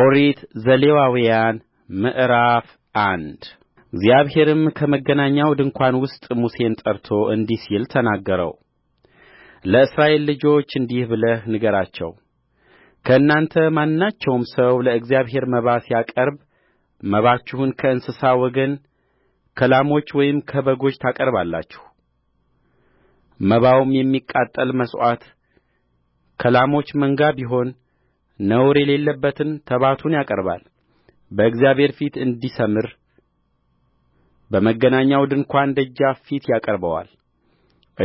ኦሪት ዘሌዋውያን ምዕራፍ አንድ እግዚአብሔርም ከመገናኛው ድንኳን ውስጥ ሙሴን ጠርቶ እንዲህ ሲል ተናገረው። ለእስራኤል ልጆች እንዲህ ብለህ ንገራቸው፣ ከእናንተ ማናቸውም ሰው ለእግዚአብሔር መባ ሲያቀርብ መባችሁን ከእንስሳ ወገን ከላሞች ወይም ከበጎች ታቀርባላችሁ። መባውም የሚቃጠል መሥዋዕት ከላሞች መንጋ ቢሆን ነውር የሌለበትን ተባቱን ያቀርባል በእግዚአብሔር ፊት እንዲሠምር በመገናኛው ድንኳን ደጃፍ ፊት ያቀርበዋል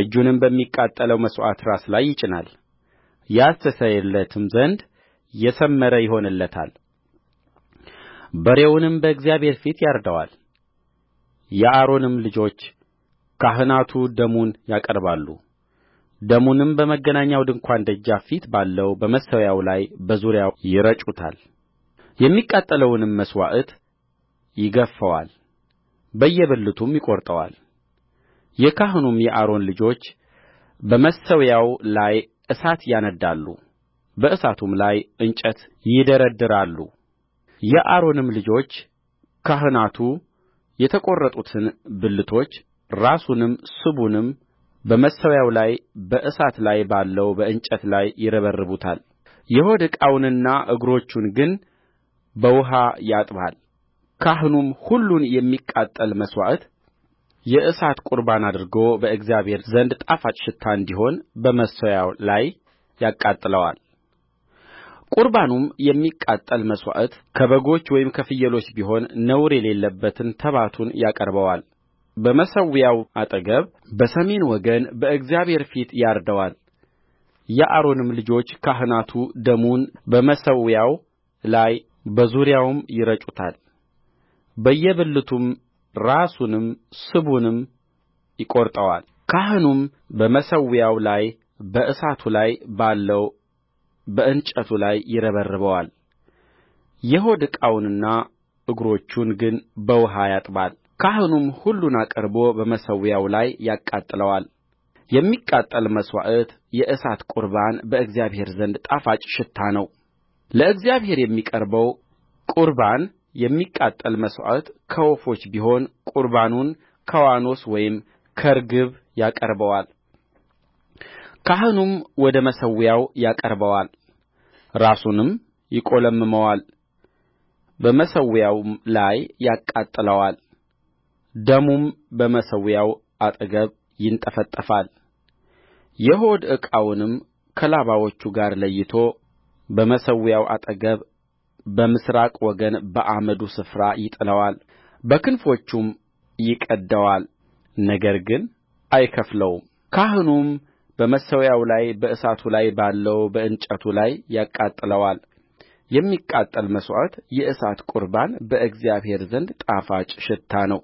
እጁንም በሚቃጠለው መሥዋዕት ራስ ላይ ይጭናል ያስተሰርይለትም ዘንድ የሠመረ ይሆንለታል በሬውንም በእግዚአብሔር ፊት ያርደዋል የአሮንም ልጆች ካህናቱ ደሙን ያቀርባሉ ደሙንም በመገናኛው ድንኳን ደጃፍ ፊት ባለው በመሠዊያው ላይ በዙሪያው ይረጩታልየሚቃጠለውንም መሥዋዕት ይገፍፈዋል በየብልቱም ይቈርጠዋል የካህኑም የአሮን ልጆች በመሠዊያው ላይ እሳት ያነድዳሉ በእሳቱም ላይ እንጨት ይደረድራሉ የአሮንም ልጆች ካህናቱ የተቈረጡትን ብልቶች ራሱንም ስቡንም በመሠዊያው ላይ በእሳት ላይ ባለው በእንጨት ላይ ይረበርቡታል የሆድ ዕቃውንና እግሮቹን ግን በውኃ ያጥባል ካህኑም ሁሉን የሚቃጠል መሥዋዕት የእሳት ቁርባን አድርጎ በእግዚአብሔር ዘንድ ጣፋጭ ሽታ እንዲሆን በመሠዊያው ላይ ያቃጥለዋል። ቁርባኑም የሚቃጠል መሥዋዕት ከበጎች ወይም ከፍየሎች ቢሆን ነውር የሌለበትን ተባቱን ያቀርበዋል በመሠዊያው አጠገብ በሰሜን ወገን በእግዚአብሔር ፊት ያርደዋል የአሮንም ልጆች ካህናቱ ደሙን በመሠዊያው ላይ በዙሪያውም ይረጩታል በየብልቱም ራሱንም ስቡንም ይቈርጠዋል ካህኑም በመሠዊያው ላይ በእሳቱ ላይ ባለው በእንጨቱ ላይ ይረበርበዋል የሆድ ዕቃውንና እግሮቹን ግን በውኃ ያጥባል ካህኑም ሁሉን አቅርቦ በመሠዊያው ላይ ያቃጥለዋል የሚቃጠል መሥዋዕት የእሳት ቍርባን በእግዚአብሔር ዘንድ ጣፋጭ ሽታ ነው ለእግዚአብሔር የሚቀርበው ቍርባን የሚቃጠል መሥዋዕት ከወፎች ቢሆን ቍርባኑን ከዋኖስ ወይም ከርግብ ያቀርበዋል ካህኑም ወደ መሠዊያው ያቀርበዋል ራሱንም ይቈለምመዋል በመሠዊያውም ላይ ያቃጥለዋል ደሙም በመሠዊያው አጠገብ ይንጠፈጠፋል። የሆድ ዕቃውንም ከላባዎቹ ጋር ለይቶ በመሠዊያው አጠገብ በምሥራቅ ወገን በአመዱ ስፍራ ይጥለዋል በክንፎቹም ይቀድደዋል ነገር ግን አይከፍለውም ካህኑም በመሠዊያው ላይ በእሳቱ ላይ ባለው በእንጨቱ ላይ ያቃጥለዋል የሚቃጠል መሥዋዕት የእሳት ቍርባን በእግዚአብሔር ዘንድ ጣፋጭ ሽታ ነው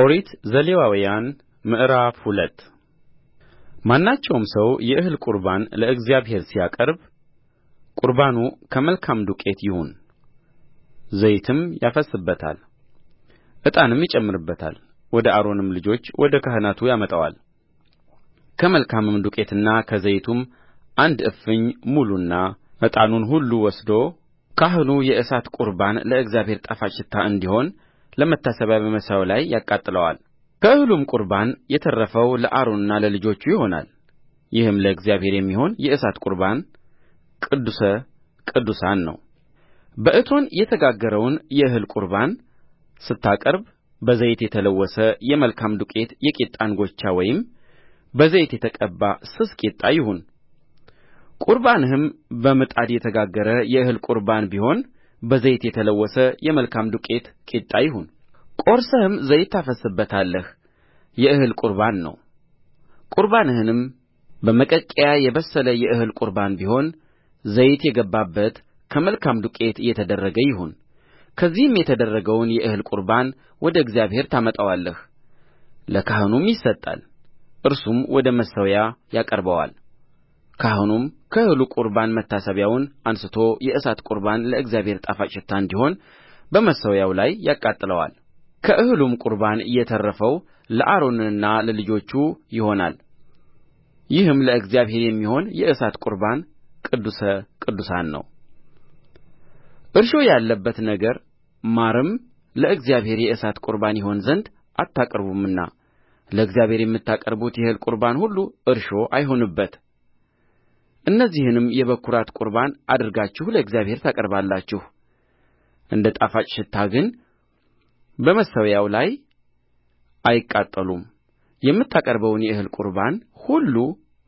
ኦሪት ዘሌዋውያን ምዕራፍ ሁለት ማናቸውም ሰው የእህል ቁርባን ለእግዚአብሔር ሲያቀርብ ቁርባኑ ከመልካም ዱቄት ይሁን፣ ዘይትም ያፈስስበታል፣ ዕጣንም ይጨምርበታል። ወደ አሮንም ልጆች ወደ ካህናቱ ያመጣዋል። ከመልካምም ዱቄትና ከዘይቱም አንድ እፍኝ ሙሉና ዕጣኑን ሁሉ ወስዶ ካህኑ የእሳት ቁርባን ለእግዚአብሔር ጣፋጭ ሽታ እንዲሆን ለመታሰቢያ በመሠዊያው ላይ ያቃጥለዋል ከእህሉም ቍርባን የተረፈው ለአሮንና ለልጆቹ ይሆናል ይህም ለእግዚአብሔር የሚሆን የእሳት ቍርባን ቅዱስ ቅዱሳን ነውበእቶን የተጋገረውን የእህል ቍርባን ስታቀርብ በዘይት የተለወሰ የመልካም ዱቄት የቂጣ እንጐቻ ወይም በዘይት የተቀባ ስስ ቂጣ ይሁን ቍርባንህም በምጣድ የተጋገረ የእህል ቍርባን ቢሆን በዘይት የተለወሰ የመልካም ዱቄት ቂጣ ይሁን ቈርሰህም ዘይት ታፈስስበታለህ የእህል ቍርባን ነው ቍርባንህም በመቀቀያ የበሰለ የእህል ቍርባን ቢሆን ዘይት የገባበት ከመልካም ዱቄት የተደረገ ይሁን ከዚህም የተደረገውን የእህል ቍርባን ወደ እግዚአብሔር ታመጣዋለህ ለካህኑም ይሰጣል እርሱም ወደ መሠዊያው ያቀርበዋል ካህኑም ከእህሉ ቍርባን መታሰቢያውን አንሥቶ የእሳት ቍርባን ለእግዚአብሔር ጣፋጭ ሽታ እንዲሆን በመሠዊያው ላይ ያቃጥለዋል ከእህሉም ቍርባን የተረፈው ለአሮንና ለልጆቹ ይሆናል ይህም ለእግዚአብሔር የሚሆን የእሳት ቍርባን ቅዱስ ቅዱሳን ነው እርሾ ያለበት ነገር ማርም ለእግዚአብሔር የእሳት ቍርባን ይሆን ዘንድ አታቀርቡምና ለእግዚአብሔር የምታቀርቡት የእህል ቍርባን ሁሉ እርሾ አይሁንበት እነዚህንም የበኵራት ቍርባን አድርጋችሁ ለእግዚአብሔር ታቀርባላችሁ እንደ ጣፋጭ ሽታ ግን በመሠዊያው ላይ አይቃጠሉም የምታቀርበውን የእህል ቍርባን ሁሉ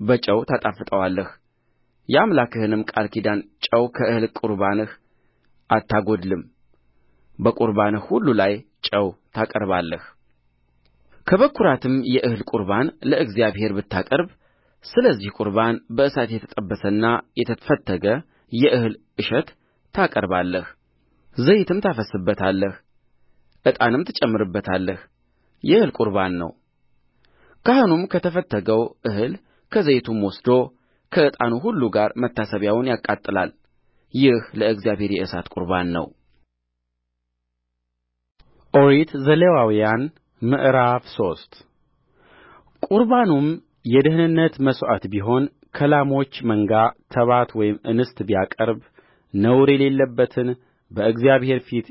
በጨው ታጣፍጠዋለህ የአምላክህንም ቃል ኪዳን ጨው ከእህል ቍርባንህ አታጐድልም በቍርባንህ ሁሉ ላይ ጨው ታቀርባለህ ከበኵራትም የእህል ቍርባን ለእግዚአብሔር ብታቀርብ ስለዚህ ቍርባን በእሳት የተጠበሰና የተፈተገ የእህል እሸት ታቀርባለህ ዘይትም ታፈስስበታለህ ዕጣንም ትጨምርበታለህ የእህል ቍርባን ነው ካህኑም ከተፈተገው እህል ከዘይቱም ወስዶ ከዕጣኑ ሁሉ ጋር መታሰቢያውን ያቃጥላል ይህ ለእግዚአብሔር የእሳት ቍርባን ነው ኦሪት ዘሌዋውያን ምዕራፍ ሶስት ቍርባኑም የደኅንነት መሥዋዕት ቢሆን ከላሞች መንጋ ተባት ወይም እንስት ቢያቀርብ ነውር የሌለበትን በእግዚአብሔር ፊት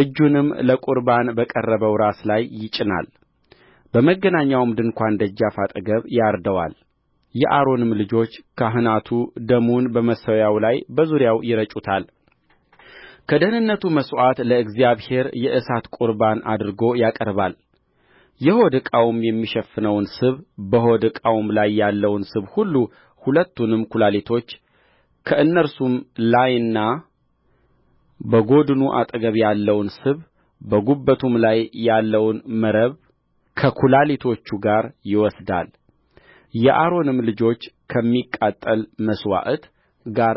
እጁንም ለቍርባን በቀረበው ራስ ላይ ይጭናል በመገናኛውም ድንኳን ደጃፍ አጠገብ ያርደዋል የአሮንም ልጆች ካህናቱ ደሙን በመሠዊያው ላይ በዙሪያው ይረጩታል ከደኅንነቱ መሥዋዕት ለእግዚአብሔር የእሳት ቍርባን አድርጎ ያቀርባል የሆድ ዕቃውም የሚሸፍነውን ስብ በሆድ ዕቃውም ላይ ያለውን ስብ ሁሉ ሁለቱንም ኵላሊቶች ከእነርሱም ላይና በጎድኑ አጠገብ ያለውን ስብ በጉበቱም ላይ ያለውን መረብ ከኵላሊቶቹ ጋር ይወስዳል የአሮንም ልጆች ከሚቃጠል መሥዋዕት ጋር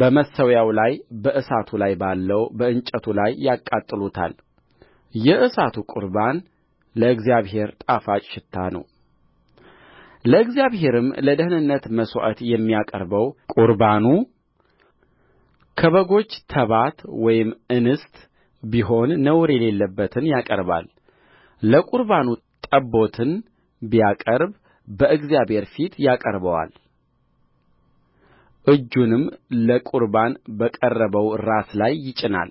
በመሠዊያው ላይ በእሳቱ ላይ ባለው በእንጨቱ ላይ ያቃጥሉታል የእሳቱ ቍርባን ለእግዚአብሔር ጣፋጭ ሽታ ነው። ለእግዚአብሔርም ለደኅንነት መሥዋዕት የሚያቀርበው ቍርባኑ ከበጎች ተባት ወይም እንስት ቢሆን ነውር የሌለበትን ያቀርባል። ለቁርባኑ ጠቦትን ቢያቀርብ በእግዚአብሔር ፊት ያቀርበዋል እጁንም ለቍርባን በቀረበው ራስ ላይ ይጭናል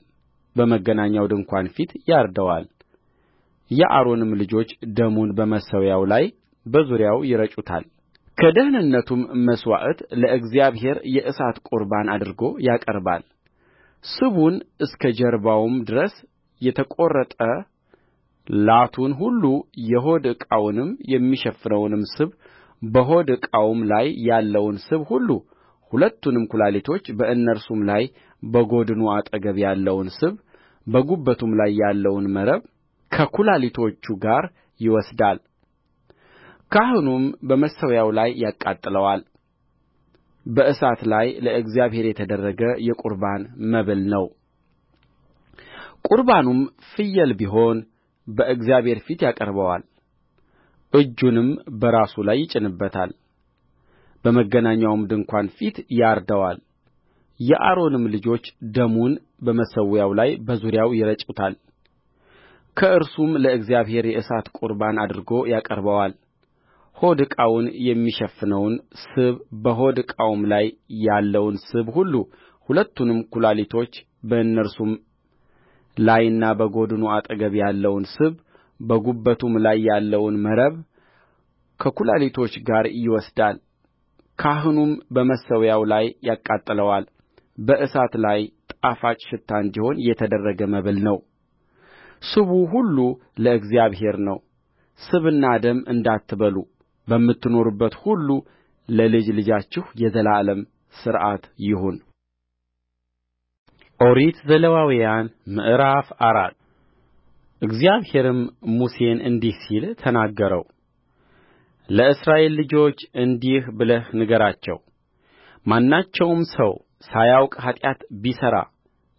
በመገናኛው ድንኳን ፊት ያርደዋል የአሮንም ልጆች ደሙን በመሠዊያው ላይ በዙሪያው ይረጩታልከደኅንነቱም መሥዋዕት ለእግዚአብሔር የእሳት ቍርባን አድርጎ ያቀርባል ስቡን እስከ ጀርባውም ድረስ የተቈረጠ ላቱን ሁሉ የሆድ ዕቃውንም የሚሸፍነውን ስብ በሆድ ዕቃውም ላይ ያለውን ስብ ሁሉ ሁለቱንም ኵላሊቶች በእነርሱም ላይ በጎድኑ አጠገብ ያለውን ስብ በጉበቱም ላይ ያለውን መረብ ከኵላሊቶቹ ጋር ይወስዳል ካህኑም በመሠዊያው ላይ ያቃጥለዋል በእሳት ላይ ለእግዚአብሔር የተደረገ የቁርባን መብል ነው ቁርባኑም ፍየል ቢሆን በእግዚአብሔር ፊት ያቀርበዋል እጁንም በራሱ ላይ ይጭንበታል በመገናኛውም ድንኳን ፊት ያርደዋል የአሮንም ልጆች ደሙን በመሠዊያው ላይ በዙሪያው ይረጩታል ከእርሱም ለእግዚአብሔር የእሳት ቍርባን አድርጎ ያቀርበዋል ሆድ ዕቃውን የሚሸፍነውን ስብ በሆድ ዕቃውም ላይ ያለውን ስብ ሁሉ ሁለቱንም ኵላሊቶች በእነርሱም ላይና በጎድኑ አጠገብ ያለውን ስብ በጉበቱም ላይ ያለውን መረብ ከኩላሊቶች ጋር ይወስዳል ካህኑም በመሠዊያው ላይ ያቃጥለዋል በእሳት ላይ ጣፋጭ ሽታ እንዲሆን የተደረገ መብል ነው ስቡ ሁሉ ለእግዚአብሔር ነው ስብና ደም እንዳትበሉ በምትኖሩበት ሁሉ ለልጅ ልጃችሁ የዘላለም ሥርዓት ይሁን ኦሪት ዘሌዋውያን ምዕራፍ አራት እግዚአብሔርም ሙሴን እንዲህ ሲል ተናገረው ለእስራኤል ልጆች እንዲህ ብለህ ንገራቸው ማናቸውም ሰው ሳያውቅ ኃጢአት ቢሠራ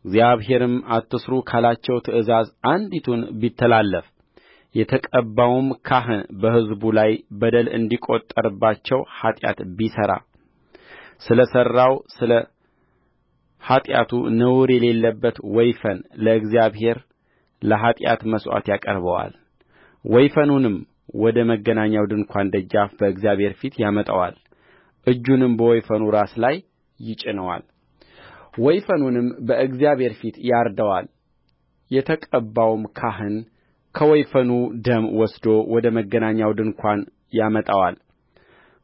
እግዚአብሔርም አትሥሩ ካላቸው ትእዛዛት አንዲቱን ቢተላለፍ የተቀባውም ካህን በሕዝቡ ላይ በደል እንዲቈጠርባቸው ኃጢአት ቢሠራ ስለ ሠራው ስለ ኃጢአቱ ነውር የሌለበት ወይፈን ለእግዚአብሔር ለኃጢአት መሥዋዕት ያቀርበዋል። ወይፈኑንም ወደ መገናኛው ድንኳን ደጃፍ በእግዚአብሔር ፊት ያመጣዋል። እጁንም በወይፈኑ ራስ ላይ ይጭነዋል ወይፈኑንም በእግዚአብሔር ፊት ያርደዋል የተቀባውም ካህን ከወይፈኑ ደም ወስዶ ወደ መገናኛው ድንኳን ያመጣዋል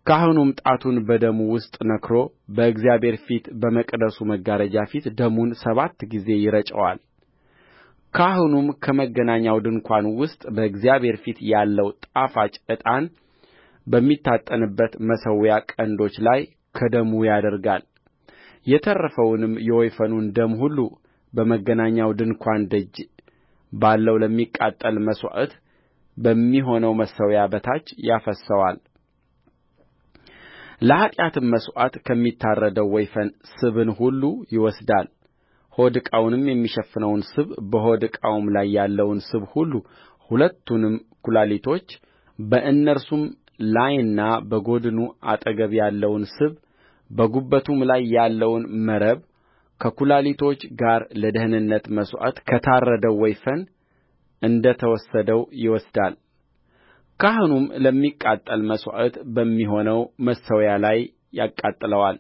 ካህኑም ጣቱን በደሙ ውስጥ ነክሮ በእግዚአብሔር ፊት በመቅደሱ መጋረጃ ፊት ደሙን ሰባት ጊዜ ይረጨዋል። ካህኑም ከመገናኛው ድንኳን ውስጥ በእግዚአብሔር ፊት ያለው ጣፋጭ ዕጣን በሚታጠንበት መሠዊያ ቀንዶች ላይ ከደሙ ያደርጋል የተረፈውንም የወይፈኑን ደም ሁሉ በመገናኛው ድንኳን ደጅ ባለው ለሚቃጠል መሥዋዕት በሚሆነው መሠዊያ በታች ያፈስሰዋል ለኃጢአትም መሥዋዕት ከሚታረደው ወይፈን ስብን ሁሉ ይወስዳል ሆድ ዕቃውንም የሚሸፍነውን ስብ በሆድ ዕቃውም ላይ ያለውን ስብ ሁሉ ሁለቱንም ኵላሊቶች በእነርሱም ላይና በጎድኑ አጠገብ ያለውን ስብ በጉበቱም ላይ ያለውን መረብ ከኵላሊቶች ጋር ለደኅንነት መሥዋዕት ከታረደው ወይፈን እንደ ተወሰደው ይወስዳል ካህኑም ለሚቃጠል መሥዋዕት በሚሆነው መሠዊያ ላይ ያቃጥለዋል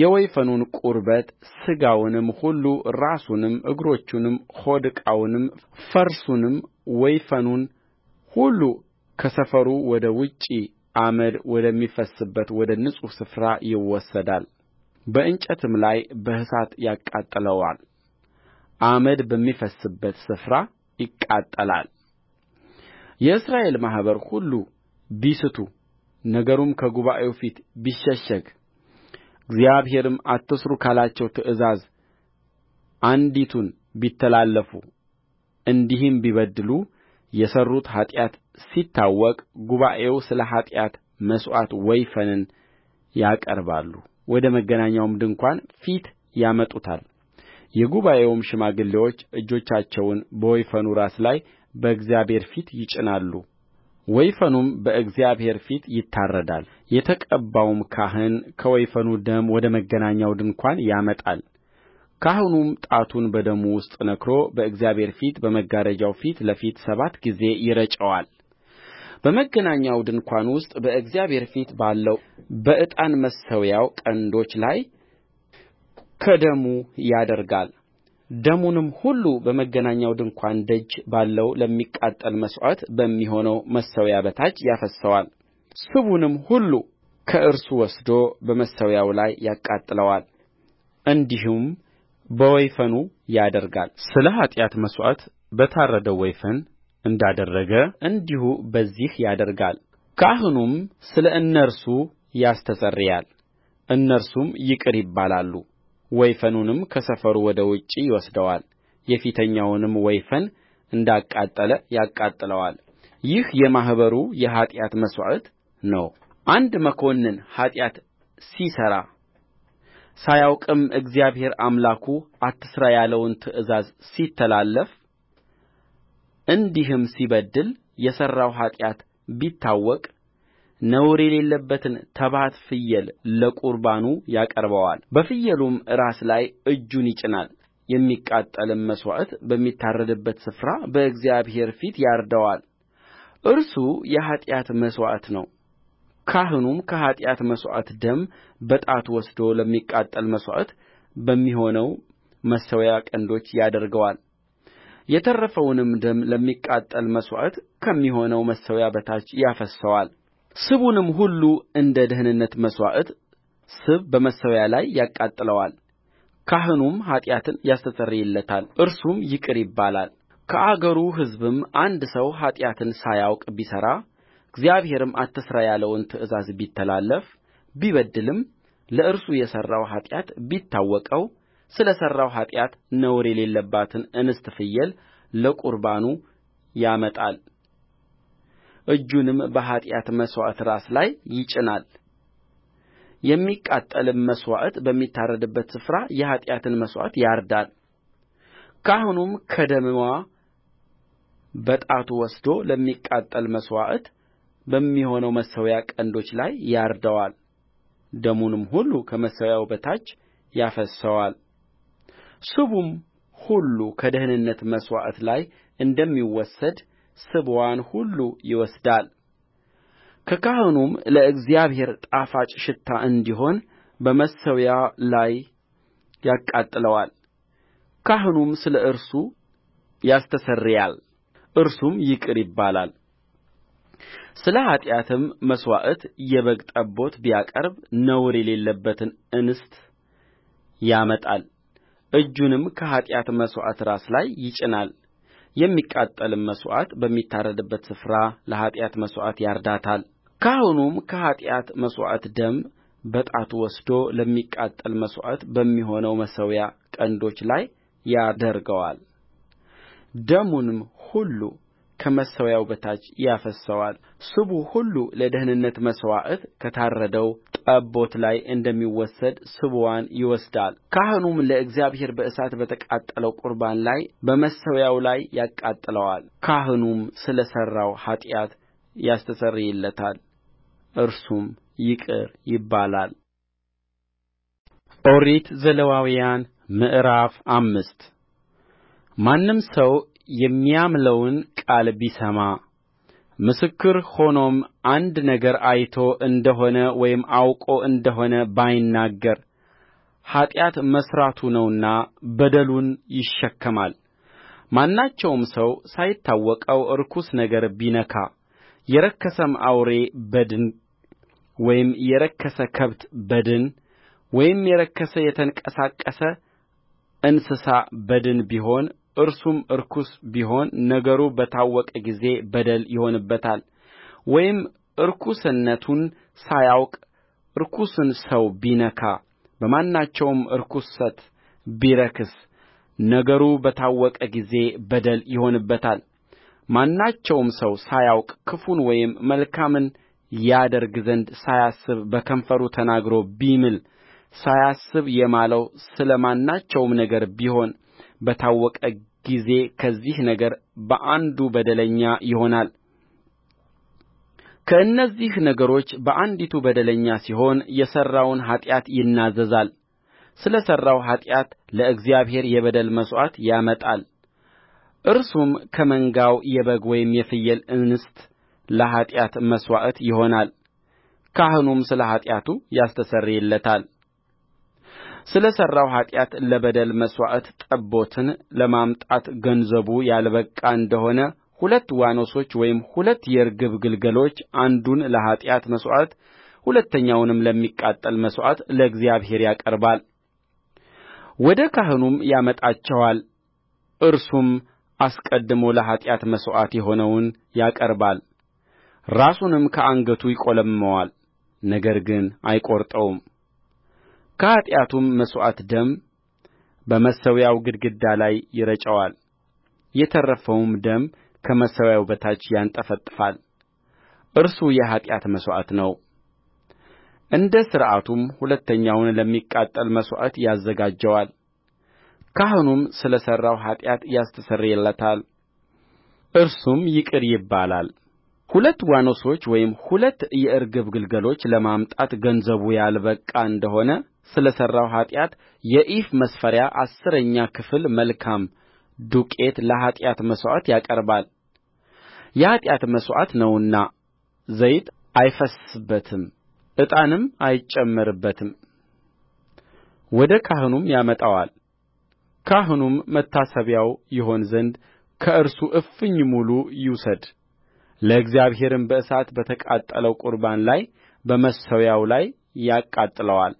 የወይፈኑን ቁርበት ሥጋውንም ሁሉ ራሱንም እግሮቹንም ሆድ ዕቃውንም ፈርሱንም ወይፈኑን ሁሉ ከሰፈሩ ወደ ውጭ አመድ ወደሚፈስስበት ወደ ንጹሕ ስፍራ ይወሰዳል። በእንጨትም ላይ በእሳት ያቃጥለዋል አመድ በሚፈስስበት ስፍራ ይቃጠላል የእስራኤል ማኅበር ሁሉ ቢስቱ ነገሩም ከጉባኤው ፊት ቢሸሸግ እግዚአብሔርም አትሥሩ ካላቸው ትእዛዝ አንዲቱን ቢተላለፉ እንዲህም ቢበድሉ የሠሩት ኃጢአት ሲታወቅ ጉባኤው ስለ ኃጢአት መሥዋዕት ወይፈንን ያቀርባሉ ወደ መገናኛውም ድንኳን ፊት ያመጡታል የጉባኤውም ሽማግሌዎች እጆቻቸውን በወይፈኑ ራስ ላይ በእግዚአብሔር ፊት ይጭናሉ ወይፈኑም በእግዚአብሔር ፊት ይታረዳል የተቀባውም ካህን ከወይፈኑ ደም ወደ መገናኛው ድንኳን ያመጣል ካህኑም ጣቱን በደሙ ውስጥ ነክሮ በእግዚአብሔር ፊት በመጋረጃው ፊት ለፊት ሰባት ጊዜ ይረጨዋል በመገናኛው ድንኳን ውስጥ በእግዚአብሔር ፊት ባለው በዕጣን መሠዊያው ቀንዶች ላይ ከደሙ ያደርጋል ደሙንም ሁሉ በመገናኛው ድንኳን ደጅ ባለው ለሚቃጠል መሥዋዕት በሚሆነው መሠዊያ በታች ያፈስሰዋል ስቡንም ሁሉ ከእርሱ ወስዶ በመሠዊያው ላይ ያቃጥለዋል እንዲሁም በወይፈኑ ያደርጋል ስለ ኃጢአት መሥዋዕት በታረደው ወይፈን እንዳደረገ እንዲሁ በዚህ ያደርጋል ካህኑም ስለ እነርሱ ያስተሰርያል እነርሱም ይቅር ይባላሉወይፈኑንም ከሰፈሩ ወደ ውጭ ይወስደዋል የፊተኛውንም ወይፈን እንዳቃጠለ ያቃጥለዋል ይህ የማኅበሩ የኃጢአት መሥዋዕት ነውአንድ መኰንን ኃጢአት ሲሠራ ሳያውቅም እግዚአብሔር አምላኩ አትሥራ ያለውን ትእዛዝ ሲተላለፍ እንዲህም ሲበድል የሠራው ኃጢአት ቢታወቅ ነውር የሌለበትን ተባት ፍየል ለቍርባኑ ያቀርበዋል በፍየሉም ራስ ላይ እጁን ይጭናል የሚቃጠልም መሥዋዕት በሚታረድበት ስፍራ በእግዚአብሔር ፊት ያርደዋል እርሱ የኃጢአት መሥዋዕት ነው ካህኑም ከኃጢአት መሥዋዕት ደም በጣቱ ወስዶ ለሚቃጠል መሥዋዕት በሚሆነው መሠዊያ ቀንዶች ያደርገዋል የተረፈውንም ደም ለሚቃጠል መሥዋዕት ከሚሆነው መሠዊያ በታች ያፈስሰዋል ስቡንም ሁሉ እንደ ደኅንነት መሥዋዕት ስብ በመሠዊያው ላይ ያቃጥለዋል ካህኑም ኃጢአትን ያስተሰርይለታል እርሱም ይቅር ይባላልከአገሩ ሕዝብም አንድ ሰው ኃጢአትን ሳያውቅ ቢሠራ እግዚአብሔርም አትሥራ ያለውን ትእዛዝ ቢተላለፍ ቢበድልም ለእርሱ የሠራው ኃጢአት ቢታወቀው ስለ ሠራው ኃጢአት ነውር የሌለባትን እንስት ፍየል ለቍርባኑ ያመጣል እጁንም በኃጢአት መሥዋዕት ራስ ላይ ይጭናል የሚቃጠልም መሥዋዕት በሚታረድበት ስፍራ የኃጢአትን መሥዋዕት ያርዳል ካህኑም ከደምዋ በጣቱ ወስዶ ለሚቃጠል መሥዋዕት በሚሆነው መሠዊያ ቀንዶች ላይ ያርደዋል ደሙንም ሁሉ ከመሠዊያው በታች ያፈስሰዋል ስቡም ሁሉ ከደኅንነት መሥዋዕት ላይ እንደሚወሰድ ስብዋን ሁሉ ይወስዳል ከካህኑም ለእግዚአብሔር ጣፋጭ ሽታ እንዲሆን በመሠዊያው ላይ ያቃጥለዋል ካህኑም ስለ እርሱ ያስተሰርያል እርሱም ይቅር ይባላል ስለ ኃጢአትም መሥዋዕት የበግ ጠቦት ቢያቀርብ ነውር የሌለበትን እንስት ያመጣል እጁንም ከኃጢአት መሥዋዕት ራስ ላይ ይጭናል የሚቃጠልም መሥዋዕት በሚታረድበት ስፍራ ለኃጢአት መሥዋዕት ያርዳታልካህኑም ከኃጢአት መሥዋዕት ደም በጣቱ ወስዶ ለሚቃጠል መሥዋዕት በሚሆነው መሠዊያ ቀንዶች ላይ ያደርገዋል ደሙንም ሁሉ ከመሠዊያው በታች ያፈሰዋል። ስቡ ሁሉ ለደኅንነት መሥዋዕት ከታረደው ጠቦት ላይ እንደሚወሰድ ስብዋን ይወስዳል ካህኑም ለእግዚአብሔር በእሳት በተቃጠለው ቍርባን ላይ በመሠዊያው ላይ ያቃጥለዋል ካህኑም ስለ ሠራው ኃጢአት ያስተሰርይለታል እርሱም ይቅር ይባላል ኦሪት ዘሌዋውያን ምዕራፍ አምስት ማንም ሰው የሚያምለውን ቃል ቢሰማ ምስክር ሆኖም አንድ ነገር አይቶ እንደ ሆነ ወይም አውቆ እንደ ሆነ ባይናገር ኃጢአት መሥራቱ ነውና በደሉን ይሸከማል ማናቸውም ሰው ሳይታወቀው ርኩስ ነገር ቢነካ የረከሰም አውሬ በድን ወይም የረከሰ ከብት በድን ወይም የረከሰ የተንቀሳቀሰ እንስሳ በድን ቢሆን እርሱም ርኩስ ቢሆን ነገሩ በታወቀ ጊዜ በደል ይሆንበታል ወይም ርኵስነቱን ሳያውቅ ርኩስን ሰው ቢነካ በማናቸውም ርኵሰት ቢረክስ ነገሩ በታወቀ ጊዜ በደል ይሆንበታል ማናቸውም ሰው ሳያውቅ ክፉን ወይም መልካምን ያደርግ ዘንድ ሳያስብ በከንፈሩ ተናግሮ ቢምል ሳያስብ የማለው ስለ ማናቸውም ነገር ቢሆን በታወቀ ጊዜ ከዚህ ነገር በአንዱ በደለኛ ይሆናል ከእነዚህ ነገሮች በአንዲቱ በደለኛ ሲሆን የሠራውን ኃጢአት ይናዘዛል ስለ ሠራው ኃጢአት ለእግዚአብሔር የበደል መሥዋዕት ያመጣል እርሱም ከመንጋው የበግ ወይም የፍየል እንስት ለኃጢአት መሥዋዕት ይሆናል ካህኑም ስለ ኃጢአቱ ያስተሰርይለታል ስለ ሠራው ኃጢአት ለበደል መሥዋዕት ጠቦትን ለማምጣት ገንዘቡ ያልበቃ እንደ ሆነ ሁለት ዋኖሶች ወይም ሁለት የርግብ ግልገሎች አንዱን ለኃጢአት መሥዋዕት ሁለተኛውንም ለሚቃጠል መሥዋዕት ለእግዚአብሔር ያቀርባል ወደ ካህኑም ያመጣቸዋል እርሱም አስቀድሞ ለኃጢአት መሥዋዕት የሆነውን ያቀርባል ራሱንም ከአንገቱ ይቈለምመዋል ነገር ግን አይቈርጠውም ከኃጢአቱም መሥዋዕት ደም በመሠዊያው ግድግዳ ላይ ይረጨዋል የተረፈውም ደም ከመሠዊያው በታች ያንጠፈጥፋል እርሱ የኃጢአት መሥዋዕት እንደ ሥርዓቱም ሁለተኛውን ለሚቃጠል መሥዋዕት ያዘጋጀዋል ካህኑም ስለ ሠራው ኃጢአት ያስተሰርይለታል እርሱም ይቅር ይባላል ሁለት ዋኖሶች ወይም ሁለት የርግብ ግልገሎች ለማምጣት ገንዘቡ ያልበቃ እንደ ሆነ ስለ ሠራው ኃጢአት የኢፍ መስፈሪያ አሥረኛ ክፍል መልካም ዱቄት ለኃጢአት መሥዋዕት ያቀርባል የኃጢአት መሥዋዕት ነውና ዘይት አይፈስስበትም ዕጣንም አይጨመርበትም ወደ ካህኑም ያመጣዋል ካህኑም መታሰቢያው ይሆን ዘንድ ከእርሱ እፍኝ ሙሉ ይውሰድ ለእግዚአብሔርም በእሳት በተቃጠለው ቁርባን ላይ በመሠዊያው ላይ ያቃጥለዋል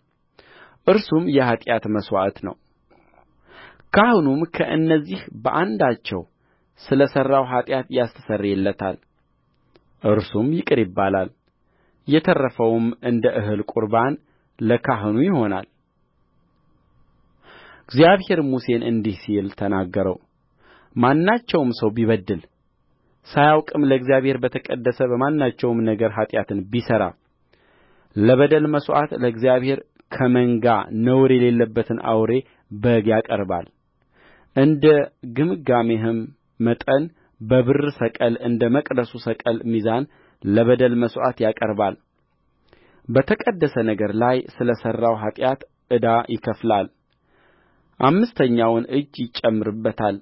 እርሱም የኃጢአት መሥዋዕት ነውካህኑም ከእነዚህ በአንዳቸው ስለ ሠራው ኃጢአት ያስተሰርይለታል እርሱም ይቅር ይባላል የተረፈውም እንደ እህል ቁርባን ለካህኑ ይሆናል እግዚአብሔርም ሙሴን እንዲህ ሲል ተናገረው ማናቸውም ሰው ቢበድል ሳያውቅም ለእግዚአብሔር በተቀደሰ በማናቸውም ነገር ኃጢአትን ቢሠራ ለበደል መሥዋዕት ለእግዚአብሔር ከመንጋ ነውር የሌለበትን አውራ በግ ያቀርባል እንደ ግምጋሜህም መጠን በብር ሰቅል እንደ መቅደሱ ሰቅል ሚዛን ለበደል መሥዋዕት ያቀርባል በተቀደሰ ነገር ላይ ስለ ሠራው ኃጢአት ዕዳ ይከፍላል አምስተኛውን እጅ ይጨምርበታል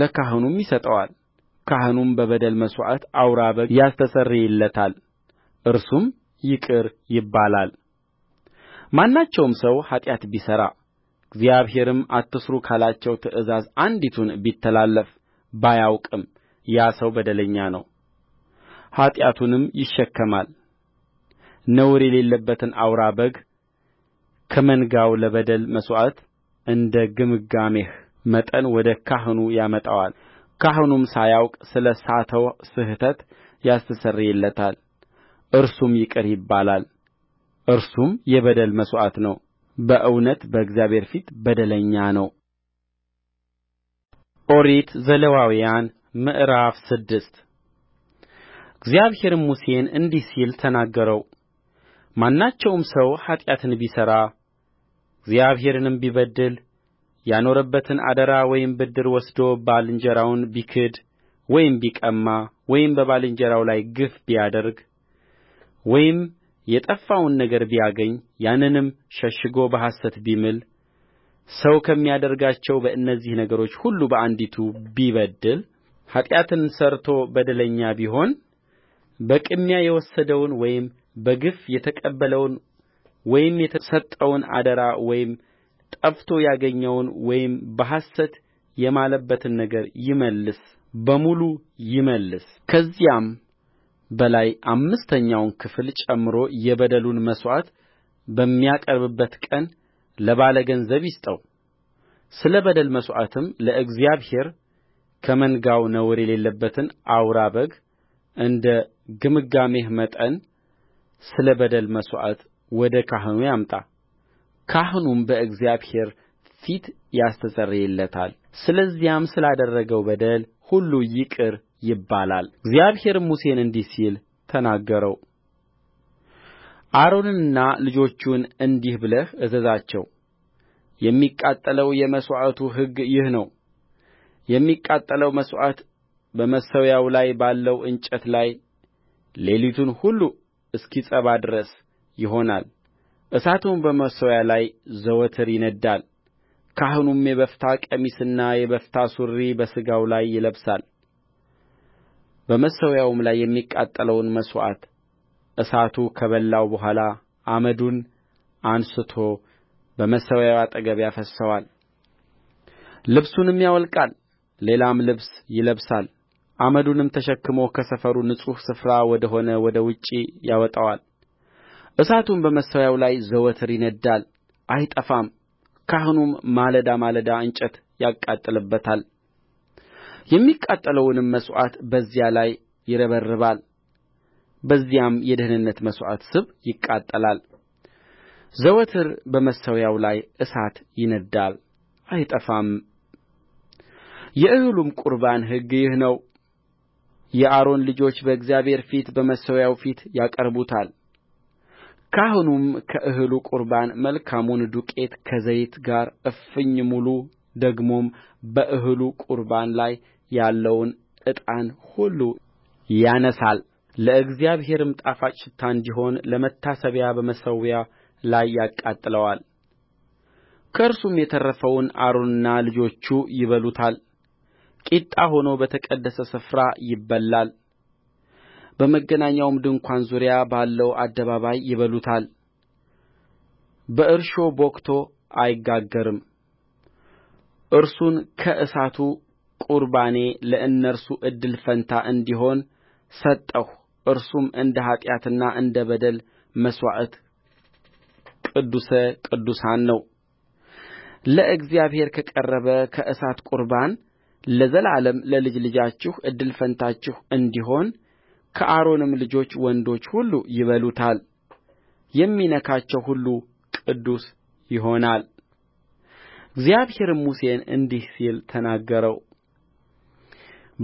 ለካህኑም ይሰጠዋል ካህኑም በበደል መሥዋዕት አውራ በግ ያስተሰርይለታል እርሱም ይቅር ይባላልማናቸውም ሰው ኃጢአት ቢሠራ እግዚአብሔርም አትሥሩ ካላቸው ትእዛዛት አንዲቱን ቢተላለፍ ባያውቅም ያ ሰው በደለኛ ነው፣ ኃጢአቱንም ይሸከማል። ነውር የሌለበትን አውራ በግ ከመንጋው ለበደል መሥዋዕት እንደ ግምጋሜህ መጠን ወደ ካህኑ ያመጣዋል። ካህኑም ሳያውቅ ስለ ሳተው ስሕተት ያስተሰርይለታል እርሱም ይቅር ይባላልእርሱም የበደል መሥዋዕት ነው በእውነት በእግዚአብሔር ፊት በደለኛ ነው ኦሪት ዘሌዋውያን ምዕራፍ ስድስት እግዚአብሔርም ሙሴን እንዲህ ሲል ተናገረው ማናቸውም ሰው ኃጢአትን ቢሠራ እግዚአብሔርንም ቢበድል ያኖረበትን አደራ ወይም ብድር ወስዶ ባልንጀራውን ቢክድ ወይም ቢቀማ ወይም በባልንጀራው ላይ ግፍ ቢያደርግ ወይም የጠፋውን ነገር ቢያገኝ ያንንም ሸሽጎ በሐሰት ቢምል ሰው ከሚያደርጋቸው በእነዚህ ነገሮች ሁሉ በአንዲቱ ቢበድል ኃጢአትን ሠርቶ በደለኛ ቢሆን በቅሚያ የወሰደውን ወይም በግፍ የተቀበለውን ወይም የተሰጠውን አደራ ወይም ጠፍቶ ያገኘውን ወይም በሐሰት የማለበትን ነገር ይመልስ በሙሉ ይመልስ ከዚያም በላይ አምስተኛውን ክፍል ጨምሮ የበደሉን መሥዋዕት በሚያቀርብበት ቀን ለባለ ገንዘብ ይስጠው ስለ በደል መሥዋዕትም ለእግዚአብሔር ከመንጋው ነውር የሌለበትን አውራ በግ እንደ ግምጋሜህ መጠን ስለ በደል መሥዋዕት ወደ ካህኑ ያምጣ ካህኑም በእግዚአብሔር ፊት ያስተሰርይለታል ስለዚያም ስላደረገው በደል ሁሉ ይቅር ይባላልእግዚአብሔርም ሙሴን እንዲህ ሲል ተናገረው አሮንንና ልጆቹን እንዲህ ብለህ እዘዛቸው የሚቃጠለው የመሥዋዕቱ ሕግ ይህ ነው የሚቃጠለው መሥዋዕት በመሠዊያው ላይ ባለው እንጨት ላይ ሌሊቱን ሁሉ እስኪጸባ ድረስ ይሆናል እሳቱም በመሠዊያው ላይ ዘወትር ይነድዳል ካህኑም የበፍታ ቀሚስና የበፍታ ሱሪ በሥጋው ላይ ይለብሳል በመሠዊያውም ላይ የሚቃጠለውን መሥዋዕት እሳቱ ከበላው በኋላ አመዱን አንሥቶ በመሠዊያው አጠገብ ያፈስሰዋል ልብሱንም ያወልቃል ሌላም ልብስ ይለብሳል አመዱንም ተሸክሞ ከሰፈሩ ንጹሕ ስፍራ ወደ ሆነ ወደ ውጭ ያወጣዋል እሳቱም በመሠዊያው ላይ ዘወትር ይነድዳል አይጠፋም ካህኑም ማለዳ ማለዳ እንጨት ያቃጥልበታል የሚቃጠለውንም መሥዋዕት በዚያ ላይ ይረበርባል በዚያም የደኅንነት መሥዋዕት ስብ ይቃጠላል ዘወትር በመሠዊያው ላይ እሳት ይነድዳል አይጠፋም የእህሉም ቍርባን ሕግ ይህ ነው የአሮን ልጆች በእግዚአብሔር ፊት በመሠዊያው ፊት ያቀርቡታል ካህኑም ከእህሉ ቍርባን መልካሙን ዱቄት ከዘይት ጋር እፍኝ ሙሉ ደግሞም በእህሉ ቍርባን ላይ ያለውን ዕጣን ሁሉ ያነሣል ለእግዚአብሔርም ጣፋጭ ሽታ እንዲሆን ለመታሰቢያ በመሠዊያው ላይ ያቃጥለዋል ከእርሱም የተረፈውን አሮንና ልጆቹ ይበሉታል ቂጣ ሆኖ በተቀደሰ ስፍራ ይበላል በመገናኛውም ድንኳን ዙሪያ ባለው አደባባይ ይበሉታል በእርሾ ቦክቶ አይጋገርም እርሱን ከእሳቱ ቍርባኔ ለእነርሱ እድል ፈንታ እንዲሆን ሰጠሁ እርሱም እንደ ኃጢአትና እንደ በደል መሥዋዕት ቅዱስ ቅዱሳን ነው ለእግዚአብሔር ከቀረበ ከእሳት ቍርባን ለዘላለም ለልጅ ልጃችሁ እድል ፈንታችሁ እንዲሆን ከአሮንም ልጆች ወንዶች ሁሉ ይበሉታል የሚነካቸው ሁሉ ቅዱስ ይሆናልእግዚአብሔርም ሙሴን እንዲህ ሲል ተናገረው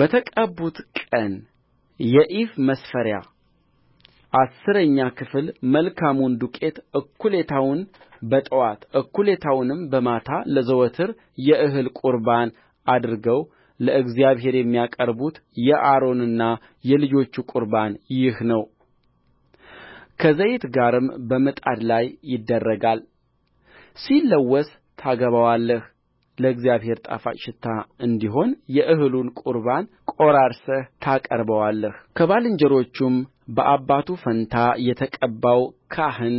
በተቀቡት ቀን የኢፍ መስፈሪያ አሥረኛ ክፍል መልካሙን ዱቄት እኩሌታውን በጥዋት እኩሌታውንም በማታ ለዘወትር የእህል ቍርባን አድርገው ለእግዚአብሔር የሚያቀርቡት የአሮንና የልጆቹ ቍርባን ይህ ነው ከዘይት ጋርም በምጣድ ላይ ይደረጋል ሲለወስ ታገባዋለህ ለእግዚአብሔር ጣፋጭ ሽታ እንዲሆን የእህሉን ቍርባን ቈራርሰህ ታቀርበዋለህ ከባልንጀሮቹም በአባቱ ፋንታ የተቀባው ካህን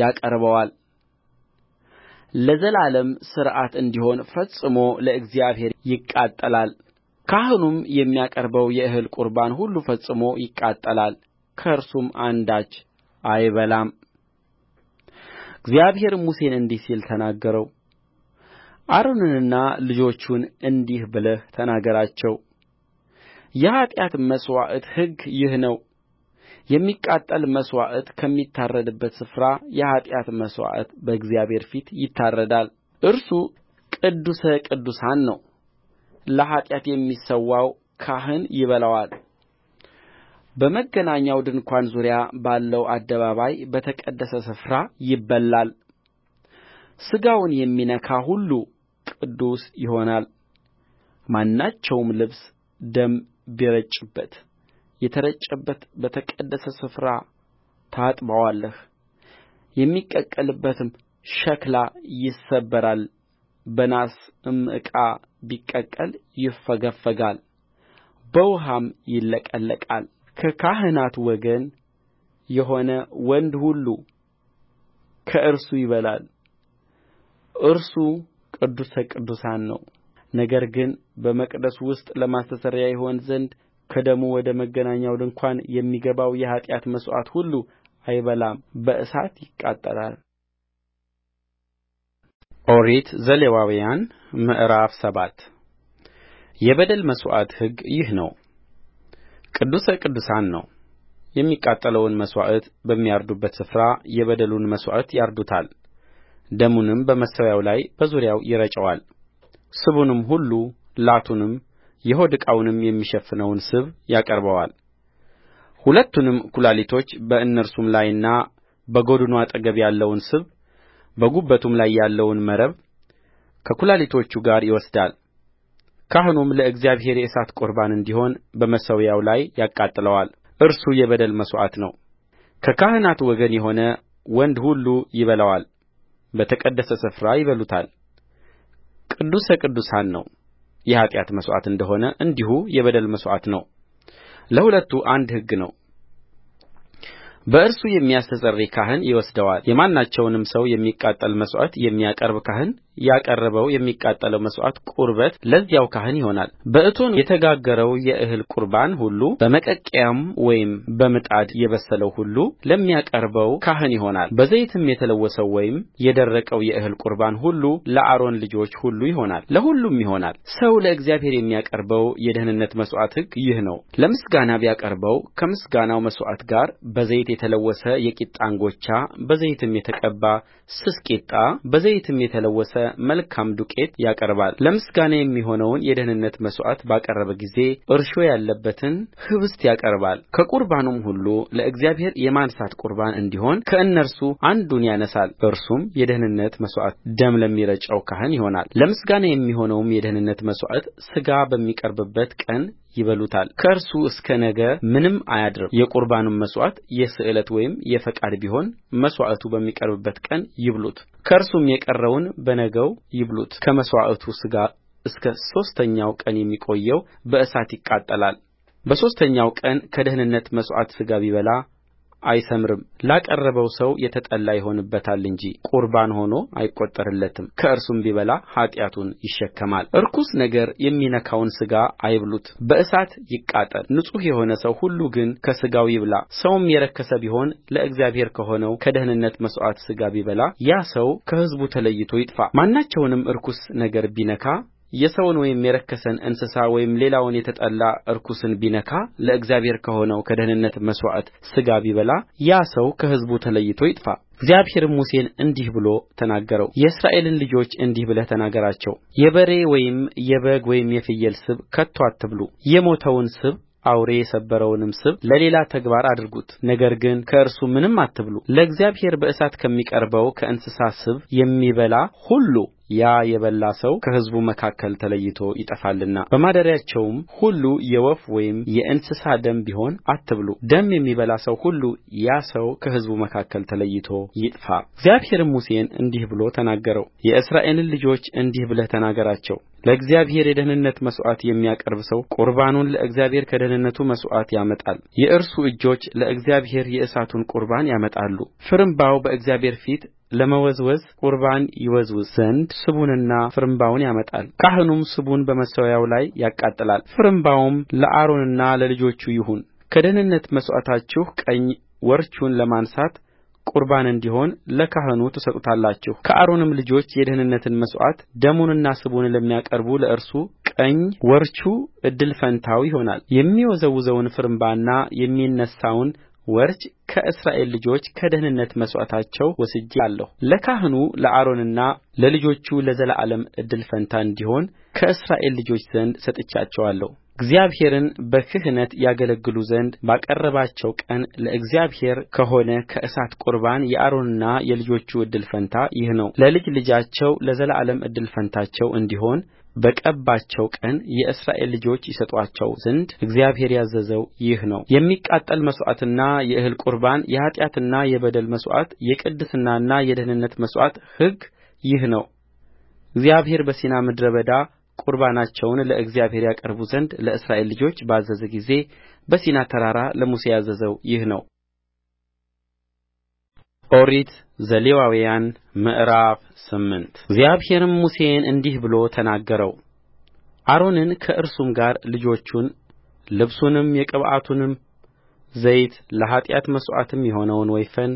ያቀርበዋል ለዘላለም ሥርዓት እንዲሆን ፈጽሞ ለእግዚአብሔር ይቃጠላልካህኑም የሚያቀርበው የእህል ቍርባን ሁሉ ፈጽሞ ይቃጠላል ከእርሱም አንዳች አይበላምእግዚአብሔርም ሙሴን እንዲህ ሲል ተናገረው አሮንንና ልጆቹን እንዲህ ብለህ ተናገራቸው የኃጢአት መሥዋዕት ሕግ ይህ ነው የሚቃጠል መሥዋዕት ከሚታረድበት ስፍራ የኃጢአት መሥዋዕት በእግዚአብሔር ፊት ይታረዳል እርሱ ቅዱስ ቅዱሳን ነው ለኃጢአት የሚሠዋው ካህን ይበላዋል በመገናኛው ድንኳን ዙሪያ ባለው አደባባይ በተቀደሰ ስፍራ ይበላል ሥጋውን የሚነካ ሁሉ ቅዱስ ይሆናል ማናቸውም ልብስ ደም ቢረጭበት የተረጨበት በተቀደሰ ስፍራ ታጥበዋለህ የሚቀቀልበትም ሸክላ ይሰበራል በናስም ዕቃ ቢቀቀል ይፈገፈጋል በውኃም ይለቀለቃል ከካህናት ወገን የሆነ ወንድ ሁሉ ከእርሱ ይበላል እርሱ ቅዱስ ቅዱሳን ነው ነገር ግን በመቅደሱ ውስጥ ለማስተስረያ ይሆን ዘንድ ከደሙ ወደ መገናኛው ድንኳን የሚገባው የኃጢአት መሥዋዕት ሁሉ አይበላም በእሳት ይቃጠላል ኦሪት ዘሌዋውያን ምዕራፍ ሰባት የበደል መሥዋዕት ሕግ ይህ ነው ቅዱስ ቅዱሳን ነው የሚቃጠለውን መሥዋዕት በሚያርዱበት ስፍራ የበደሉን መሥዋዕት ያርዱታል ደሙንም በመሠዊያው ላይ በዙሪያው ይረጨዋል ስቡንም ሁሉ ላቱንም የሆድ ዕቃውንም የሚሸፍነውን ስብ ያቀርበዋል። ሁለቱንም ኵላሊቶች በእነርሱም ላይና በጎድኑ አጠገብ ያለውን ስብ በጉበቱም ላይ ያለውን መረብ ከኵላሊቶቹ ጋር ይወስዳል ካህኑም ለእግዚአብሔር የእሳት ቁርባን እንዲሆን በመሠዊያው ላይ ያቃጥለዋል እርሱ የበደል መሥዋዕት ከካህናቱ ወገን የሆነ ወንድ ሁሉ ይበላዋል በተቀደሰ ስፍራ ይበሉታል ቅዱስ ቅዱሳን ነው የኃጢአት መሥዋዕት እንደ ሆነ እንዲሁ የበደል መሥዋዕት ነው ለሁለቱ አንድ ሕግ ነው በእርሱ የሚያስተሰርይ ካህን ይወስደዋል የማናቸውንም ሰው የሚቃጠል መሥዋዕት የሚያቀርብ ካህን ያቀረበው የሚቃጠለው መሥዋዕት ቁርበት ለዚያው ካህን ይሆናል በእቶን የተጋገረው የእህል ቍርባን ሁሉ በመቀቀያም ወይም በምጣድ የበሰለው ሁሉ ለሚያቀርበው ካህን ይሆናልበዘይትም የተለወሰው ወይም የደረቀው የእህል ቍርባን ሁሉ ለአሮን ልጆች ሁሉ ይሆናል ለሁሉም ይሆናል። ሰው ለእግዚአብሔር የሚያቀርበው የደኅንነት መሥዋዕት ሕግ ይህ ነው ለምስጋና ቢያቀርበው ከምስጋናው መሥዋዕት ጋር በዘይት የተለወሰ የቂጣ እንጐቻ በዘይትም የተቀባ ስስ ቂጣ በዘይትም የተለወሰ መልካም ዱቄት ያቀርባል። ለምስጋና የሚሆነውን የደኅንነት መሥዋዕት ባቀረበ ጊዜ እርሾ ያለበትን ኅብስት ያቀርባል ከቍርባኑም ሁሉ ለእግዚአብሔር የማንሣት ቍርባን እንዲሆን ከእነርሱ አንዱን ያነሣል እርሱም የደኅንነት መሥዋዕት ደም ለሚረጨው ካህን ይሆናልለምስጋና የሚሆነውም የደኅንነት መሥዋዕት ሥጋ በሚቀርብበት ቀን ይበሉታል ከእርሱ እስከ ነገ ምንም አያድርምየቍርባኑም መሥዋዕት የስእለት ወይም የፈቃድ ቢሆን መሥዋዕቱ በሚቀርብበት ቀን ይብሉት ከእርሱም የቀረውን በነጋው ከመሥዋዕቱ ሥጋ እስከ ሦስተኛው ቀን የሚቆየው በእሳት ይቃጠላል በሦስተኛው ቀን ከደኅንነት መሥዋዕት ሥጋ ቢበላ አይሠምርም ላቀረበው ሰው የተጠላ ይሆንበታል እንጂ ቍርባን ሆኖ ከእርሱም ቢበላ ኃጢአቱን ይሸከማልርኩስ ነገር የሚነካውን ሥጋ አይብሉት በእሳት ይቃጠል ንጹሕ የሆነ ሰው ሁሉ ግን ከሥጋው ይብላሰውም የረከሰ ቢሆን ለእግዚአብሔር ከሆነው ከደኅንነት መሥዋዕት ሥጋ ቢበላ ያ ሰው ከሕዝቡ ተለይቶ ይጥፋ ማናቸውንም ርኩስ ነገር ቢነካ የሰውን ወይም የረከሰን እንስሳ ወይም ሌላውን የተጠላ ርኩስን ቢነካ ለእግዚአብሔር ከሆነው ከደኅንነት መሥዋዕት ሥጋ ቢበላ ያ ሰው ከሕዝቡ ተለይቶ ይጥፋእግዚአብሔርም ሙሴን እንዲህ ብሎ ተናገረውየእስራኤልን ልጆች እንዲህ ብለህ ተናገራቸው የበሬ ወይም የበግ ወይም የፍየል ስብ ከቶ አትብሉ የሞተውን ስብ አውሬ የሰበረውንም ስብ ለሌላ ተግባር አድርጉት፣ ነገር ግን ከእርሱ ምንም አትብሉ። ለእግዚአብሔር በእሳት ከሚቀርበው ከእንስሳ ስብ የሚበላ ሁሉ ያ የበላ ሰው ከሕዝቡ መካከል ተለይቶ ይጠፋልና በማደሪያቸውም ሁሉ የወፍ ወይም የእንስሳ ደም ቢሆን አትብሉደም የሚበላ ሰው ሁሉ ያ ሰው ከሕዝቡ መካከል ተለይቶ ይጥፋ እግዚአብሔርም ሙሴን እንዲህ ብሎ ተናገረውየእስራኤልን ልጆች እንዲህ ብለህ ተናገራቸው ለእግዚአብሔር የደኅንነት መሥዋዕት የሚያቀርብ ሰው ቍርባኑን ለእግዚአብሔር ከደኅንነቱ መሥዋዕት ያመጣል የእርሱ እጆች ለእግዚአብሔር የእሳቱን ቍርባን ያመጣሉፍርምባው በእግዚአብሔር ፊት ለመወዝወዝ ቍርባን ይወዘውዝ ዘንድ ስቡንና ፍርምባውን ያመጣል ካህኑም ስቡን በመሠዊያው ላይ ያቃጥላል ፍርምባውም ለአሮንና ለልጆቹ ይሁን ከደኅንነት መሥዋዕታችሁ ቀኝ ወርቹን ለማንሣት ቍርባን እንዲሆን ለካህኑ ትሰጡታላችሁከአሮንም ልጆች የደኅንነትን መሥዋዕት ደሙንና ስቡን ለሚያቀርቡ ለእርሱ ቀኝ ወርቹ እድል ፈንታው ይሆናል የሚወዘውዘውን ፍርምባና የሚነሣውን ወርች ከእስራኤል ልጆች ከደኅንነት መሥዋዕታቸው ወስጄአለሁ ለካህኑ ለአሮንና ለልጆቹ ለዘላለም እድል ፈንታ እንዲሆን ከእስራኤል ልጆች ዘንድ ሰጥቼአቸዋለሁ እግዚአብሔርን በክህነት ያገለግሉ ዘንድ ባቀረባቸው ቀን ለእግዚአብሔር ከሆነ ከእሳት ቍርባን የአሮንና የልጆቹ እድል ፈንታ ይህ ነውለልጅ ልጃቸው ለዘላለም እድል ፈንታቸው እንዲሆን በቀባቸው ቀን የእስራኤል ልጆች ይሰጡአቸው ዘንድ እግዚአብሔር ያዘዘው ይህ ነውየሚቃጠል መሥዋዕትና የእህል ቍርባን የኃጢአትና የበደል መሥዋዕት የቅድስናና የደኅንነት መሥዋዕት ሕግ ይህ ነው እግዚአብሔር በሲና ምድረ በዳ ቍርባናቸውን ለእግዚአብሔር ያቀርቡ ዘንድ ለእስራኤል ልጆች ባዘዘ ጊዜ በሲና ተራራ ለሙሴ ያዘዘው ይህ ነው ኦሪት ዘሌዋውያን ምዕራፍ ስምንት እግዚአብሔርም ሙሴን እንዲህ ብሎ ተናገረው አሮንን ከእርሱም ጋር ልጆቹን ልብሱንም የቅብዓቱንም ዘይት ለኃጢአት መሥዋዕትም የሆነውን ወይፈን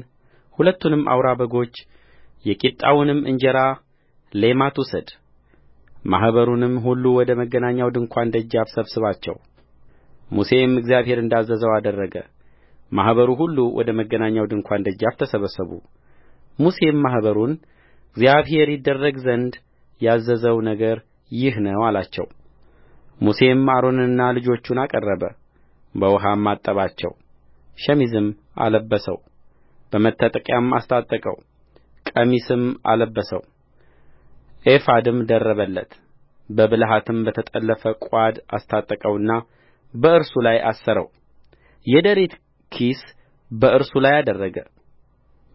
ሁለቱንም አውራ በጎች የቂጣውንም እንጀራ ሌማት ውሰድ ማኅበሩንም ሁሉ ወደ መገናኛው ድንኳን ደጃፍ ሰብስባቸውሙሴም እግዚአብሔር እንዳዘዘው አደረገ ማኅበሩ ሁሉ ወደ መገናኛው ድንኳን ደጃፍ ተሰበሰቡ ሙሴም ማኅበሩን እግዚአብሔር ይደረግ ዘንድ ያዘዘው ነገር ይህ ነው አላቸው ሙሴም አሮንንና ልጆቹን አቀረበ በውኃም አጠባቸው ሸሚዝም አለበሰው በመታጠቂያም አስታጠቀው ቀሚስም አለበሰው ኤፉድም ደረበለት በብልሃትም በተጠለፈ ቋድ አስታጠቀውና በእርሱ ላይ አሰረው የደረት ኪስ በእርሱ ላይ አደረገ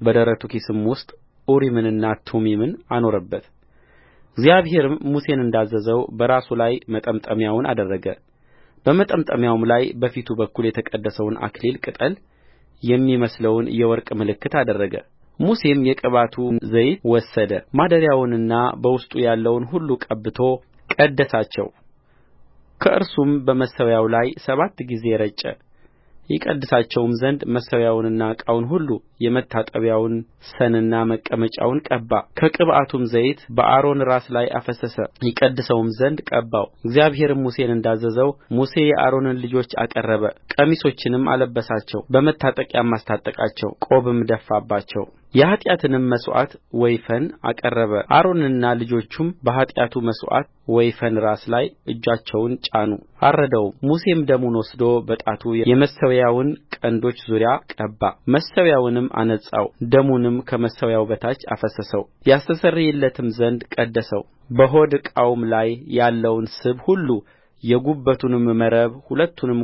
በደረቱ ኪስም ውስጥ ኡሪምንና ቱሚምን አኖረበት እግዚአብሔርም ሙሴን እንዳዘዘው በራሱ ላይ መጠምጠሚያውን አደረገ በመጠምጠሚያውም ላይ በፊቱ በኩል የተቀደሰውን አክሊል ቅጠል የሚመስለውን የወርቅ ምልክት አደረገ ሙሴም የቅብዓቱን ዘይት ወሰደ ማደሪያውንና በውስጡ ያለውን ሁሉ ቀብቶ ቀደሳቸው ከእርሱም በመሠዊያው ላይ ሰባት ጊዜ ረጨ ይቀድሳቸውም ዘንድ መሠዊያውንና ዕቃውን ሁሉ የመታጠቢያውን ሰንና መቀመጫውን ቀባ ከቅብዓቱም ዘይት በአሮን ራስ ላይ አፈሰሰ ይቀድሰውም ዘንድ ቀባው እግዚአብሔርም ሙሴን እንዳዘዘው ሙሴ የአሮንን ልጆች አቀረበ ቀሚሶችንም አለበሳቸው በመታጠቂያም አስታጠቃቸው ቆብም ደፋባቸው የኃጢአትንም መሥዋዕት ወይፈን አቀረበ። አሮንና ልጆቹም በኃጢአቱ መሥዋዕት ወይፈን ራስ ላይ እጆቻቸውን ጫኑ ሙሴም ደሙን ወስዶ በጣቱ የመሠዊያውን ቀንዶች ዙሪያ ቀባ መሠዊያውንም አነጻው ደሙንም ከመሠዊያው በታች አፈሰሰው ያስተሰርይለትም ዘንድ ቀደሰው በሆድ ዕቃውም ላይ ያለውን ስብ ሁሉ የጉበቱንም መረብ ሁለቱንም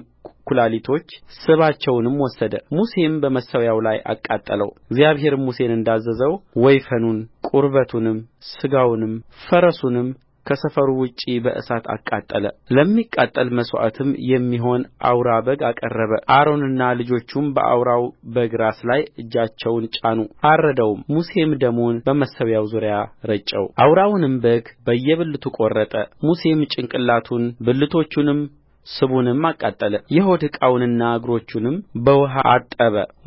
ኵላሊቶች ስባቸውንም ወሰደ ሙሴም በመሠዊያው ላይ አቃጠለው እግዚአብሔርም ሙሴን እንዳዘዘው ወይፈኑን ቁርበቱንም ሥጋውንም ፈረሱንም ከሰፈሩ ውጭ በእሳት አቃጠለለሚቃጠል መሥዋዕትም የሚሆን አውራ በግ አቀረበ አሮንና ልጆቹም በአውራው በግ ራስ ላይ እጃቸውን ጫኑ አረደውም ሙሴም ደሙን በመሠዊያው ዙሪያ ረጨውአውራውንም በግ በየብልቱ ቈረጠ ሙሴም ጭንቅላቱን ብልቶቹንም ስቡንም አቃጠለ የሆድ ዕቃውንና እግሮቹንም በውኃ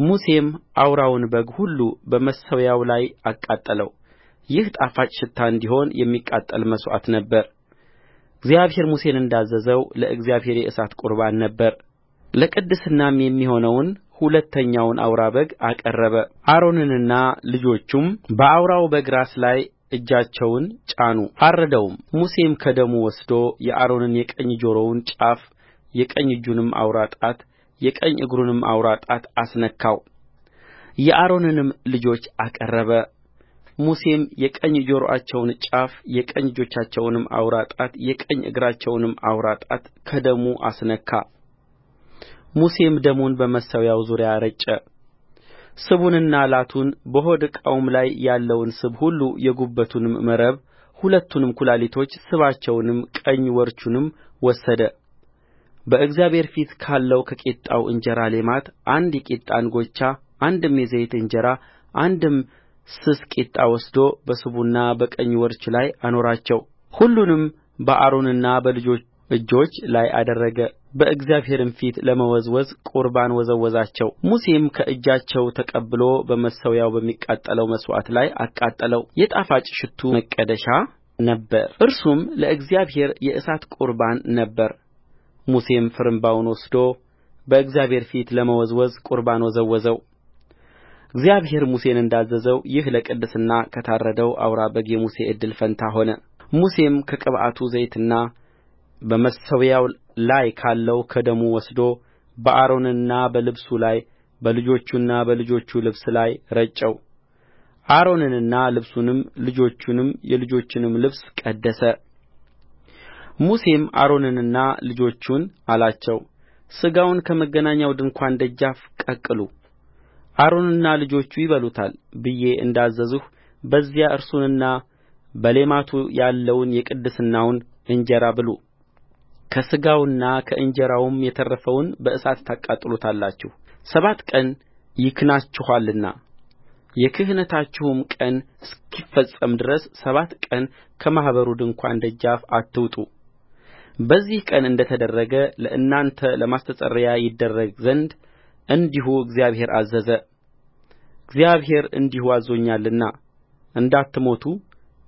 ሙሴም አውራውን በግ ሁሉ በመሠዊያው ላይ አቃጠለው ይህ ጣፋጭ ሽታ እንዲሆን የሚቃጠል መሥዋዕት እግዚአብሔር ሙሴን እንዳዘዘው ለእግዚአብሔር የእሳት ቍርባን ነበር። ለቅድስናም የሚሆነውን ሁለተኛውን አውራ በግ አቀረበ አሮንና ልጆቹም በአውራው በግ ራስ ላይ እጃቸውን ጫኑ ሙሴም ከደሙ ወስዶ የአሮንን የቀኝ ጆሮውን ጫፍ የቀኝ እጁንም አውራ ጣት የቀኝ እግሩንም አውራ ጣት አስነካው የአሮንንም ልጆች አቀረበ ሙሴም የቀኝ ጆሮአቸውን ጫፍ የቀኝ እጆቻቸውንም አውራ ጣት የቀኝ እግራቸውንም አውራ ጣት ከደሙ አስነካ ሙሴም ደሙን በመሠዊያው ዙሪያ ረጨ ስቡንና ላቱን በሆድ ዕቃውም ላይ ያለውን ስብ ሁሉ የጕበቱንም መረብ ሁለቱንም ኵላሊቶች ስባቸውንም ቀኝ ወርቹንም ወሰደ በእግዚአብሔር ፊት ካለው ከቂጣው እንጀራ ሌማት አንድ የቂጣ እንጎቻ አንድም የዘይት እንጀራ አንድም ስስ ቂጣ ወስዶ በስቡና በቀኝ ወርቹ ላይ አኖራቸው ሁሉንም በአሮንና በልጆቹ እጆች ላይ አደረገ በእግዚአብሔርም ፊት ለመወዝወዝ ቍርባን ወዘወዛቸውሙሴም ከእጃቸው ተቀብሎ በመሠዊያው በሚቃጠለው መሥዋዕት ላይ አቃጠለው የጣፋጭ ሽቱ መቀደሻ ነበረ እርሱም ለእግዚአብሔር የእሳት ቍርባን ሙሴም ፍርምባውን ወስዶ በእግዚአብሔር ፊት ለመወዝወዝ ቍርባን ወዘወዘው እግዚአብሔር ሙሴን እንዳዘዘው ይህ ለቅድስና ከታረደው አውራ በግ የሙሴ እድል ፈንታ ሆነ ሙሴም ከቅብዓቱ ዘይትና በመሠዊያው ላይ ካለው ከደሙ ወስዶ በአሮንና በልብሱ ላይ በልጆቹና በልጆቹ ልብስ ላይ ረጨው። አሮንንና ልብሱንም ልጆቹንም የልጆቹንም ልብስ ቀደሰ ሙሴም አሮንንና ልጆቹን አላቸው ሥጋውን ከመገናኛው ድንኳን ደጃፍ ቀቅሉ አሮንና ልጆቹ ይበሉታል ብዬ እንዳዘዝሁ በዚያ እርሱንና በሌማቱ ያለውን የቅድስናውን እንጀራ ብሉ ከሥጋውና ከእንጀራውም የተረፈውን በእሳት ታቃጥሉታላችሁሰባት ቀን ይክናችኋልና የክህነታችሁም ቀን እስኪፈጸም ድረስ ሰባት ቀን ከማኅበሩ ድንኳን ደጃፍ አትውጡ በዚህ ቀን እንደ ተደረገ ለእናንተ ለማስተስረያ ይደረግ ዘንድ እንዲሁ እግዚአብሔር አዘዘ እግዚአብሔር እንዲሁ አዞኛልና እንዳትሞቱ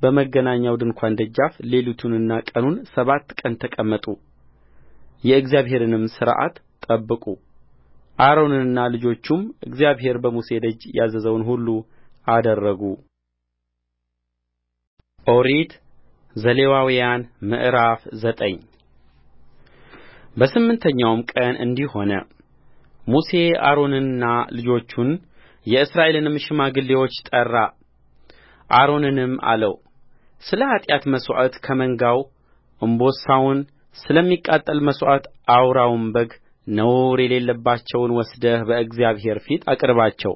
በመገናኛው ድንኳን ደጃፍ ሌሊቱንና ቀኑን ሰባት ቀን ተቀመጡ የእግዚአብሔርንም ሥርዓት ጠብቁ አሮንና ልጆቹም እግዚአብሔር በሙሴ እጅ ያዘዘውን ሁሉ አደረጉ ኦሪት ዘሌዋውያን ምዕራፍ ዘጠኝ በስምንተኛውም ቀን እንዲህ ሆነ ሙሴ አሮንንና ልጆቹን የእስራኤልንም ሽማግሌዎች ጠራ። አሮንንም አለው ስለ ኃጢአት መሥዋዕት ከመንጋው እምቦሳውን ስለሚቃጠል መሥዋዕት አውራውን በግ ነውር የሌለባቸውን ወስደህ በእግዚአብሔር ፊት አቅርባቸው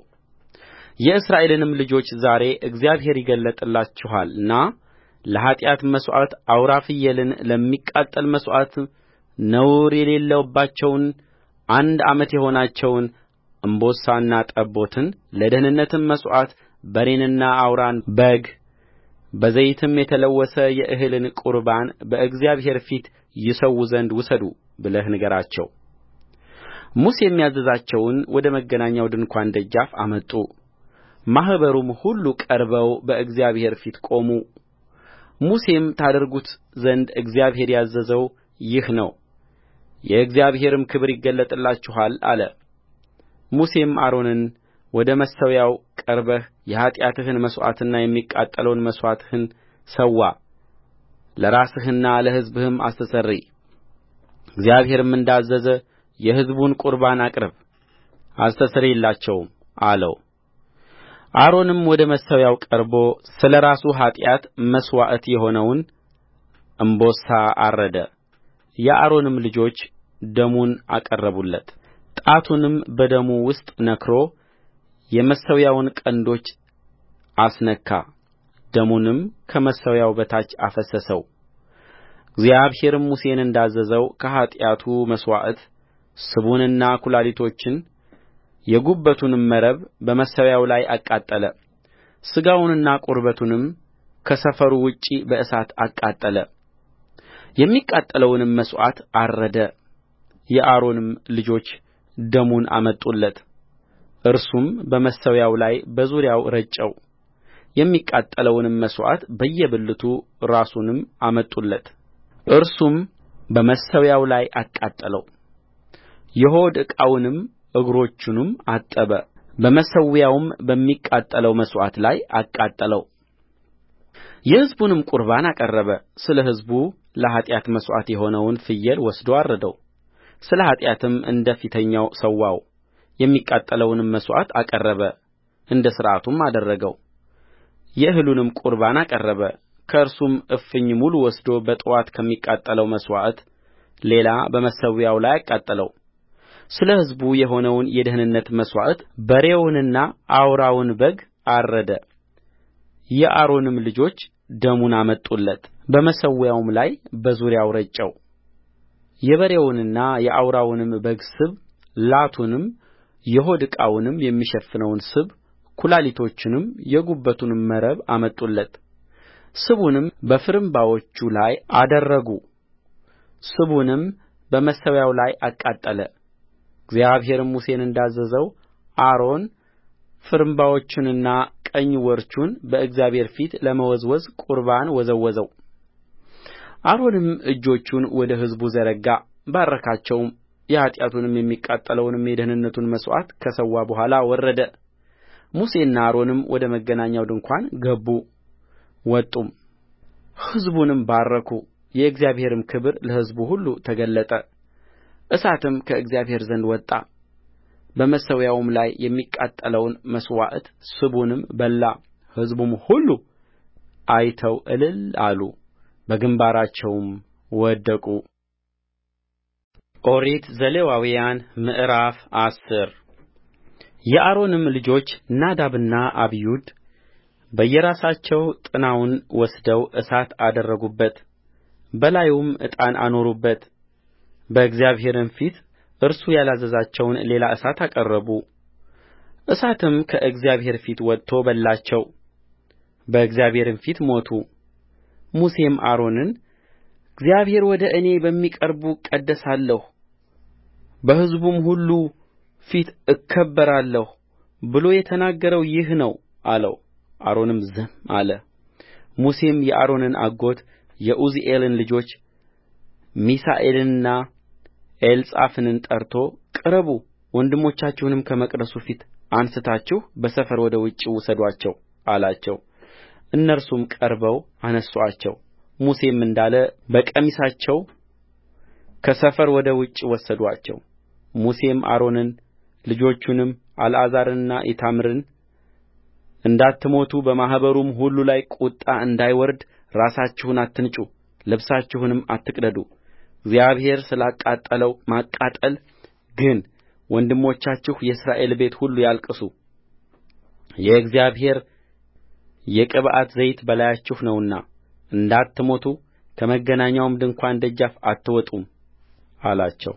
የእስራኤልንም ልጆች ዛሬ እግዚአብሔር ይገለጥላችኋልና ለኃጢአት መሥዋዕት አውራ ፍየልን ለሚቃጠል መሥዋዕት ነውር የሌለባቸውን አንድ ዓመት የሆናቸውን እምቦሳና ጠቦትን ለደኅንነትም መሥዋዕት በሬንና አውራን በግ በዘይትም የተለወሰ የእህልን ቍርባን በእግዚአብሔር ፊት ይሠዉ ዘንድ ውሰዱ ብለህ ንገራቸውሙሴም ያዘዛቸውን ወደ መገናኛው ድንኳን ደጃፍ አመጡ ማኅበሩም ሁሉ ቀርበው በእግዚአብሔር ፊት ቆሙ ሙሴም ታደርጉት ዘንድ እግዚአብሔር ያዘዘው ይህ ነው የእግዚአብሔርም ክብር ይገለጥላችኋል አለ ሙሴም አሮንን ወደ መሠዊያው ቀርበህ የኃጢአትህን መሥዋዕትና የሚቃጠለውን መሥዋዕትህን ሠዋ ለራስህና ለሕዝብህም አስተስርይ እግዚአብሔርም እንዳዘዘ የሕዝቡን ቍርባን አቅርብ አስተስርይላቸውም አለው። አሮንም ወደ መሠዊያው ቀርቦ ስለ ራሱ ኃጢአት መሥዋዕት የሆነውን እምቦሳ አረደ። የአሮንም ልጆች ደሙን አቀረቡለት። ጣቱንም በደሙ ውስጥ ነክሮ የመሠዊያውን ቀንዶች አስነካ ደሙንም ከመሠዊያው በታች አፈሰሰው። እግዚአብሔርም ሙሴን እንዳዘዘው ከኃጢአቱ መሥዋዕት ስቡንና ኩላሊቶችን የጉበቱንም መረብ በመሠዊያው ላይ አቃጠለ። ሥጋውንና ቁርበቱንም ከሰፈሩ ውጭ በእሳት አቃጠለ። የሚቃጠለውንም መሥዋዕት አረደ። የአሮንም ልጆች ደሙን አመጡለት እርሱም በመሠዊያው ላይ በዙሪያው ረጨው የሚቃጠለውንም መሥዋዕት በየብልቱ ራሱንም አመጡለት እርሱም በመሠዊያው ላይ አቃጠለው የሆድ ዕቃውንም እግሮቹንም አጠበ በመሠዊያውም በሚቃጠለው መሥዋዕት ላይ አቃጠለው የሕዝቡንም ቍርባን አቀረበ ስለ ሕዝቡ ለኃጢአት መሥዋዕት የሆነውን ፍየል ወስዶ አረደው ስለ ኃጢአትም እንደ ፊተኛው ሠዋው የሚቃጠለውንም መሥዋዕት አቀረበ እንደ ሥርዓቱም አደረገው የእህሉንም ቍርባን አቀረበ ከእርሱም እፍኝ ሙሉ ወስዶ በጥዋት ከሚቃጠለው መሥዋዕት ሌላ በመሠዊያው ላይ አቃጠለው ስለ ሕዝቡ የሆነውን የደኅንነት መሥዋዕት በሬውንና አውራውን በግ አረደ የአሮንም ልጆች ደሙን አመጡለት በመሠዊያውም ላይ በዙሪያው ረጨው የበሬውንና የአውራውንም በግ ስብ ላቱንም የሆድ ዕቃውንም የሚሸፍነውን ስብ ኵላሊቶቹንም የጕበቱንም መረብ አመጡለት ስቡንም በፍርምባዎቹ ላይ አደረጉ ስቡንም በመሠዊያው ላይ አቃጠለ እግዚአብሔርም ሙሴን እንዳዘዘው አሮን ፍርምባዎቹንና ቀኝ ወርቹን በእግዚአብሔር ፊት ለመወዝወዝ ቁርባን ወዘወዘው አሮንም እጆቹን ወደ ሕዝቡ ዘረጋ ባረካቸውም የኃጢአቱንም የሚቃጠለውንም የደኅንነቱን መሥዋዕት ከሠዋ በኋላ ወረደ ሙሴና አሮንም ወደ መገናኛው ድንኳን ገቡ ወጡም ሕዝቡንም ባረኩ የእግዚአብሔርም ክብር ለሕዝቡ ሁሉ ተገለጠ እሳትም ከእግዚአብሔር ዘንድ ወጣ በመሠዊያውም ላይ የሚቃጠለውን መሥዋዕት ስቡንም በላ ሕዝቡም ሁሉ አይተው እልል አሉ በግምባራቸውም ወደቁ ኦሪት ዘሌዋውያን ምዕራፍ አስር የአሮንም ልጆች ናዳብና አብዩድ በየራሳቸው ጥናውን ወስደው እሳት አደረጉበት፣ በላዩም ዕጣን አኖሩበት። በእግዚአብሔርም ፊት እርሱ ያላዘዛቸውን ሌላ እሳት አቀረቡ። እሳትም ከእግዚአብሔር ፊት ወጥቶ በላቸው፣ በእግዚአብሔርም ፊት ሞቱ። ሙሴም አሮንን እግዚአብሔር ወደ እኔ በሚቀርቡ እቀደሳለሁ በሕዝቡም ሁሉ ፊት እከበራለሁ ብሎ የተናገረው ይህ ነው አለው አሮንም ዝም ሙሴም የአሮንን አጎት የዑዝኤልን ልጆች ሚሳኤልንና ኤልጻፋንን ጠርቶ ቅረቡ ወንድሞቻችሁንም ከመቅደሱ ፊት አንስታችሁ በሰፈር ወደ ውጭ ውሰዱአቸው አላቸው። እነርሱም ቀርበው አነሡአቸው። ሙሴም እንዳለ በቀሚሳቸው ከሰፈር ወደ ውጭ ወሰዱአቸው። ሙሴም አሮንን ልጆቹንም አልዓዛርንና ኢታምርን እንዳትሞቱ በማኅበሩም ሁሉ ላይ ቍጣ እንዳይወርድ ራሳችሁን አትንጩ ልብሳችሁንም አትቅደዱ እግዚአብሔር ስላቃጠለው ማቃጠል ግን ወንድሞቻችሁ የእስራኤል ቤት ሁሉ ያልቅሱ የእግዚአብሔር የቅብዓት ዘይት በላያችሁ ነውና እንዳትሞቱ ከመገናኛው ድንኳን ደጃፍ አትወጡም አላቸው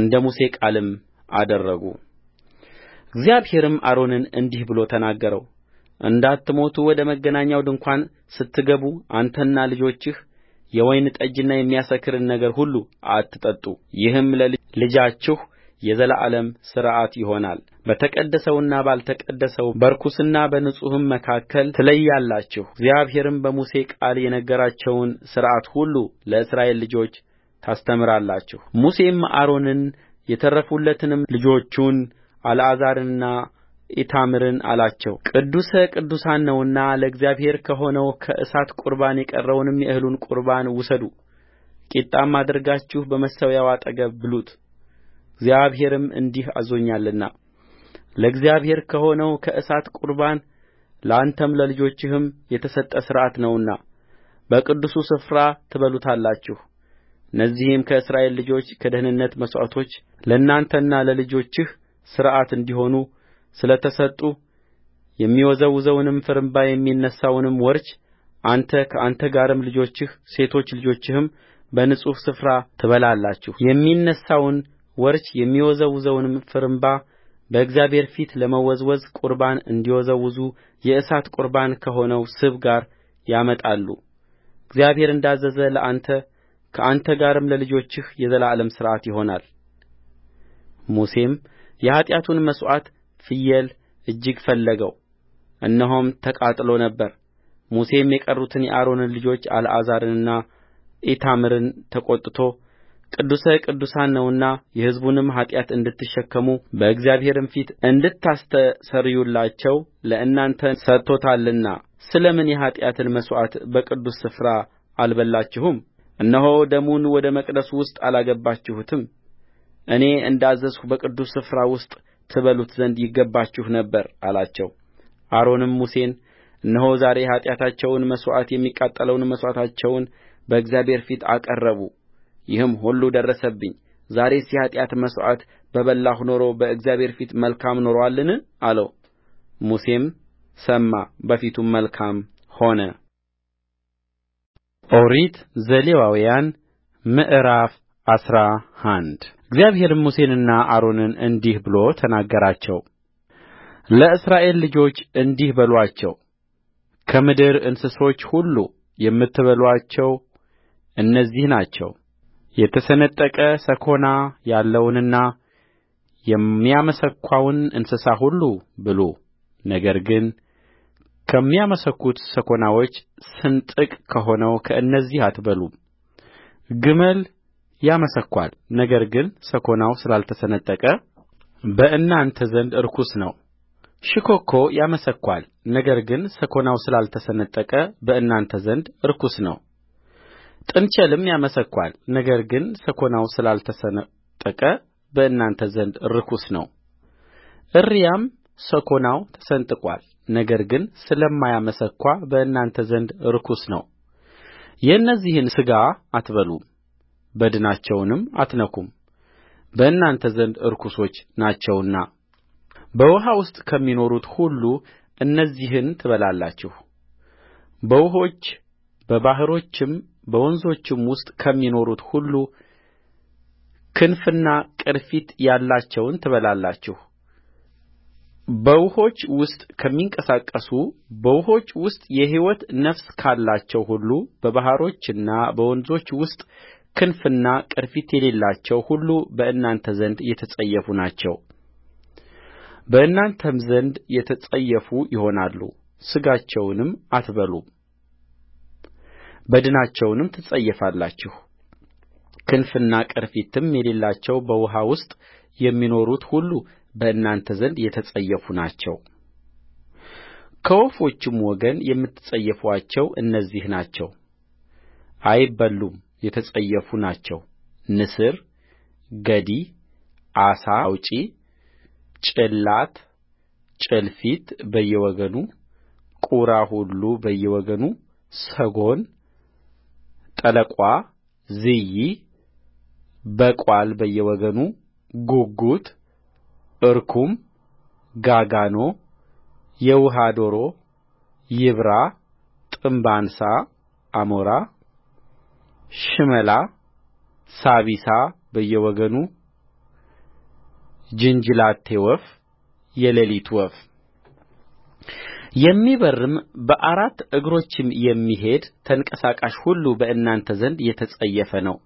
እንደ ሙሴ ቃልም አደረጉ እግዚአብሔርም አሮንን እንዲህ ብሎ ተናገረው እንዳትሞቱ ወደ መገናኛው ድንኳን ስትገቡ አንተና ልጆችህ የወይን ጠጅና የሚያሰክርን ነገር ሁሉ አትጠጡ ይህም ለልጃችሁ የዘላለም ሥርዓት ይሆናል በተቀደሰውና ባልተቀደሰው በርኩስና በንጹሕም መካከል ትለያላችሁእግዚአብሔርም በሙሴ ቃል የነገራቸውን ሥርዓት ሁሉ ለእስራኤል ልጆች ታስተምራላችሁሙሴም አሮንን የተረፉለትንም ልጆቹን አልዓዛርንና ኢታምርን አላቸው ቅዱስ ቅዱሳን ነውና ለእግዚአብሔር ከሆነው ከእሳት ቁርባን የቀረውን የእህሉን ቁርባን ውሰዱ ቂጣም አድርጋችሁ በመሠዊያው አጠገብ ብሉት እግዚአብሔርም እንዲህ አዞኛልና ለእግዚአብሔር ከሆነው ከእሳት ቁርባን ለአንተም ለልጆችህም የተሰጠ ሥርዓት ነውና በቅዱሱ ስፍራ ትበሉታላችሁ እነዚህም ከእስራኤል ልጆች ከደኅንነት መሥዋዕቶች ለአንተና ለልጆችህ ሥርዓት እንዲሆኑ ስለ ተሰጡ የሚወዘወዘውንም ፍርምባ የሚነሣውንም ወርች አንተ ከአንተ ጋርም ልጆችህ ሴቶች ልጆችህም በንጹሕ ስፍራ ትበላላችሁየሚነሣውን ወርች የሚወዘውዘውንም ፍርምባ በእግዚአብሔር ፊት ለመወዝወዝ ቁርባን እንዲወዘውዙ የእሳት ቁርባን ከሆነው ስብ ጋር ያመጣሉ እግዚአብሔር እንዳዘዘ ለአንተ ከአንተ ጋርም ለልጆችህ የዘላለም ሥርዓት ይሆናልሙሴም የኃጢአቱን መሥዋዕት ፍየል እጅግ ፈለገው እነሆም ተቃጥሎ ነበር ሙሴም የቀሩትን የአሮንን ልጆች አልዓዛርንና ኢታምርን ተቈጥቶ ቅዱስ ቅዱሳን ነውና የሕዝቡንም ኃጢአት እንድትሸከሙ በእግዚአብሔርም ፊት እንድታስተሰርዩላቸው ለእናንተ ሰጥቶታልና ስለ ምን የኃጢአትን መሥዋዕት በቅዱስ ስፍራ አልበላችሁም እነሆ ደሙን ወደ መቅደሱ ውስጥ አላገባችሁትም እኔ እንዳዘዝሁ በቅዱስ ስፍራ ውስጥ ትበሉት ዘንድ ይገባችሁ ነበር አላቸው አሮንም ሙሴን እነሆ ዛሬ የኃጢአታቸውን መሥዋዕት የሚቃጠለውን መሥዋዕታቸውን በእግዚአብሔር ፊት አቀረቡ ይህም ሁሉ ደረሰብኝ ዛሬስ የኃጢአት መሥዋዕት በበላሁ ኖሮ በእግዚአብሔር ፊት መልካም ኖሮአልን አለው ሙሴም ሰማ በፊቱም መልካም ሆነ ኦሪት ዘሌዋውያን ምዕራፍ አስራ አንድ እግዚአብሔርም ሙሴንና አሮንን እንዲህ ብሎ ተናገራቸው። ለእስራኤል ልጆች እንዲህ በሉአቸው ከምድር እንስሶች ሁሉ የምትበሉአቸው እነዚህ ናቸው። የተሰነጠቀ ሰኮና ያለውንና የሚያመሰኳውን እንስሳ ሁሉ ብሉ። ነገር ግን ከሚያመሰኩት ሰኮናዎች ስንጥቅ ከሆነው ከእነዚህ አትበሉም ግመል ያመሰኳል ነገር ግን ሰኮናው ስላልተሰነጠቀ በእናንተ ዘንድ ርኩስ ነው ሽኮኮ ያመሰኳል ነገር ግን ሰኮናው ስላልተሰነጠቀ በእናንተ ዘንድ ርኩስ ነው ጥንቸልም ያመሰኳል ነገር ግን ሰኮናው ስላልተሰነጠቀ በእናንተ ዘንድ ርኩስ ነው እሪያም ሰኮናው ተሰንጥቋል ነገር ግን ስለማያመሰኳ በእናንተ ዘንድ ርኩስ ነው። የእነዚህን ሥጋ አትበሉም፣ በድናቸውንም አትነኩም፣ በእናንተ ዘንድ ርኩሶች ናቸውና። በውኃ ውስጥ ከሚኖሩት ሁሉ እነዚህን ትበላላችሁ። በውኆች በባሕሮችም በወንዞችም ውስጥ ከሚኖሩት ሁሉ ክንፍና ቅርፊት ያላቸውን ትበላላችሁ በውኆች ውስጥ ከሚንቀሳቀሱ በውኆች ውስጥ የሕይወት ነፍስ ካላቸው ሁሉ በባሕሮችና በወንዞች ውስጥ ክንፍና ቅርፊት የሌላቸው ሁሉ በእናንተ ዘንድ የተጸየፉ ናቸው በእናንተም ዘንድ የተጸየፉ ይሆናሉ ሥጋቸውንም አትበሉም በድናቸውንም ትጸየፋላችሁ ክንፍና ቅርፊትም የሌላቸው በውኃ ውስጥ የሚኖሩት ሁሉ በእናንተ ዘንድ የተጸየፉ ናቸውከወፎችም ወገን የምትጸየፉአቸው እነዚህ ናቸው አይበሉም የተጸየፉ ናቸው ንስር ገዲ ዓሣ አውጭ ጭላት ጭልፊት በየወገኑ ቁራ ሁሉ በየወገኑ ሰጎን ጠለቋ ዝይ በቋል በየወገኑ ጉጉት እርኩም ጋጋኖ የውሃ ዶሮ ይብራ ጥምብ አንሣ አሞራ ሽመላ ሳቢሳ በየወገኑ ጅንጅላቴ ወፍ የሌሊት ወፍ የሚበርርም በአራት እግሮችም የሚሄድ ተንቀሳቃሽ ሁሉ በእናንተ ዘንድ የተጸየፈ ነው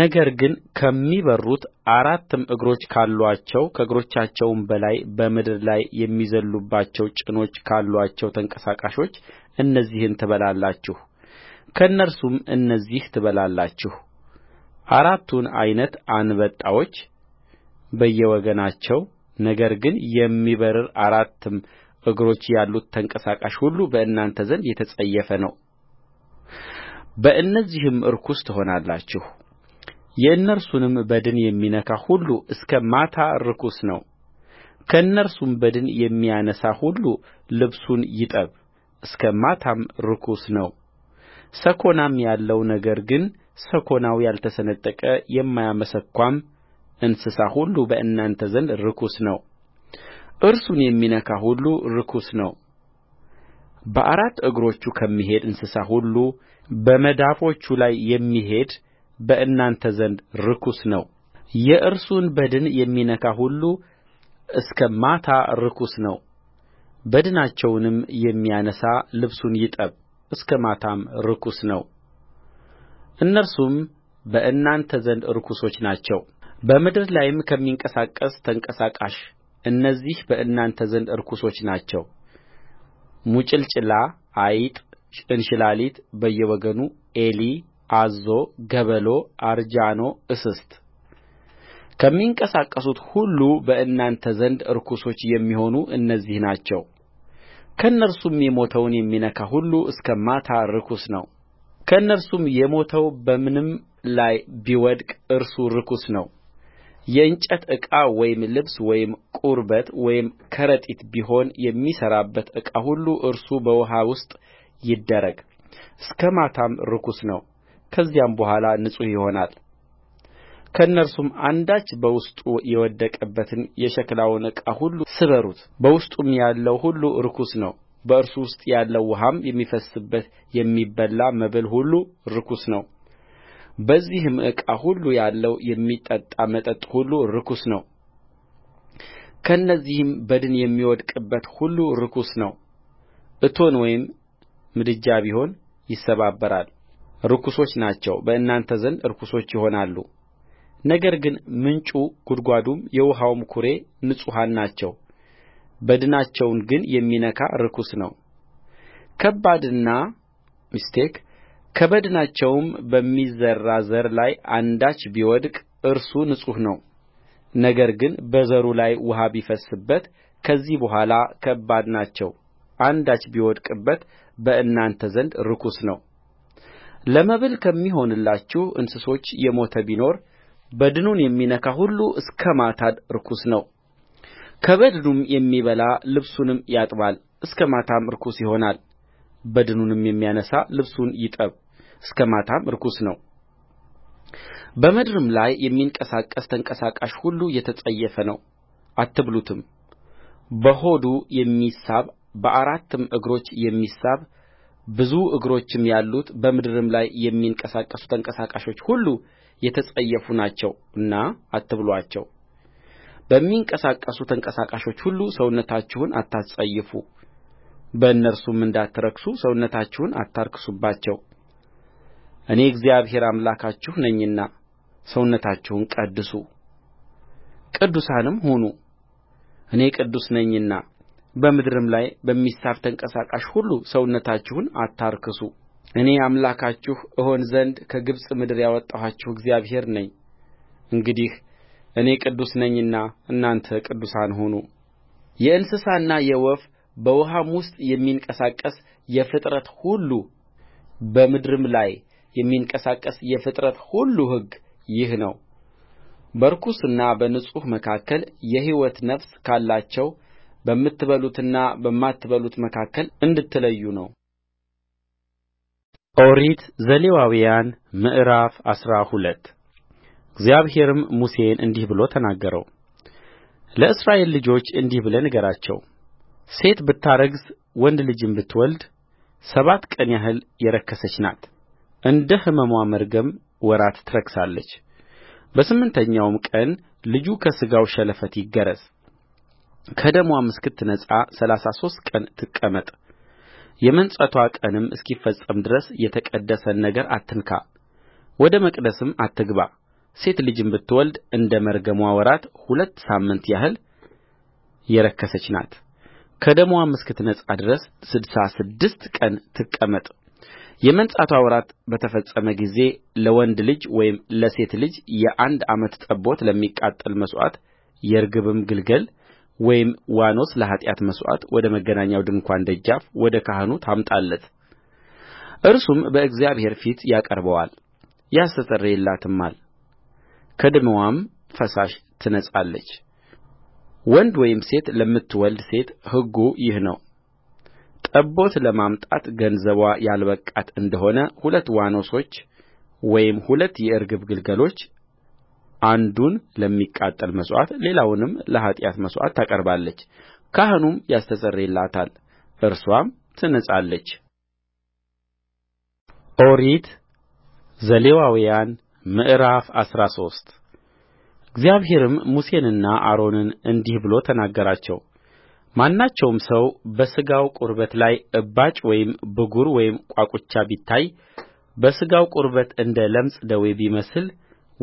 ነገር ግን ከሚበርሩት አራትም እግሮች ካሉአቸው ከእግሮቻቸውም በላይ በምድር ላይ የሚዘልሉባቸው ጭኖች ካሉአቸው ተንቀሳቃሾች እነዚህን ትበላላችሁ ከእነርሱም እነዚህን ትበላላችሁ አራቱን ዓይነት አንበጣዎች በየወገናቸው ነገር ግን የሚበርር አራትም እግሮች ያሉት ተንቀሳቃሽ ሁሉ በእናንተ ዘንድ የተጸየፈ ነው በእነዚህም ርኩስ ትሆናላችሁ የእነርሱንም በድን የሚነካ ሁሉ እስከ ማታ ርኩስ ነው። ከእነርሱም በድን የሚያነሣ ሁሉ ልብሱን ይጠብ እስከ ማታም ርኩስ ነው። ሰኮናም ያለው ነገር ግን ሰኮናው ያልተሰነጠቀ የማያመሰኳም እንስሳ ሁሉ በእናንተ ዘንድ ርኩስ ነው እርሱን የሚነካ ሁሉ ርኩስ ነው በአራት እግሮቹ ከሚሄድ እንስሳ ሁሉ በመዳፎቹ ላይ የሚሄድ በእናንተ ዘንድ ርኩስ ነው። የእርሱን በድን የሚነካ ሁሉ እስከ ማታ ርኩስ ነው በድናቸውንም የሚያነሣ ልብሱን ይጠብ እስከ ማታም ርኩስ ነው እነርሱም በእናንተ ዘንድ ርኩሶች ናቸው በምድር ላይም ከሚንቀሳቀስ ተንቀሳቃሽ እነዚህ በእናንተ ዘንድ ርኩሶች ናቸው። ሙጭልጭላ፣ አይጥ፣ እንሽላሊት በየወገኑ ኤሊ አዞ ገበሎ አርጃኖ እስስት ከሚንቀሳቀሱት ሁሉ በእናንተ ዘንድ ርኩሶች የሚሆኑ እነዚህ ናቸው ከእነርሱም የሞተውን የሚነካ ሁሉ እስከ ማታ ርኩስ ነውከእነርሱም የሞተው በምንም ላይ ቢወድቅ እርሱ ርኩስ ነው የእንጨት ዕቃ ወይም ልብስ ወይም ቁርበት ወይም ከረጢት ቢሆን የሚሠራበት ዕቃ ሁሉ እርሱ በውኃ ውስጥ ይደረግ እስከ ማታም ርኩስ ነው ከዚያም በኋላ ንጹሕ ይሆናል ከእነርሱም አንዳች በውስጡ የወደቀበትን የሸክላውን ዕቃ ሁሉ ስበሩት በውስጡም ያለው ሁሉ ርኩስ ነው በእርሱ ውስጥ ያለው ውኃም የሚፈስስበት የሚበላ መብል ሁሉ ርኩስ ነው። በዚህም ዕቃ ሁሉ ያለው የሚጠጣ መጠጥ ሁሉ ርኩስ ነው ከእነዚህም በድን የሚወድቅበት ሁሉ ርኩስ ነው እቶን ወይም ምድጃ ቢሆን ይሰባበራል ርኩሶች ናቸው በእናንተ ዘንድ ርኩሶች ይሆናሉነገር ግን ምንጩ ጕድጓዱም የውኃውም ኵሬ ንጹሐን ናቸው በድናቸውን ግን የሚነካ ርኩስ ነውከበድናቸውም በሚዘራ ዘር ላይ አንዳች ቢወድቅ እርሱ ንጹሕ ነው ነገር ግን በዘሩ ላይ ውኃ ቢፈስስበት ከዚህ በኋላ ከባድ ናቸው አንዳች ቢወድቅበት በእናንተ ዘንድ ርኩስ ነው ለመብል ከሚሆኑላችሁ እንስሶች የሞተ ቢኖር በድኑን የሚነካ ሁሉ እስከ ማታ ርኩስ ነውከበድኑም የሚበላ ልብሱንም ያጥባል እስከ ማታም ርኩስ ይሆናል በድኑንም የሚያነሣ ልብሱን ይጠብ እስከ ማታም ርኩስ ነውበምድርም ላይ የሚንቀሳቀስ ተንቀሳቃሽ ሁሉ የተጸየፈ ነው አትብሉትምበሆዱ የሚሳብ በአራትም እግሮች የሚሳብ ብዙ እግሮችም ያሉት በምድርም ላይ የሚንቀሳቀሱ ተንቀሳቃሾች ሁሉ የተጸየፉ ናቸውና አትብሉአቸውበሚንቀሳቀሱ ተንቀሳቃሾች ሁሉ ሰውነታችሁን አታስጸይፉ በእነርሱም እንዳትረክሱ ሰውነታችሁን አታርክሱባቸው እኔ እግዚአብሔር አምላካችሁ ነኝና ሰውነታችሁን ቀድሱ ቅዱሳንም ሁኑ እኔ ቅዱስ ነኝና በምድርም ላይ በሚሳብ ተንቀሳቃሽ ሁሉ ሰውነታችሁን አታርክሱ እኔ አምላካችሁ እሆን ዘንድ ከግብፅ ምድር ያወጣኋችሁ እግዚአብሔር ነኝ እንግዲህ እኔ ቅዱስ ነኝና እናንተ ቅዱሳን ሁኑ የእንስሳና የወፍ በውኃም ውስጥ የሚንቀሳቀስ የፍጥረት ሁሉ በምድርም ላይ የሚንቀሳቀስ የፍጥረት ሁሉ ሕግ ይህ ነው በርኩስና በንጹሕ መካከል የሕይወት ነፍስ ካላቸው በምትበሉትና በማትበሉት መካከል እንድትለዩ ነው ኦሪት ዘሌዋውያን ምዕራፍ አስራ ሁለት እግዚአብሔርም ሙሴን እንዲህ ብሎ ተናገረው ለእስራኤል ልጆች እንዲህ ብለህ ንገራቸው ሴት ብታረግዝ ወንድ ልጅም ብትወልድ ሰባት ቀን ያህል የረከሰች ናት እንደ ሕመሟ መርገም ወራት ትረክሳለች በስምንተኛውም ቀን ልጁ ከሥጋው ሸለፈት ይገረዝ ከደምዋም እስክትነጻ ሠላሳ ሦስት ቀን ትቀመጥየመንጻትዋ ቀንም እስኪፈጸም ድረስ የተቀደሰን ነገር አትንካ ወደ መቅደስም አትግባ ሴት ልጅም ብትወልድ እንደ መርገምዋ ወራት ሁለት ሳምንት ያህል የረከሰች ናት ከደምዋም እስክትነጻ ድረስ ስድሳ ስድስት ቀን ትቀመጥ የመንጻቷ ወራት በተፈጸመ ጊዜ ለወንድ ልጅ ወይም ለሴት ልጅ የአንድ ዓመት ጠቦት ለሚቃጠል መሥዋዕት የርግብም ግልገል ወይም ዋኖስ ለኃጢአት መሥዋዕት ወደ መገናኛው ድንኳን ደጃፍ ወደ ካህኑ ታምጣለት። እርሱም በእግዚአብሔር ፊት ያቀርበዋል ያስተሰርይላትማል ከደምዋም ፈሳሽ ትነጻለች ወንድ ወይም ሴት ለምትወልድ ሴት ሕጉ ይህ ነው ጠቦት ለማምጣት ገንዘቧ ያልበቃት እንደሆነ ሁለት ዋኖሶች ወይም ሁለት የርግብ ግልገሎች አንዱን ለሚቃጠል መሥዋዕት ሌላውንም ለኃጢአት መሥዋዕት ታቀርባለች ካህኑም ያስተሰርይላታል እርስዋም ትነጻለች ኦሪት ዘሌዋውያን ምዕራፍ አስራ ሶስት እግዚአብሔርም ሙሴንና አሮንን እንዲህ ብሎ ተናገራቸው ማናቸውም ሰው በሥጋው ቁርበት ላይ እባጭ ወይም ብጉር ወይም ቋቁቻ ቢታይ በሥጋው ቁርበት እንደ ለምጽ ደዌ ቢመስል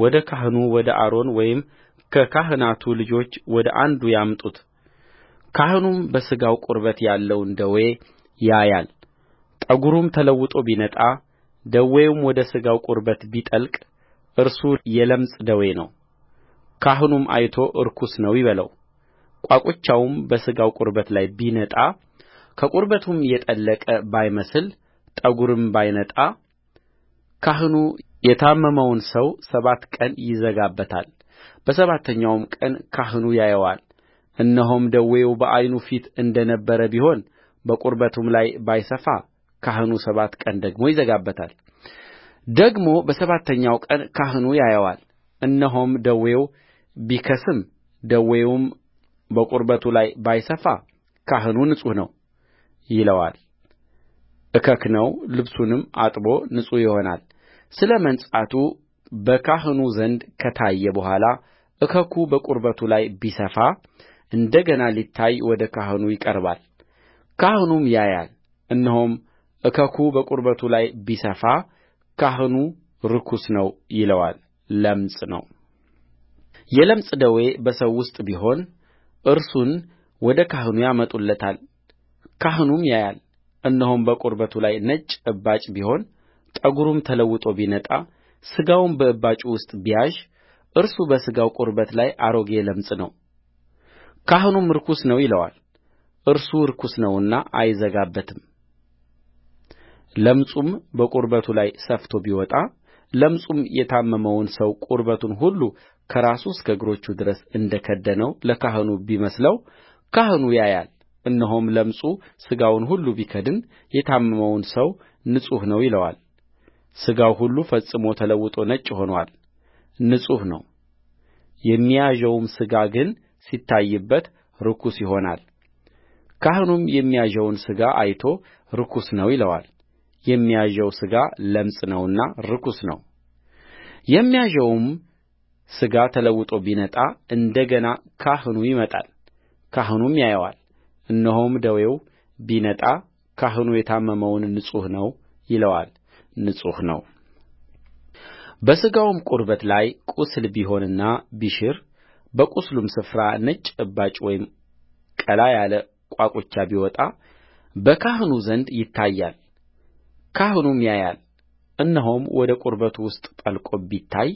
ወደ ካህኑ ወደ አሮን ወይም ከካህናቱ ልጆች ወደ አንዱ ያምጡትካህኑም በሥጋው ቁርበት ያለውን ደዌ ያያል ጠጕሩም ተለውጦ ቢነጣ ደዌውም ወደ ሥጋው ቁርበት ቢጠልቅ እርሱ የለምጽ ደዌ ነው ካህኑም አይቶ ርኩስ ነው ይበለው ቋቁቻውም በሥጋው ቁርበት ላይ ቢነጣ ከቁርበቱም የጠለቀ ባይመስል ጠጉርም ባይነጣ ካህኑ የታመመውን ሰው ሰባት ቀን ይዘጋበታል በሰባተኛውም ቀን ካህኑ ያየዋል እነሆም ደዌው በዓይኑ ፊት እንደ ነበረ ቢሆን በቁርበቱም ላይ ባይሰፋ ካህኑ ሰባት ቀን ደግሞ ይዘጋበታልደግሞ በሰባተኛው ቀን ካህኑ ያየዋል እነሆም ደዌው ቢከስም ደዌውም በቁርበቱ ላይ ባይሰፋ ካህኑ ንጹሕ ነው ይለዋል እከክ ነው ልብሱንም አጥቦ ንጹሕ ይሆናል ስለ መንጻቱ በካህኑ ዘንድ ከታየ በኋላ እከኩ በቁርበቱ ላይ ቢሰፋ እንደ ገና ሊታይ ወደ ካህኑ ይቀርባል ካህኑም ያያል እነሆም እከኩ በቁርበቱ ላይ ቢሰፋ ካህኑ ርኩስ ነው ይለዋል ለምጽ ነው የለምጽ ደዌ በሰው ውስጥ ቢሆን እርሱን ወደ ካህኑ ያመጡለታል ካህኑም ያያል እነሆም በቁርበቱ ላይ ነጭ እባጭ ቢሆን ጠጕሩም ተለውጦ ቢነጣ ሥጋውም በእባጩ ውስጥ ቢያዥ እርሱ በሥጋው ቁርበት ላይ አሮጌ ለምጽ ነው ካህኑም ርኩስ ነው ይለዋል እርሱ ርኩስ ነውና አይዘጋበትምለምጹም በቁርበቱ ላይ ሰፍቶ ቢወጣ ለምጹም የታመመውን ሰው ቁርበቱን ሁሉ ከራሱ እስከ እግሮቹ ድረስ እንደ ከደነው ለካህኑ ቢመስለው ካህኑ ያያል እነሆም ለምጹ ሥጋውን ሁሉ ቢከድን የታመመውን ሰው ንጹሕ ነው ይለዋል ሥጋው ሁሉ ፈጽሞ ተለውጦ ነጭ ሆኖአል ንጹሕ ነው የሚያዠውም ሥጋ ግን ሲታይበት ርኩስ ይሆናል ካህኑም የሚያዠውን ሥጋ አይቶ ርኩስ ነው ይለዋል የሚያዠው ሥጋ ለምጽ ነውና ርኩስ ነው። የሚያዠውም ሥጋ ተለውጦ ቢነጣ እንደ ገና ካህኑ ይመጣል ካህኑም ያየዋል እነሆም ደዌው ቢነጣ ካህኑ የታመመውን ንጹሕ ነው ይለዋል ንጹሕ ነውበሥጋውም ቁርበት ላይ ቁስል ቢሆንና ቢሽር በቁስሉም ስፍራ ነጭ እባጭ ወይም ቀላ ያለ ቋቁቻ ቢወጣ በካህኑ ዘንድ ይታያል ካህኑም ያያል እነሆም ወደ ቁርበቱ ውስጥ ጠልቆ ቢታይ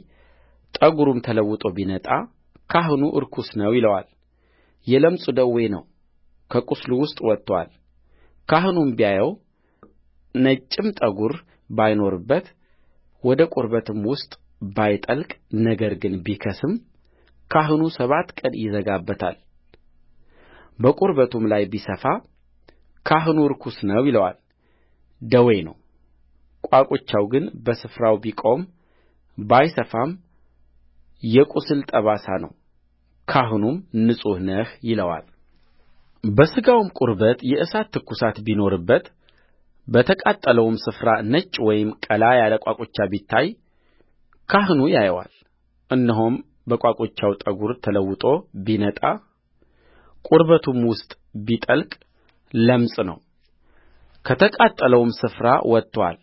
ጠጕሩም ተለውጦ ቢነጣ ካህኑ ርኩስ ነው ይለዋል የለምጹ ደዌ ነው ከቁስሉ ውስጥ ወጥቶአል ካህኑም ቢያየው ነጭም ጠጕር ባይኖርበት ወደ ቁርበቱም ውስጥ ባይጠልቅ ነገር ግን ቢከስም ካህኑ ሰባት ቀን ይዘጋበታል በቁርበቱም ላይ ቢሰፋ ካህኑ ርኩስ ነው ይለዋል ደዌ ነው ቋቁቻው ግን በስፍራው ቢቆም ባይሰፋም የቍስል ጠባሳ ነው ካህኑም ንጹሕ ነው ይለዋል በሥጋውም ቁርበት የእሳት ትኵሳት ቢኖርበት በተቃጠለውም ስፍራ ነጭ ወይም ቀላ ያለ ቋቁቻ ቢታይ ካህኑ ያየዋል እነሆም በቋቁቻው ጠጕር ተለውጦ ቢነጣ ቁርበቱም ውስጥ ቢጠልቅ ለምጽ ነው ከተቃጠለውም ስፍራ ወጥቶአል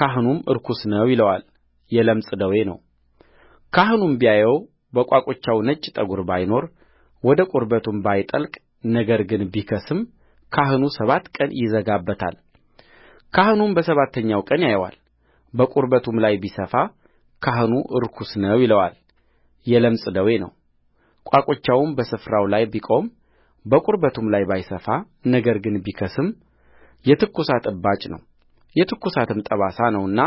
ካህኑም ርኩስ ነው ይለዋል የለምጽ ደዌ ነውካህኑም ቢያየው በቋቁቻው ነጭ ጠጕር ባይኖር ወደ ቁርበቱም ባይጠልቅ ነገር ግን ቢከስም ካህኑ ሰባት ቀን ይዘጋበታል ካህኑም በሰባተኛው ቀን ያየዋል በቁርበቱም ላይ ቢሰፋ ካህኑ ርኩስ ነው ይለዋል የለምጽ ደዌ ነው ቋቁቻውም በስፍራው ላይ ቢቆም በቁርበቱም ላይ ባይሰፋ ነገር ግን ቢከስም የትኩሳት እባጭ ነው የትኩሳትም ጠባሳ ነውና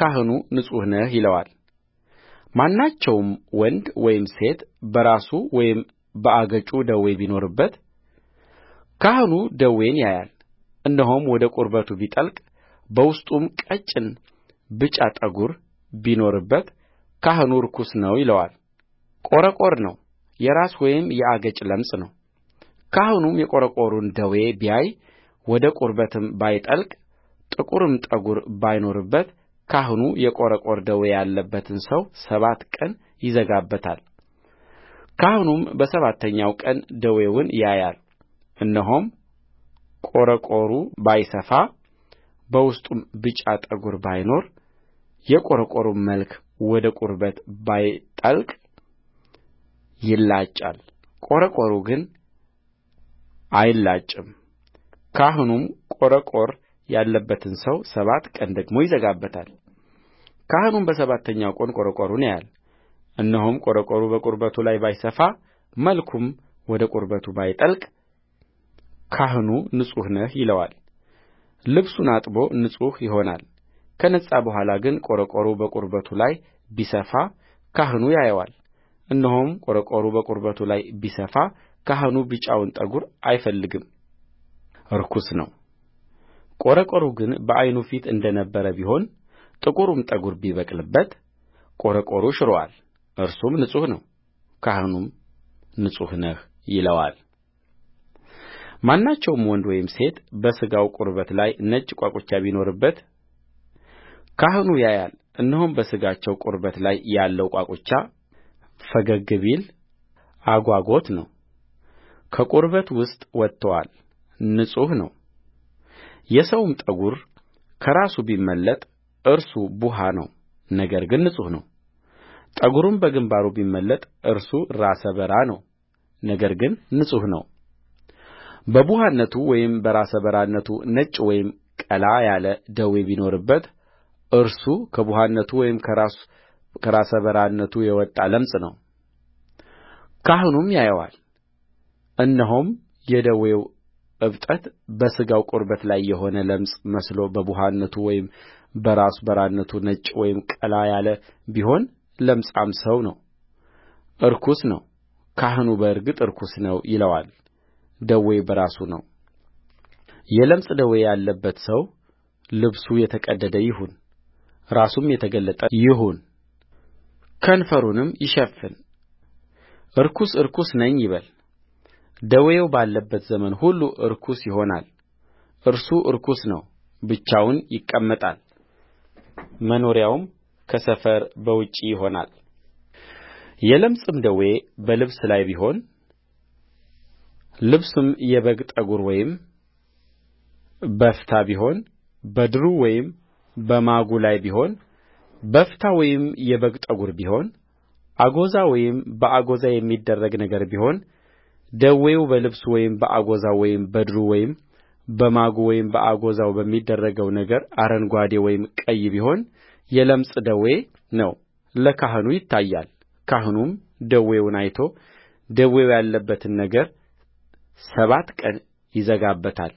ካህኑ ንጹሕ ነው ማናቸውም ወንድ ወይም ሴት በራሱ ወይም በአገጩ ደዌ ቢኖርበት ካህኑ ደዌን ያያል እነሆም ወደ ቁርበቱ ቢጠልቅ በውስጡም ቀጭን ብጫ ጠጕር ቢኖርበት ካህኑ ርኩስ ነው ይለዋል ቈረቈር ነው የራስ ወይም የአገጭ ለምጽ ነውካህኑም የቈረቈሩን ደዌ ቢያይ ወደ ቁርበቱም ባይጠልቅ ጥቁርም ጠጕር ባይኖርበት ካህኑ የቈረቈር ደዌ ያለበትን ሰው ሰባት ቀን ይዘጋበታል ካህኑም በሰባተኛው ቀን ደዌውን ያያል እነሆም ቈረቈሩ ባይሰፋ በውስጡም ብጫ ጠጕር ባይኖር የቈረቈሩም መልክ ወደ ቁርበት ባይጠልቅ ይላጫል ቈረቈሩ ግን አይላጭም ካህኑም ቈረቈር ያለበትን ሰው ሰባት ቀን ደግሞ ይዘጋበታልካህኑም በሰባተኛው ቀን ቈረቈሩን ያያል እነሆም ቈረቈሩ በቁርበቱ ላይ ባይሰፋ መልኩም ወደ ቁርበቱ ባይጠልቅ ካህኑ ንጹሕ ነው ይለዋል ልብሱን አጥቦ ንጹሕ ይሆናል ከነጻ በኋላ ግን ቈረቈሩ በቁርበቱ ላይ ቢሰፋ ካህኑ ያየዋል እነሆም ቈረቈሩ በቁርበቱ ላይ ቢሰፋ ካህኑ ብጫውን ጠጕር አይፈልግም ርኩስ ቈረቈሩ ግን በዓይኑ ፊት እንደ ነበረ ቢሆን ጥቁርም ጠጕር ቢበቅልበት ቈረቈሩ ሽሮአል እርሱም ንጹሕ ነው ካህኑም ንጹሕ ነው ይለዋል ማናቸውም ወንድ ወይም ሴት በሥጋው ቁርበት ላይ ነጭ ቋቁቻ ቢኖርበትካህኑ ያያል እነሆም በሥጋቸው ቁርበት ላይ ያለው ቋቁቻ ፈገግ ቢል አጓጐት ነው ከቁርበት ውስጥ ወጥቶአል ንጹሕ ነው የሰውም ጠጕር ከራሱ ቢመለጥ እርሱ ቡሃ ነው ነገር ግን ንጹሕ ጠጉሩም በግምባሩ ቢመለጥ እርሱ ራሰ በራ ነው ነገር ግን ንጹሕ ነው በቡሀነቱ ወይም በራሰ በራነቱ ነጭ ወይም ቀላ ያለ ደዌ ቢኖርበት እርሱ ከቡሀነቱ ወይም ከራሰ በራነቱ የወጣ ለምጽ ነው። ካህኑም ያየዋል፣ እነሆም የደዌው እብጠት በሥጋው ቁርበት ላይ የሆነ ለምጽ መስሎ በቡሀነቱ ወይም በራሰ በራነቱ ነጭ ወይም ቀላ ያለ ቢሆን ለምጻም ሰው ነው፣ ርኩስ ነው። ካህኑ በእርግጥ ርኩስ ነው ይለዋል። ደዌ በራሱ ነው የለምጽ ደዌ ያለበት ሰው ልብሱ የተቀደደ ይሁን ራሱም የተገለጠ ይሁን ከንፈሩንም ይሸፍን ርኩስ ርኩስ ነኝ ይበል ደዌው ባለበት ዘመን ሁሉ ርኩስ ይሆናል እርሱ ርኩስ ነው ብቻውን ይቀመጣል መኖሪያውም ከሰፈር በውጭ ይሆናል የለምጽም ደዌ በልብስ ላይ ቢሆን ልብሱም የበግ ጠጕር ወይም በፍታ ቢሆን በድሩ ወይም በማጉ ላይ ቢሆን በፍታ ወይም የበግ ጠጕር ቢሆን አጐዛ ወይም በአጐዛ የሚደረግ ነገር ቢሆን ደዌው በልብሱ ወይም በአጐዛው ወይም በድሩ ወይም በማጉ ወይም በአጐዛው በሚደረገው ነገር አረንጓዴ ወይም ቀይ ቢሆን የለምጽ ደዌ ነው፣ ለካህኑ ይታያል። ካህኑም ደዌውን አይቶ ደዌው ያለበትን ነገር ሰባት ቀን ይዘጋበታል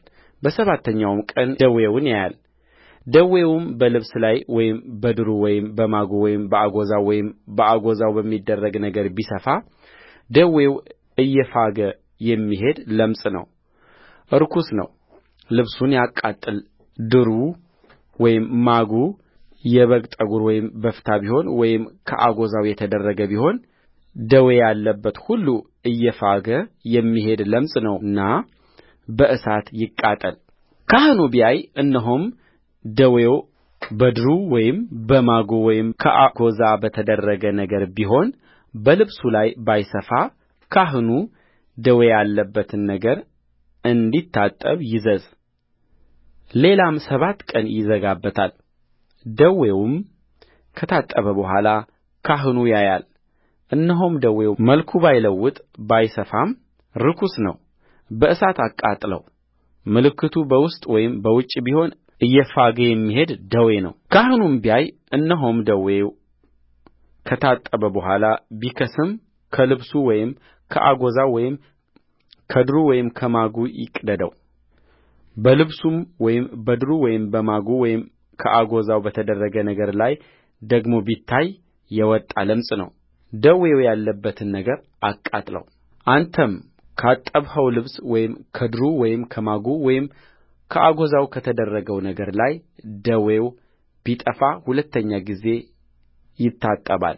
በሰባተኛውም ቀን ደዌውን ያያል ደዌውም በልብስ ላይ ወይም በድሩ ወይም በማጉ ወይም በአጐዛው ወይም በአጐዛው በሚደረግ ነገር ቢሰፋ ደዌው እየፋገ የሚሄድ ለምጽ ነው ርኩስ ነው ልብሱን ያቃጥል ድሩ ወይም ማጉ የበግ ጠጕር ወይም በፍታ ቢሆን ወይም ከአጐዛው የተደረገ ቢሆን ደዌ ያለበት ሁሉ እየፋገ የሚሄድ ለምጽ ነውና በእሳት ይቃጠልካህኑ ቢያይ እነሆም ደዌው በድሩ ወይም በማጉ ወይም ከአጐዛ በተደረገ ነገር ቢሆን በልብሱ ላይ ባይሰፋ ካህኑ ደዌ ያለበትን ነገር እንዲታጠብ ይዘዝ ሌላም ሰባት ቀን ይዘጋበታል። ደዌውም ከታጠበ በኋላ ካህኑ ያያል፣ እነሆም ደዌው መልኩ ባይለውጥ ባይሰፋም ርኩስ ነው በእሳት አቃጥለው ምልክቱ በውስጥ ወይም በውጭ ቢሆን እየፋገ የሚሄድ ደዌ ነውካህኑም ቢያይ እነሆም ደዌው ከታጠበ በኋላ ቢከስም ከልብሱ ወይም ከአጐዛው ወይም ከድሩ ወይም ከማጉ ይቅደደው በልብሱም ወይም በድሩ ወይም በማጉ ወይም ከአጐዛው በተደረገ ነገር ላይ ደግሞ ቢታይ የወጣ ለምጽ ነው ደዌው ያለበትን ነገር አቃጥለው አንተም ካጠብኸው ልብስ ወይም ከድሩ ወይም ከማጉ ወይም ከአጐዛው ከተደረገው ነገር ላይ ደዌው ቢጠፋ ሁለተኛ ጊዜ ይታጠባል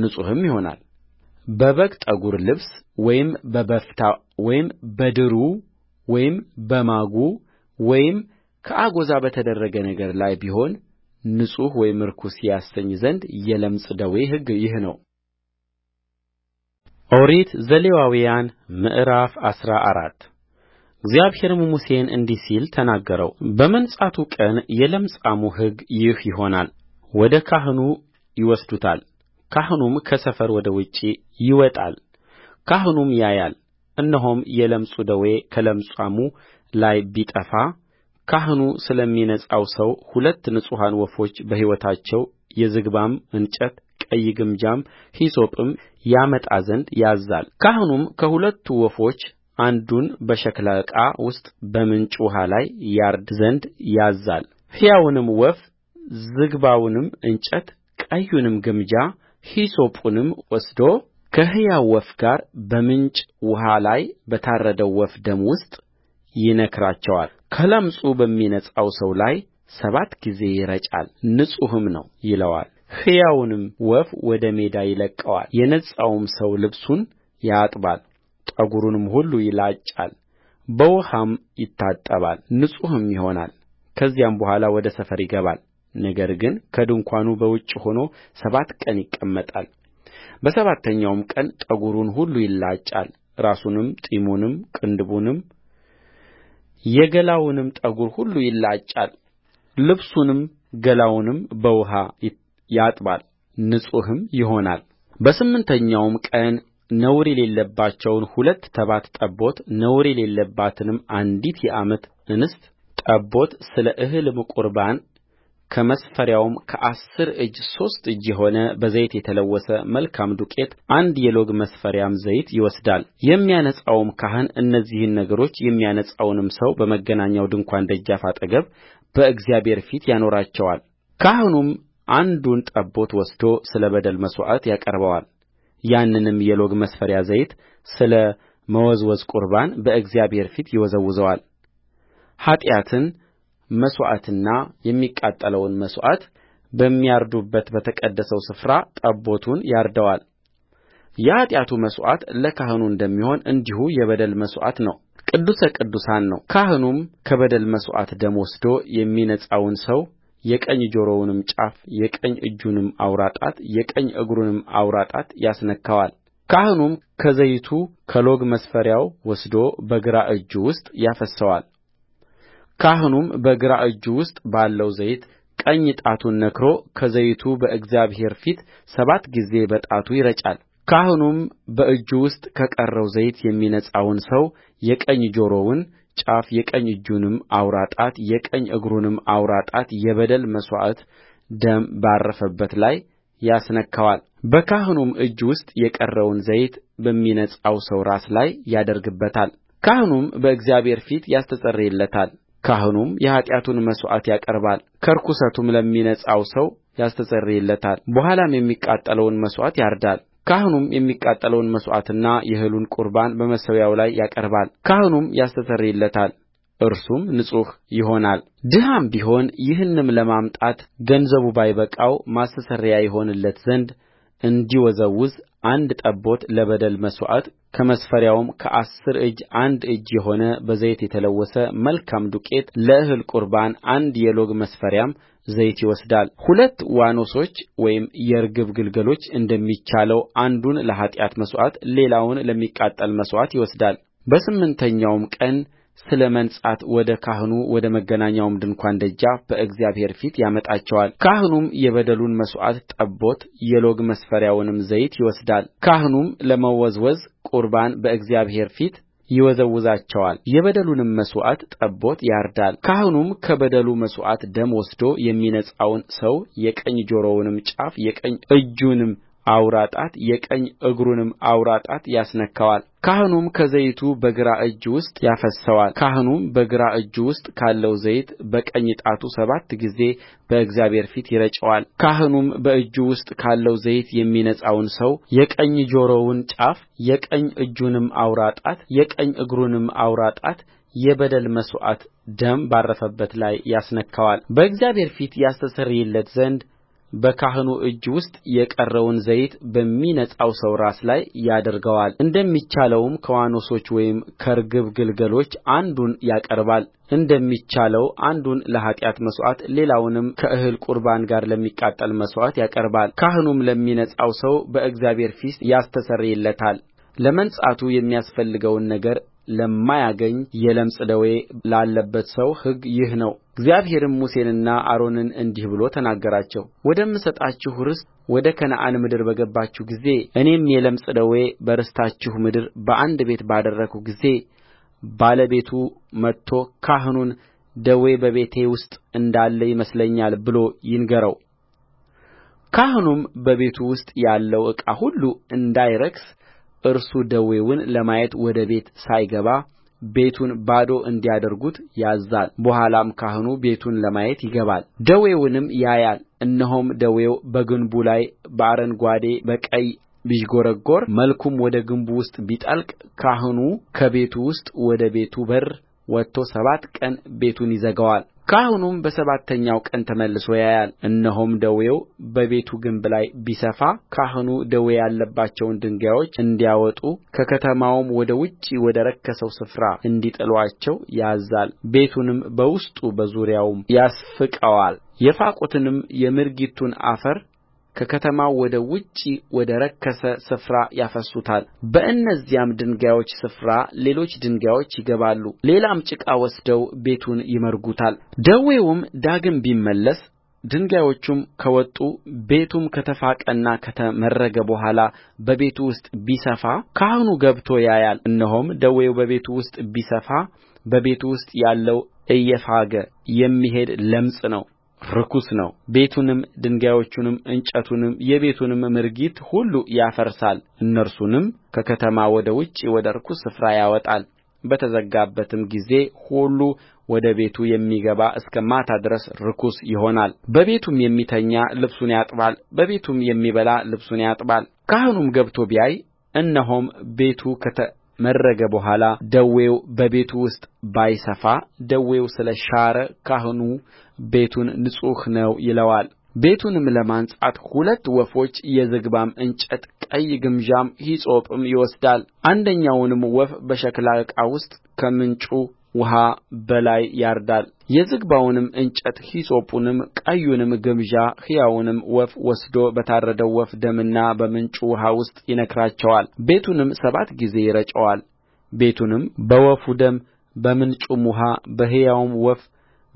ንጹሕም ይሆናልበበግ ጠጕር ልብስ ወይም በበፍታ ወይም በድሩ ወይም በማጉ ወይም ከአጐዛ በተደረገ ነገር ላይ ቢሆን ንጹሕ ወይም ርኩስ ያሰኝ ዘንድ የለምጽ ደዌ ሕግ ይህ ነው ኦሪት ዘሌዋውያን ምዕራፍ አስራ አራት እግዚአብሔርም ሙሴን እንዲህ ሲል ተናገረው በመንጻቱ ቀን የለምጻሙ ሕግ ይህ ይሆናል ወደ ካህኑ ይወስዱታል ካህኑም ከሰፈር ወደ ውጭ ይወጣል ካህኑም ያያል እነሆም የለምጹ ደዌ ከለምጻሙ ላይ ቢጠፋ ካህኑ ስለሚነጻው ሰው ሁለት ንጹሐን ወፎች በሕይወታቸው የዝግባም እንጨት ቀይ ግምጃም ሂሶጵም ያመጣ ዘንድ ያዝዛልካህኑም ከሁለቱ ወፎች አንዱን በሸክላ ዕቃ ውስጥ በምንጭ ውኃ ላይ ያርድ ዘንድ ያዝዛል ሕያውንም ወፍ ዝግባውንም እንጨት ቀዩንም ግምጃ ሂሶጱንም ወስዶ ከሕያው ወፍ ጋር በምንጭ ውኃ ላይ በታረደው ወፍ ደም ውስጥ ይነክራቸዋልከለምጹ በሚነጻው ሰው ላይ ሰባት ጊዜ ይረጫል ንጹሕም ነው ይለዋል ሕያውንም ወፍ ወደ ሜዳ የነጻውም ሰው ልብሱን ያጥባል ጠጕሩንም ሁሉ ይላጫል በውኃም ይታጠባል ንጹሕም ይሆናል ከዚያም በኋላ ወደ ሰፈር ይገባል። ነገር ግን ከድንኳኑ በውጭ ሆኖ ሰባት ቀን ይቀመጣል በሰባተኛውም ቀን ጠጕሩን ሁሉ ይላጫል ራሱንም ጢሙንም ቅንድቡንም የገላውንም ጠጕር ሁሉ ይላጫል ልብሱንም ገላውንም በውኃ ያጥባል ንጹሕም ይሆናልበስምንተኛውም ቀን ነውር የሌለባቸውን ሁለት ተባት ጠቦት ነውር የሌለባትንም አንዲት የዓመት እንስት ጠቦት ስለ እህልም ቍርባን ከመስፈሪያው ከአሥር እጅ ሦስት እጅ የሆነ በዘይት የተለወሰ መልካም ዱቄት አንድ የሎግ መስፈሪያም ዘይት ይወስዳልየሚያነጻውም ካህን እነዚህን ነገሮች የሚያነጻውንም ሰው በመገናኛው ድንኳን ደጃፍ አጠገብ በእግዚአብሔር ፊት ያኖራቸዋል ካህኑም አንዱን ጠቦት ወስዶ ስለ በደል መሥዋዕት ያቀርበዋል ያንንም የሎግ መስፈሪያ ዘይት ስለ መወዝወዝ ቍርባን በእግዚአብሔር ፊት ይወዘውዘዋል። ይወዘውዘዋልኃጢአትን መሥዋዕትና የሚቃጠለውን መሥዋዕት በሚያርዱበት በተቀደሰው ስፍራ ጠቦቱን ያርደዋል የኃጢአቱ መሥዋዕት ለካህኑ እንደሚሆን እንዲሁ የበደል መሥዋዕት ነው ቅዱስ ቅዱሳን ነውካህኑም ከበደል መሥዋዕት ደም ወስዶ የሚነጻውን ሰው የቀኝ ጆሮውንም ጫፍ የቀኝ እጁንም አውራ ጣት የቀኝ እግሩንም አውራ ጣት ያስነካዋልካህኑም ከዘይቱ ከሎግ መስፈሪያው ወስዶ በግራ እጁ ውስጥ ያፈስሰዋል ካህኑም በግራ እጁ ውስጥ ባለው ዘይት ቀኝ ጣቱን ነክሮ ከዘይቱ በእግዚአብሔር ፊት ሰባት ጊዜ በጣቱ ይረጫል ካህኑም በእጁ ውስጥ ከቀረው ዘይት የሚነጻውን ሰው የቀኝ ጆሮውን ጫፍ የቀኝ እጁንም አውራ ጣት የቀኝ እግሩንም አውራ ጣት የበደል መሥዋዕት ደም ባረፈበት ላይ ያስነካዋል። በካህኑም እጅ ውስጥ የቀረውን ዘይት በሚነጻው ሰው ራስ ላይ ያደርግበታል ካህኑም በእግዚአብሔር ፊት ያስተሰርይለታል ካህኑም የኃጢአቱን መሥዋዕት ያቀርባል ከርኵሰቱም ለሚነጻው ሰው ያስተሰርይለታልበኋላም የሚቃጠለውን መሥዋዕት ያርዳል ካህኑም የሚቃጠለውን መሥዋዕትና የእህሉን ቁርባን በመሠዊያው ላይ ያቀርባል ካህኑም ያስተሰርይለታል እርሱም ንጹሕ ይሆናልድሀም ቢሆን ይህንም ለማምጣት ገንዘቡ ባይበቃው ማስተስረያ ይሆንለት ዘንድ እንዲወዘውዝ አንድ ጠቦት ለበደል መሥዋዕት ከመስፈሪያውም ከአሥር እጅ አንድ እጅ የሆነ በዘይት የተለወሰ መልካም ዱቄት ለእህል ቍርባን አንድ የሎግ መስፈሪያም ዘይት ይወስዳል ሁለት ዋኖሶች ወይም የርግብ ግልገሎች እንደሚቻለው አንዱን ለኃጢአት መሥዋዕት ሌላውን ለሚቃጠል መሥዋዕት በስምንተኛውም ቀን ስለ መንጻት ወደ ካህኑ ወደ መገናኛው ድንኳን ደጃፍ በእግዚአብሔር ፊት ያመጣቸዋልካህኑም የበደሉን መሥዋዕት ጠቦት የሎግ መስፈሪያውንም ዘይት ይወስዳል ካህኑም ለመወዝወዝ ቍርባን በእግዚአብሔር ፊት ይወዘውዛቸዋል የበደሉንም መሥዋዕት ጠቦት ያርዳል ካህኑም ከበደሉ መሥዋዕት ደም ወስዶ የሚነጻውን ሰው የቀኝ ጆሮውን ጫፍ የቀኝ እጁንም አውራ ጣት የቀኝ እግሩንም አውራ ጣት ያስነካዋል። ካህኑም ከዘይቱ በግራ እጁ ውስጥ ያፈስሰዋል ካህኑም በግራ እጁ ውስጥ ካለው ዘይት በቀኝ ጣቱ ሰባት ጊዜ በእግዚአብሔር ፊት ይረጨዋልካህኑም በእጁ ውስጥ ካለው ዘይት የሚነጻውን ሰው የቀኝ ጆሮውን ጫፍ የቀኝ እጁንም አውራ ጣት የቀኝ እግሩንም አውራ ጣት የበደል መሥዋዕት ደም ባረፈበት ላይ ያስነካዋል በእግዚአብሔር ፊት ያስተሰርይለት ዘንድ በካህኑ እጅ ውስጥ የቀረውን ዘይት በሚነጻው ሰው ራስ ላይ ያደርገዋል እንደሚቻለውም ከዋኖሶች ወይም ከርግብ ግልገሎች አንዱን ያቀርባል እንደሚቻለው አንዱን ለኃጢአት መሥዋዕት ሌላውንም ከእህል ቍርባን ጋር ለሚቃጠል መሥዋዕት ያቀርባልካህኑም ለሚነጻው ሰው በእግዚአብሔር ፊት ያስተሰርይለታል ለመንጻቱ የሚያስፈልገውን ነገር ለማያገኝ የለምጽ ደዌ ላለበት ሰው ሕግ ይህ ነውእግዚአብሔርም ሙሴንና አሮንን እንዲህ ብሎ ተናገራቸው ወደምሰጣችሁ ርስት ወደ ከነዓን ምድር በገባችሁ ጊዜ እኔም የለምጽ ደዌ በርስታችሁ ምድር በአንድ ቤት ባደረግሁ ጊዜ ባለቤቱ መጥቶ ካህኑን ደዌ በቤቴ ውስጥ እንዳለ ይመስለኛል ብሎ ይንገረውካህኑም በቤቱ ውስጥ ያለው ዕቃ ሁሉ እንዳይረክስ እርሱ ደዌውን ለማየት ወደ ቤት ሳይገባ ቤቱን ባዶ እንዲያደርጉት በኋላም ካህኑ ቤቱን ለማየት ይገባል ደዌውንም ያያል እነሆም ደዌው በግንቡ ላይ በአረንጓዴ በቀይ ቢዥጐረጐር መልኩም ወደ ግንቡ ውስጥ ቢጠልቅ ካህኑ ከቤቱ ውስጥ ወደ ቤቱ በር ወጥቶ ሰባት ቀን ቤቱን ይዘጋዋል ካህኑም በሰባተኛው ቀን ተመልሶ ያያል እነሆም ደዌው በቤቱ ግንብ ላይ ቢሰፋ ካህኑ ደዌ ያለባቸውን ድንጋዮች እንዲያወጡ ከከተማውም ወደ ውጭ ወደ ረከሰው ስፍራ እንዲጥሉአቸው ቤቱንም በውስጡ በዙሪያው ያስፍቀዋል የፋቁትንም የምርጊቱን አፈር ከከተማው ወደ ውጭ ወደ ረከሰ ስፍራ ያፈስሱታልበእነዚያም ድንጋዮች ስፍራ ሌሎች ድንጋዮች ይገባሉ ሌላም ጭቃ ወስደው ቤቱን ይመርጉታልደዌውም ዳግም ቢመለስ ድንጋዮቹም ከወጡ ቤቱም ከተፋቀና ከተመረገ በኋላ በቤቱ ውስጥ ቢሰፋ ካህኑ ገብቶ ያያል እነሆም ደዌው በቤቱ ውስጥ ቢሰፋ በቤቱ ውስጥ ያለው እየፋገ የሚሄድ ለምጽ ነው ርኩስ ነው። ቤቱንም ድንጋዮቹንም እንጨቱንም የቤቱንም ምርጊት ሁሉ ያፈርሳል እነርሱንም ከከተማ ወደ ውጭ ወደ ርኩስ ስፍራ ያወጣል በተዘጋበትም ጊዜ ሁሉ ወደ ቤቱ የሚገባ እስከ ማታ ድረስ ርኩስ ይሆናልበቤቱም የሚተኛ ልብሱን ያጥባል በቤቱም የሚበላ ልብሱን ያጥባል ካህኑም ገብቶ ቢያይ እነሆም ቤቱ መረገ በኋላ ደዌው በቤቱ ውስጥ ባይሰፋ ደዌው ስለሻረ ካህኑ ቤቱን ንጹሕ ነው ይለዋል ቤቱንም ለማንጻት ሁለት ወፎች የዝግባም እንጨት ቀይ ግምጃም ሂሶጵም ይወስዳል አንደኛውንም ወፍ በሸክላ ዕቃ ውስጥ ከምንጩ ውኃ በላይ ያርዳል የዝግባውንም እንጨት ሂሶጱንም ቀዩንም ግምጃ ሕያውንም ወፍ ወስዶ በታረደው ወፍ ደምና በምንጩ ውኃ ውስጥ ይነክራቸዋል ቤቱንም ሰባት ጊዜ ይረጨዋል ቤቱንም በወፉ ደም በምንጩም ውኃ በሕያውም ወፍ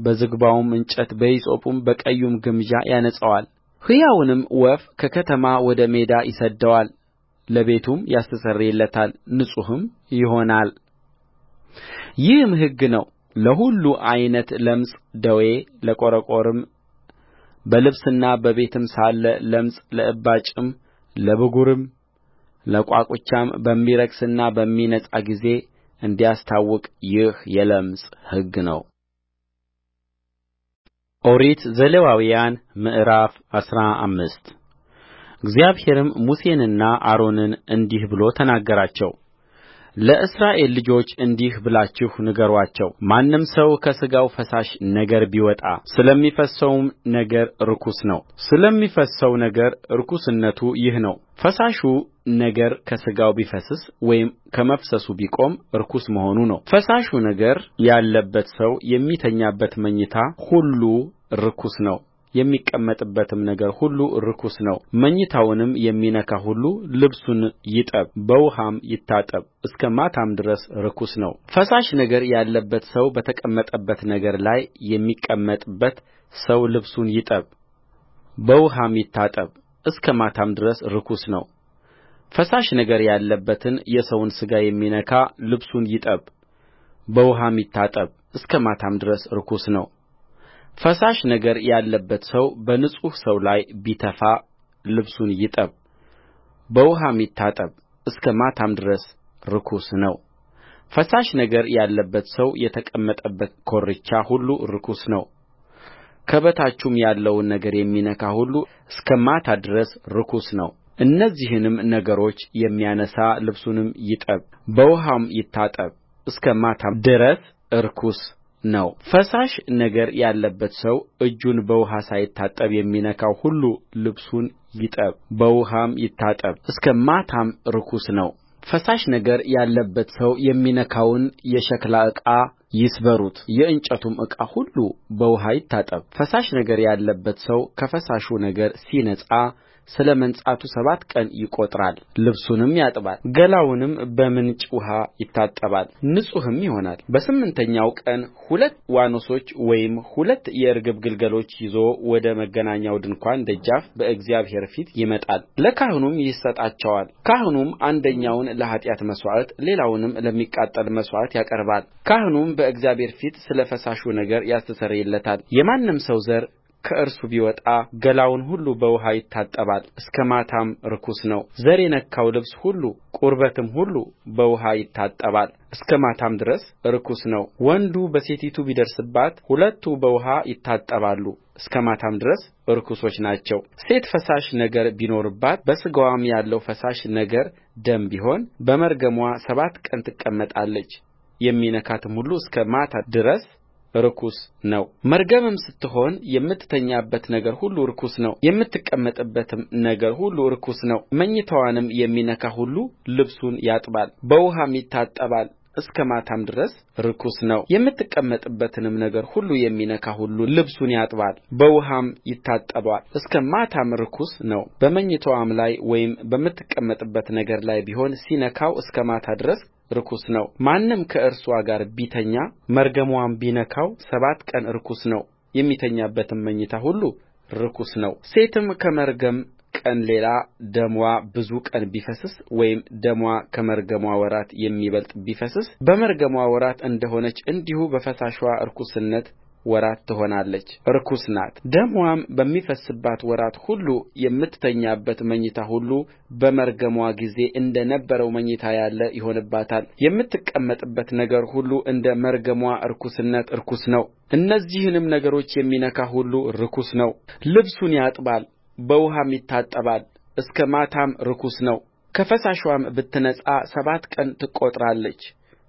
በዝግባውም እንጨት በሂሶጱም በቀዩም ግምጃ ያነጻዋል ሕያውንም ወፍ ከከተማ ወደ ሜዳ ይሰድደዋል ለቤቱም ያስተሰርይለታል ንጹሕም ይሆናል ይህም ሕግ ነው ለሁሉ ዓይነት ለምጽ ደዌ ለቈረቈርም በልብስና በቤትም ሳለ ለምጽ ለእባጭም ለብጕርም ለቋቁቻም በሚረክስና በሚነጻ ጊዜ እንዲያስታውቅ ይህ የለምጽ ሕግ ነው ኦሪት ዘሌዋውያን ምዕራፍ አስራ አምስት እግዚአብሔርም ሙሴንና አሮንን እንዲህ ብሎ ተናገራቸው ለእስራኤል ልጆች እንዲህ ብላችሁ ንገሩአቸው ማንም ሰው ከሥጋው ፈሳሽ ነገር ቢወጣ ስለሚፈስሰውም ነገር ርኩስ ነው ስለሚፈስሰው ነገር ርኵስነቱ ይህ ነው ፈሳሹ ነገር ከሥጋው ቢፈስስ ወይም ከመፍሰሱ ቢቆም ርኩስ መሆኑ ፈሳሹ ነገር ያለበት ሰው የሚተኛበት መኝታ ሁሉ ርኩስ ነው የሚቀመጥበትም ነገር ሁሉ ርኩስ ነው። መኝታውንም የሚነካ ሁሉ ልብሱን ይጠብ በውኃም ይታጠብ እስከ ማታም ድረስ ርኩስ ነውፈሳሽ ነገር ያለበት ሰው በተቀመጠበት ነገር ላይ የሚቀመጥበት ሰው ልብሱን ይጠብ በውኃም ይታጠብ እስከ ማታም ድረስ ርኩስ ነውፈሳሽ ነገር ያለበትን የሰውን ሥጋ የሚነካ ልብሱን ይጠብ በውኃም ይታጠብ እስከ ማታም ድረስ ርኩስ ነው ፈሳሽ ነገር ያለበት ሰው በንጹሕ ሰው ላይ ቢተፋ ልብሱን ይጠብ በውኃም ይታጠብ እስከ ማታም ድረስ ርኩስ ነውፈሳሽ ነገር ያለበት ሰው የተቀመጠበት ኮርቻ ሁሉ ርኩስ ነው ከበታቹም ያለውን ነገር የሚነካ ሁሉ እስከ ማታ ድረስ ርኩስ ነውእነዚህንም ነገሮች የሚያነሣ ልብሱንም ይጠብ በውኃም ይታጠብ እስከ ማታም ድረስ ርኩስ ነውፈሳሽ ነገር ያለበት ሰው እጁን በውኃ ሳይታጠብ የሚነካው ሁሉ ልብሱን ይጠብ በውኃም ይታጠብ እስከ ማታም ርኩስ ነውፈሳሽ ነገር ያለበት ሰው የሚነካውን የሸክላ ዕቃ ይስበሩት የእንጨቱም ዕቃ ሁሉ በውኃ ፈሳሽ ነገር ያለበት ሰው ከፈሳሹ ነገር ሲነጻ ስለ መንጻቱ ሰባት ቀን ይቈጥራል ልብሱንም ያጥባል ገላውንም በምንጭ ውኃ ይታጠባል ንጹሕም ይሆናልበስምንተኛው ቀን ሁለት ዋኖሶች ወይም ሁለት የርግብ ግልገሎች ይዞ ወደ መገናኛው ድንኳን ደጃፍ በእግዚአብሔር ፊት ለካህኑም ይሰጣቸዋል ካህኑም አንደኛውን ለኃጢአት መሥዋዕት ሌላውንም ለሚቃጠል መሥዋዕት ያቀርባልካህኑም በእግዚአብሔር ፊት ስለ ፈሳሹ ነገር ያስተሰርይለታል የማንም ሰው ዘር ከእርሱ ቢወጣ ገላውን ሁሉ በውኃ ይታጠባል እስከ ማታም ርኩስ ነውዘር የነካው ልብስ ሁሉ ቁርበትም ሁሉ በውኃ ይታጠባል እስከ ማታም ድረስ ርኩስ ነውወንዱ በሴቲቱ ቢደርስባት ሁለቱ በውኃ ይታጠባሉ እስከ ማታም ድረስ ርኩሶች ናቸውሴት ፈሳሽ ነገር ቢኖርባት በሥጋዋም ያለው ፈሳሽ ነገር ደም ቢሆን በመርገሟ ሰባት ቀን ትቀመጣለች የሚነካትም ሁሉ እስከ ማታ ድረስ ርኩስ ነውመርገምም ስትሆን የምትተኛበት ነገር ሁሉ ርኩስ ነው የምትቀመጥበትም ነገር ሁሉ ርኩስ መኝታዋንም የሚነካ ሁሉ ልብሱን ያጥባል በውኃም ይታጠባል እስከ ማታም ድረስ ርኩስ ነውየምትቀመጥበትንም ነገር ሁሉ የሚነካ ሁሉ ልብሱን ያጥባል በውኃም ይታጠባል እስከ ማታም ርኩስ ነውበመኝታዋም ላይ ወይም በምትቀመጥበት ነገር ላይ ቢሆን ሲነካው እስከ ማታ ድረስ ርኩስ ነውማንም ከእርስዋ ጋር ቢተኛ መርገምዋም ቢነካው ሰባት ቀን ርኩስ ነው የሚተኛበትም መኝታ ሁሉ ርኩስ ነውሴትም ከመርገም ቀን ሌላ ደምዋ ብዙ ቀን ቢፈስስ ወይም ደምዋ ከመርገምዋ ወራት የሚበልጥ ቢፈስስ በመርገምዋ ወራት እንደ ሆነች እንዲሁ በፈሳሽዋ ርኵስነት ወራት ትሆናለች ርኩስ ናትደምዋም በሚፈስባት ወራት ሁሉ የምትተኛበት መኝታ ሁሉ በመርገምዋ ጊዜ እንደ ነበረው መኝታ ያለ ይሆንባታል የምትቀመጥበት ነገር ሁሉ እንደ መርገምዋ ርኵስነት ርኩስ እነዚህንም ነገሮች የሚነካ ሁሉ ርኩስ ነው ልብሱን ያጥባል በውኃም ይታጠባል እስከ ማታም ርኩስ ነው ከፈሳሽዋም ብትነጻ ሰባት ቀን ትቈጥራለች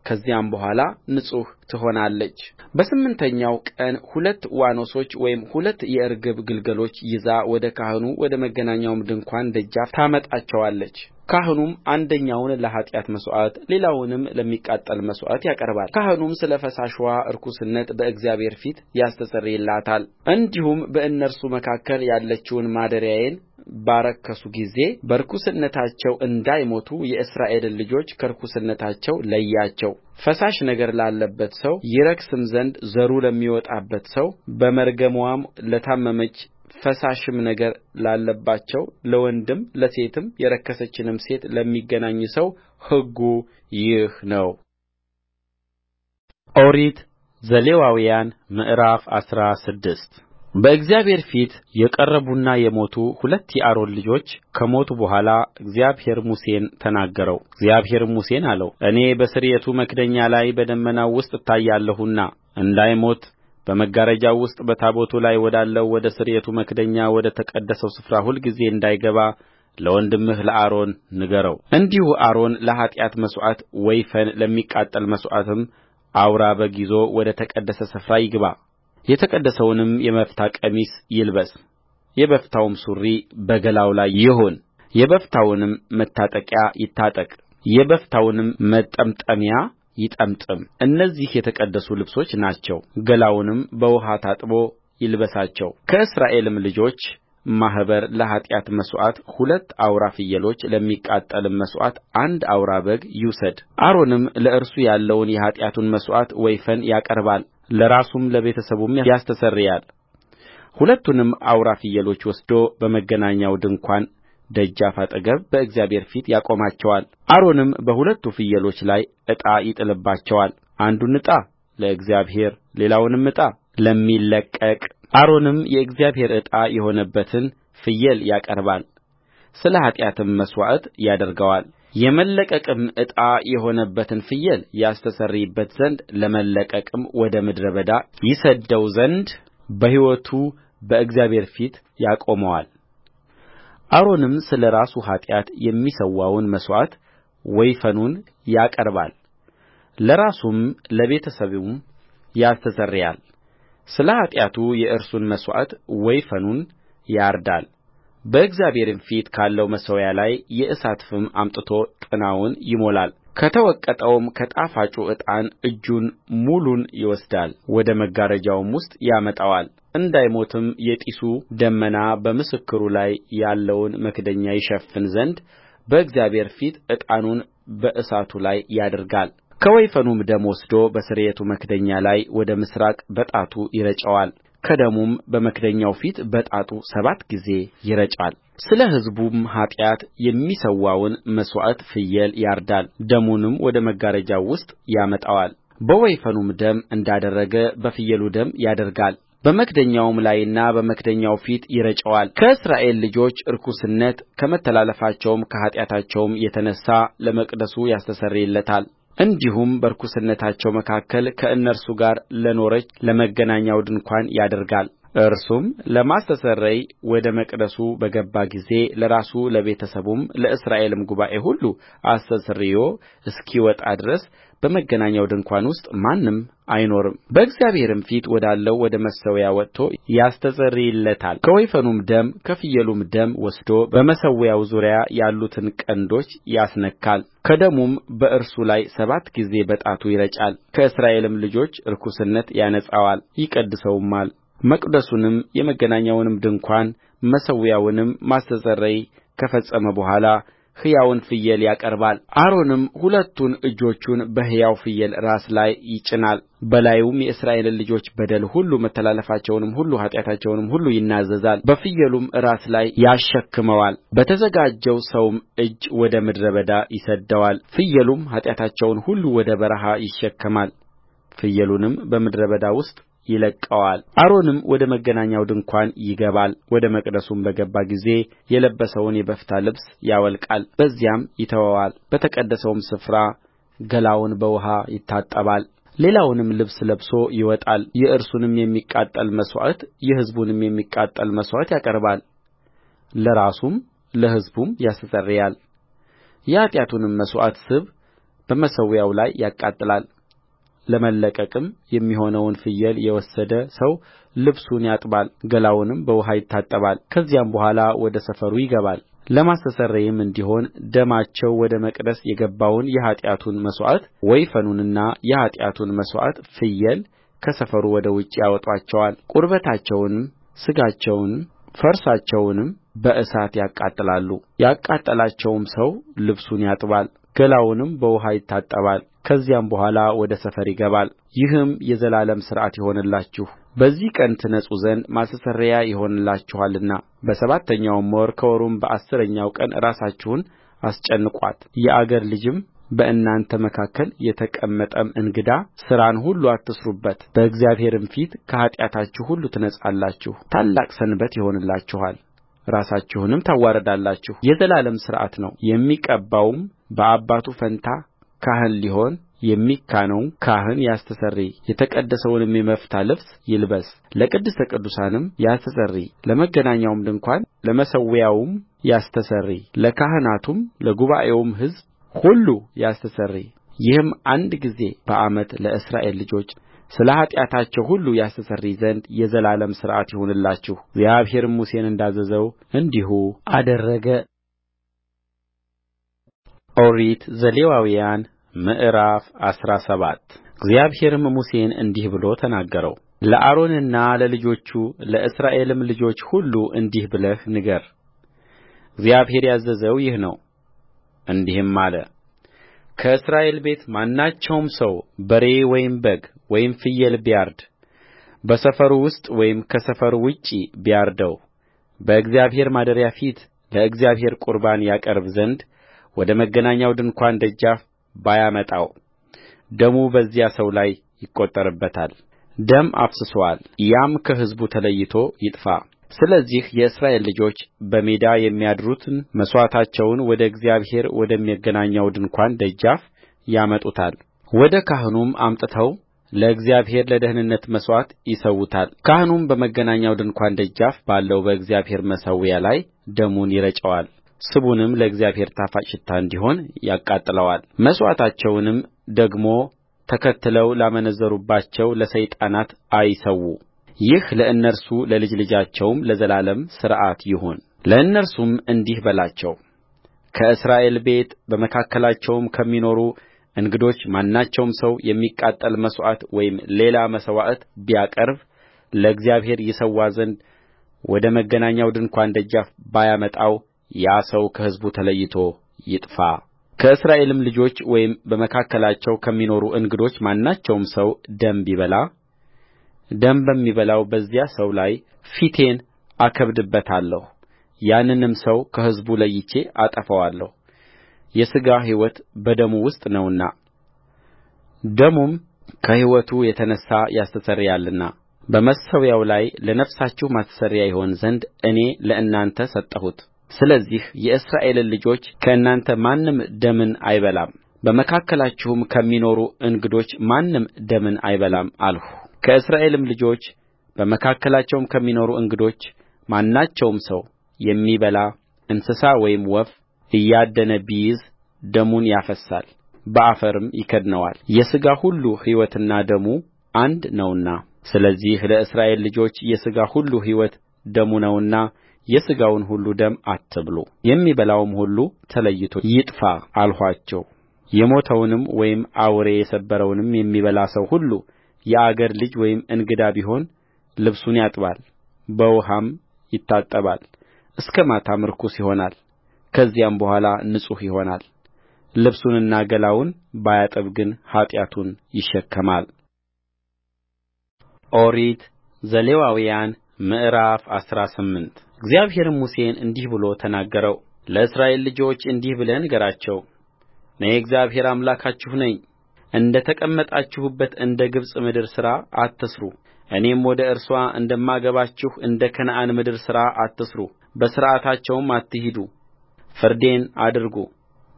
ከዚያም በኋላ ንጹሕ በስምንተኛው ቀን ሁለት ዋኖሶች ወይም ሁለት የርግብ ግልገሎች ይዛ ወደ ካህኑ ወደ መገናኛው ድንኳን ደጃፍ ታመጣቸዋለች ካህኑም አንደኛውን ለኃጢአት መሥዋዕት ሌላውንም ለሚቃጠል መሥዋዕት ያቀርባልካህኑም ስለ ፈሳሽዋ ርኵስነት በእግዚአብሔር ፊት እንዲሁም በእነርሱ መካከል ያለችውን ማደሪያዬን ባረከሱ ጊዜ በርኵስነታቸው እንዳይሞቱ የእስራኤልን ልጆች ከርኵስነታቸው ለያቸውፈሳሽ ነገር ላለበት ሰው ይረክስም ዘንድ ዘሩ ለሚወጣበት ሰው በመርገምዋም ለታመመች ፈሳሽም ነገር ላለባቸው ለወንድም ለሴትም የረከሰችንም ሴት ለሚገናኝ ሰው ሕጉ ይህ ነው ኦሪት ዘሌዋውያን ምዕራፍ አስራ ስድስት በእግዚአብሔር ፊት የቀረቡና የሞቱ ሁለት የአሮን ልጆች ከሞቱ በኋላ እግዚአብሔር ሙሴን ተናገረው። እግዚአብሔርም ሙሴን አለው፣ እኔ በስርየቱ መክደኛ ላይ በደመናው ውስጥ እታያለሁና እንዳይሞት በመጋረጃው ውስጥ በታቦቱ ላይ ወዳለው ወደ ስርየቱ መክደኛ ወደ ተቀደሰው ስፍራ ሁልጊዜ እንዳይገባ ለወንድምህ ለአሮን እንዲሁ አሮን ለኃጢአት መሥዋዕት ወይፈን ለሚቃጠል መሥዋዕትም አውራ በግ ይዞ ወደ ተቀደሰ ስፍራ ይግባ የተቀደሰውንም የበፍታ ቀሚስ ይልበስ የበፍታውም ሱሪ በገላው ላይ ይሁን የበፍታውንም መታጠቂያ ይታጠቅ የበፍታውንም መጠምጠሚያ ይጠምጥም። እነዚህ የተቀደሱ ልብሶች ናቸው ገላውንም በውኃ ታጥቦ ይልበሳቸው ከእስራኤልም ልጆች ማኅበር ለኃጢአት መሥዋዕት ሁለት አውራ ፍየሎች ለሚቃጠልም መሥዋዕት አንድ አውራ በግ ይውሰድአሮንም ለእርሱ ያለውን የኃጢአቱን መሥዋዕት ወይፈን ያቀርባል ለራሱም ለቤተሰቡም ያስተሰርያል ሁለቱንም አውራ ፍየሎች ወስዶ በመገናኛው ድንኳን ደጃፍ አጠገብ በእግዚአብሔር ፊት ያቆማቸዋል። አሮንም በሁለቱ ፍየሎች ላይ ዕጣ ይጥልባቸዋል አንዱን ዕጣ ለእግዚአብሔር ሌላውንም ዕጣ ለሚለቀቅ። አሮንም የእግዚአብሔር ዕጣ የሆነበትን ፍየል ያቀርባል ስለ ኃጢአትም መሥዋዕት ያደርገዋል የመለቀቅም ዕጣ የሆነበትን ፍየል ያስተሰርይበት ዘንድ ለመለቀቅም ወደ ምድረ በዳ ይሰድደው ዘንድ በሕይወቱ በእግዚአብሔር ፊት ያቆመዋል አሮንም ስለ ራሱ ኃጢአት የሚሠዋውን መሥዋዕት ወይፈኑን ያቀርባል ለራሱም ለቤተ ሰቡም ያስተሰርያል ስለ ኃጢአቱ የእርሱን መሥዋዕት ወይፈኑን ያርዳል በእግዚአብሔርም ፊት ካለው መሠዊያ ላይ የእሳት ፍም አምጥቶ ጥናውን ይሞላል ከተወቀጠውም ከጣፋጩ ዕጣን እጁን ሙሉን ይወስዳል ወደ መጋረጃውም ውስጥ ያመጣዋል እንዳይሞትም የጢሱ ደመና በምስክሩ ላይ ያለውን መክደኛ ይሸፍን ዘንድ በእግዚአብሔር ፊት ዕጣኑን በእሳቱ ላይ ከወይፈኑም ደም ወስዶ በስርየቱ መክደኛ ላይ ወደ ምሥራቅ በጣቱ ይረጨዋል ከደሙም በመክደኛው ፊት በጣቱ ሰባት ጊዜ ይረጫልስለ ሕዝቡም ኃጢአት የሚሠዋውን መሥዋዕት ፍየል ያርዳል ደሙንም ወደ መጋረጃው ውስጥ ያመጣዋል በወይፈኑም ደም እንዳደረገ በፍየሉ ደም ያደርጋል በመክደኛውም ላይና በመክደኛው ፊት ይረጨዋልከእስራኤል ልጆች ርኵስነት ከመተላለፋቸውም ከኃጢአታቸውም የተነሣ ለመቅደሱ ያስተሰርይለታል እንዲሁም በርኵስነታቸው መካከል ከእነርሱ ጋር ለኖረች ለመገናኛው ድንኳን ያደርጋል እርሱም ለማስተስረይ ወደ መቅደሱ በገባ ጊዜ ለራሱ ለቤተ ሰቡም ለእስራኤልም ጉባኤ ሁሉ አስተስርዮ እስኪወጣ ድረስ በመገናኛው ድንኳን ውስጥ ማንም አይኖርም በእግዚአብሔርም ፊት ወዳለው ወደ መሠዊያው ወጥቶ ከወይፈኑም ደም ከፍየሉም ደም ወስዶ በመሠዊያው ዙሪያ ያሉትን ቀንዶች ያስነካል ከደሙም በእርሱ ላይ ሰባት ጊዜ በጣቱ ይረጫል ከእስራኤልም ልጆች ርኵስነት ያነጻዋል ይቀድሰውማል መቅደሱንም የመገናኛውንም ድንኳን መሠዊያውንም ማስተስረይ ከፈጸመ በኋላ ሕያውን ፍየል ያቀርባል። አሮንም ሁለቱን እጆቹን በሕያው ፍየል ራስ ላይ ይጭናል በላዩም የእስራኤልን ልጆች በደል ሁሉ መተላለፋቸውንም ሁሉ ኃጢአታቸውንም ሁሉ በፍየሉም ራስ ላይ ያሸክመዋል በተዘጋጀው ሰውም እጅ ወደ ምድረ በዳ ፍየሉም ኃጢአታቸውን ሁሉ ወደ በረሀ ይሸከማል ፍየሉንም በምድረ በዳ ውስጥ ይለቀዋል። አሮንም ወደ መገናኛው ድንኳን ይገባል ወደ መቅደሱም በገባ ጊዜ የለበሰውን የበፍታ ልብስ ያወልቃል በዚያም በተቀደሰውም ስፍራ ገላውን በውኃ ይታጠባል ሌላውንም ልብስ ለብሶ ይወጣል የእርሱንም የሚቃጠል መሥዋዕት የሕዝቡንም የሚቃጠል መሥዋዕት ያቀርባል ለራሱም ለሕዝቡም ያስተሰርያል የኃጢአቱንም መሥዋዕት ስብ በመሠዊያው ላይ ያቃጥላል ለመለቀቅም የሚሆነውን ፍየል የወሰደ ሰው ልብሱን ያጥባል ገላውንም በውኃ ይታጠባል ከዚያም በኋላ ወደ ሰፈሩ ይገባል። ይገባልለማስተስረያም እንዲሆን ደማቸው ወደ መቅደስ የገባውን የኃጢአቱን መሥዋዕት ወይፈኑንና የኃጢአቱን መሥዋዕት ፍየል ከሰፈሩ ወደ ውጭ ቁርበታቸውንም ሥጋቸውንም ፈርሳቸውንም በእሳት ያቃጥላሉ። ያቃጠላቸውም ሰው ልብሱን ያጥባል ገላውንም በውኃ ይታጠባል ከዚያም በኋላ ወደ ሰፈር ይገባል ይህም የዘላለም ሥርዓት ይሆንላችሁ በዚህ ቀን ትነጹ ዘንድ ማስተስረያ ይሆንላችኋልና በሰባተኛው ወር ከወሩም በአሥረኛው ቀን ራሳችሁን አስጨንቋት የአገር ልጅም በእናንተ መካከል የተቀመጠም እንግዳ ሥራን ሁሉ አትሥሩበት በእግዚአብሔርም ፊት ከኃጢአታችሁ ሁሉ ትነጻላችሁ ታላቅ ሰንበት ይሆንላችኋል ራሳችሁንም ታዋርዳላችሁ የዘላለም ሥርዓት ነው የሚቀባውም በአባቱ ፋንታ ካህን ሊሆን የሚካነው ካህን ያስተስርይ የተቀደሰውንም የበፍታ ልብስ ይልበስ ለቅድስተ ቅዱሳኑም ያስተስርይ ለመገናኛውም ድንኳን ለመሠዊያውም ያስተስርይ ለካህናቱም ለጉባኤውም ሕዝብ ሁሉ ያስተስርይ ይህም አንድ ጊዜ በዓመት ለእስራኤል ልጆች ስለ ኃጢአታቸው ሁሉ ያስተሰርይ ዘንድ የዘላለም ሥርዓት ይሁንላችሁ እግዚአብሔርም ሙሴን እንዳዘዘው እንዲሁ አደረገ ኦሪት ዘሌዋውያን ምዕራፍ አስራ ሰባት እግዚአብሔርም ሙሴን እንዲህ ብሎ ተናገረውለአሮንና ለልጆቹ ለእስራኤልም ልጆች ሁሉ እንዲህ ብለህ ንገር እግዚአብሔር ያዘዘው ይህ ነው እንዲህም አለ ከእስራኤል ቤት ማናቸውም ሰው በሬ ወይም በግ ወይም ፍየል ቢያርድ በሰፈሩ ውስጥ ወይም ከሰፈሩ ውጭ ቢያርደው በእግዚአብሔር ማደሪያ ፊት ለእግዚአብሔር ቁርባን ያቀርብ ዘንድ ወደ መገናኛው ድንኳን ደጃፍ ባያመጣው ደሙ በዚያ ሰው ላይ ይቈጠርበታል ደም አፍስሶአል ያም ከሕዝቡ ተለይቶ ይጥፋስለዚህ የእስራኤል ልጆች በሜዳ የሚያርዱትን መሥዋዕታቸውን ወደ እግዚአብሔር ወደ መገናኛው ድንኳን ደጃፍ ያመጡታል ወደ ካህኑም አምጥተው ለእግዚአብሔር ለደኅንነት መሥዋዕት ይሠዉታልካህኑም በመገናኛው ድንኳን ደጃፍ ባለው በእግዚአብሔር መሠዊያ ላይ ደሙን ይረጨዋል ስቡንም ለእግዚአብሔር ጣፋጭ ሽታ እንዲሆን ያቃጥለዋልመሥዋዕታቸውንም ደግሞ ተከትለው ላመነዘሩባቸው ለሰይጣናት አይሠዉ ይህ ለእነርሱ ለልጅ ልጃቸውም ለዘላለም ሥርዓት ለእነርሱም እንዲህ በላቸው ከእስራኤል ቤት በመካከላቸውም ከሚኖሩ እንግዶች ማናቸውም ሰው የሚቃጠል መሥዋዕት ወይም ሌላ መሥዋዕት ቢያቀርብ ለእግዚአብሔር ይሠዋ ዘንድ ወደ መገናኛው ድንኳን ደጃፍ ባያመጣው ያ ሰው ከሕዝቡ ተለይቶ ይጥፋከእስራኤልም ልጆች ወይም በመካከላቸው ከሚኖሩ እንግዶች ማናቸውም ሰው ደም ቢበላ ደም በሚበላው በዚያ ሰው ላይ ፊቴን አከብድበታለሁ ያንንም ሰው ከሕዝቡ ለይቼ አጠፋዋለሁ የሥጋ ሕይወት በደሙ ውስጥ ነውና ደሙም ከሕይወቱ የተነሣ ያስተሰርያልና በመሠዊያው ላይ ለነፍሳችሁ ማስተስረያ ይሆን ዘንድ እኔ ለእናንተ ሰጠሁት ስለዚህ የእስራኤልን ልጆች ከእናንተ ማንም ደምን አይበላም በመካከላችሁም ከሚኖሩ እንግዶች ማንም ደምን አይበላም አልሁከእስራኤልም ልጆች በመካከላቸውም ከሚኖሩ እንግዶች ማናቸውም ሰው የሚበላ እንስሳ ወይም ወፍ እያደነ ቢይዝ ደሙን ያፈስሳል በአፈርም ይከድነዋል የሥጋ ሁሉ ሕይወትና ደሙ አንድ ነውና ስለዚህ ለእስራኤል ልጆች የሥጋ ሁሉ ሕይወት ደሙ ነውና የሥጋውን ሁሉ ደም አትብሉ የሚበላውም ሁሉ ተለይቶ ይጥፋ አልኋቸውየሞተውንም ወይም አውሬ የሰበረውን የሚበላ ሰው ሁሉ የአገር ልጅ ወይም እንግዳ ቢሆን ልብሱን ያጥባል በውኃም ይታጠባል እስከ ማታም ርኩስ ይሆናል ከዚያም በኋላ ንጹሕ ይሆናል ልብሱንና ገላውን ባያጥብ ግን ኃጢአቱን ይሸከማል ኦሪት ዘሌዋውያን ምዕራፍ አስራ ስምንት እግዚአብሔርም ሙሴን እንዲህ ብሎ ተናገረውለእስራኤል ልጆች እንዲህ ብለህ ንገራቸው እኔ እግዚአብሔር አምላካችሁ ነኝእንደ ተቀመጣችሁባት እንደ ግብፅ ምድር ሥራ አትሥሩ እኔም ወደ እርስዋ እንደማገባችሁ እንደ ከነዓን ምድር ሥራ አትሥሩ በሥርዓታቸውም አትሂዱ ፍርዴን አድርጉ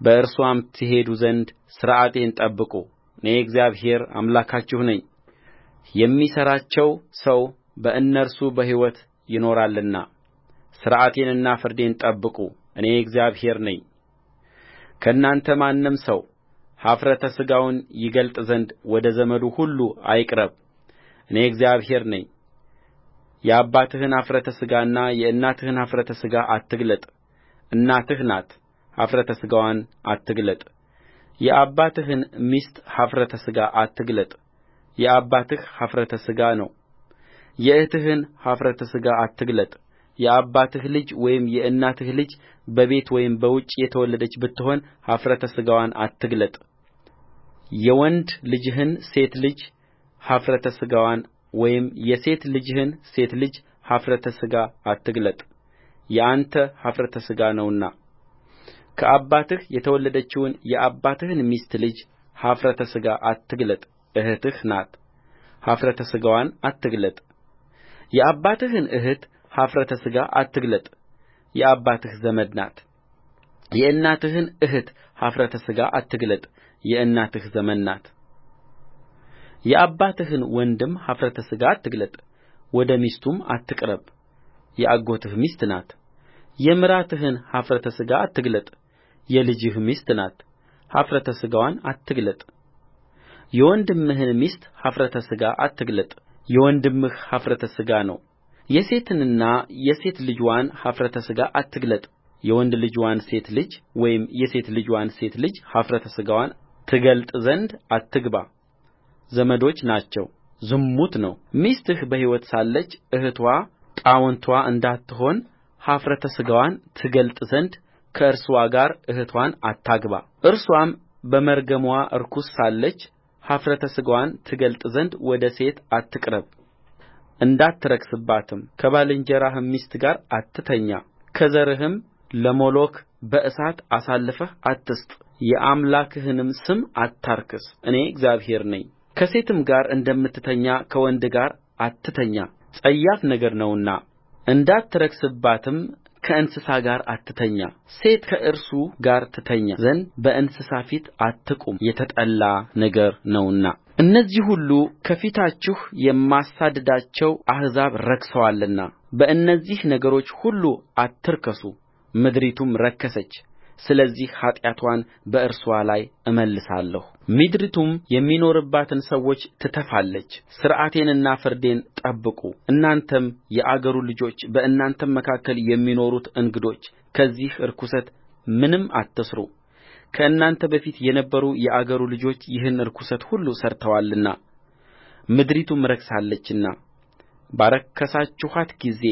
በእርስዋም ትሄዱ ዘንድ ሥርዓቴን ጠብቁ እኔ እግዚአብሔር አምላካችሁ ነኝየሚሠራቸው ሰው በእነርሱ በሕይወት ይኖራልና ሥርዓቴንና ፍርዴን ጠብቁ እኔ እግዚአብሔር ነኝከእናንተ ማንም ሰው ኃፍረተ ሥጋውን ይገልጥ ዘንድ ወደ ዘመዱ ሁሉ አይቅረብ እኔ እግዚአብሔር ነኝየአባትህን ኃፍረተ ሥጋና የእናትህን ኃፍረተ ሥጋ አትግለጥ እናትህ ናት ኃፍረተ ሥጋዋን አትግለጥ የአባትህን ሚስት ኃፍረተ ሥጋ አትግለጥ የአባትህ ኃፍረተ ሥጋ ነው የእህትህን ኃፍረተ ሥጋ አትግለጥ የአባትህ ልጅ ወይም የእናትህ ልጅ በቤት ወይም በውጭ የተወለደች ብትሆን ኃፍረተ ሥጋዋን አትግለጥ የወንድ ልጅህን ሴት ልጅ ኃፍረተ ሥጋዋን ወይም የሴት ልጅህን ሴት ልጅ ኃፍረተ ሥጋ አትግለጥ የአንተ ኃፍረተ ሥጋ ነውና ከአባትህ የተወለደችውን የአባትህን ሚስት ልጅ ኃፍረተ ሥጋ አትግለጥ እህትህ ናት ኃፍረተ ሥጋዋን አትግለጥ የአባትህን እህት ኃፍረተ ሥጋ አትግለጥ የአባትህ ዘመድ ናት የእናትህን እኅት ኃፍረተ ሥጋ አትግለጥ የእናትህ ዘመድ ናትየአባትህን ወንድም ኃፍረተ ሥጋ አትግለጥ ወደ ሚስቱም አትቅረብ የአጎትህ ሚስት ናት የምራትህን ኃፍረተ ሥጋ አትግለጥ የልጅህ ሚስት ናት ኃፍረተ ሥጋዋን አትግለጥ የወንድምህን ሚስት ኃፍረተ ሥጋ አትግለጥ የወንድምህ ኃፍረተ ሥጋ ነው የሴትንና የሴት ልጅዋን ኃፍረተ ሥጋ አትግለጥ የወንድ ልጅዋን ሴት ልጅ ወይም የሴት ልጅዋን ሴት ልጅ ኃፍረተ ሥጋዋን ትገልጥ ዘንድ አትግባ ዘመዶች ናቸው ዝሙት ነውሚስትህ በሕይወት ሳለች እኅትዋ ጣውንትዋ እንዳትሆን ኃፍረተ ሥጋዋን ትገልጥ ዘንድ ከእርስዋ ጋር እኅትዋን አታግባ እርስዋም በመርገምዋ ርኩስ ሳለች ኃፍረተ ሥጋዋን ትገልጥ ዘንድ ወደ ሴት አትቅረብ እንዳትረክስባትም ከባልንጀራህ ሚስት ጋር አትተኛ ከዘርህም ለሞሎክ በእሳት አሳልፈህ አትስጥ የአምላክህንም ስም አታርክስ እኔ እግዚአብሔር ነኝከሴትም ጋር እንደምትተኛ ከወንድ ጋር አትተኛ ጸያፍ ነገር ነውና እንዳትረክስባትም ከእንስሳ ጋር አትተኛ ሴት ከእርሱ ጋር ትተኛ ዘንድ በእንስሳ ፊት አትቁም የተጠላ ነገር ነውና። እነዚህ ሁሉ ከፊታችሁ የማሳድዳቸው አሕዛብ ረክሰዋልና በእነዚህ ነገሮች ሁሉ አትርከሱ ምድሪቱም ረከሰች ስለዚህ ኃጢአትዋን በእርስዋ ላይ እመልሳለሁ ምድሪቱም የሚኖሩባትን ሰዎች ትተፋለች ሥርዓቴንና ፍርዴን ጠብቁ እናንተም የአገሩ ልጆች በእናንተም መካከል የሚኖሩት እንግዶች ከዚህ ርኵሰት ምንም አትሥሩ ከእናንተ በፊት የነበሩ የአገሩ ልጆች ይህን ርኵሰት ሁሉ ሠርተዋልና ምድሪቱም ረክሳለችና ባረከሳችኋት ጊዜ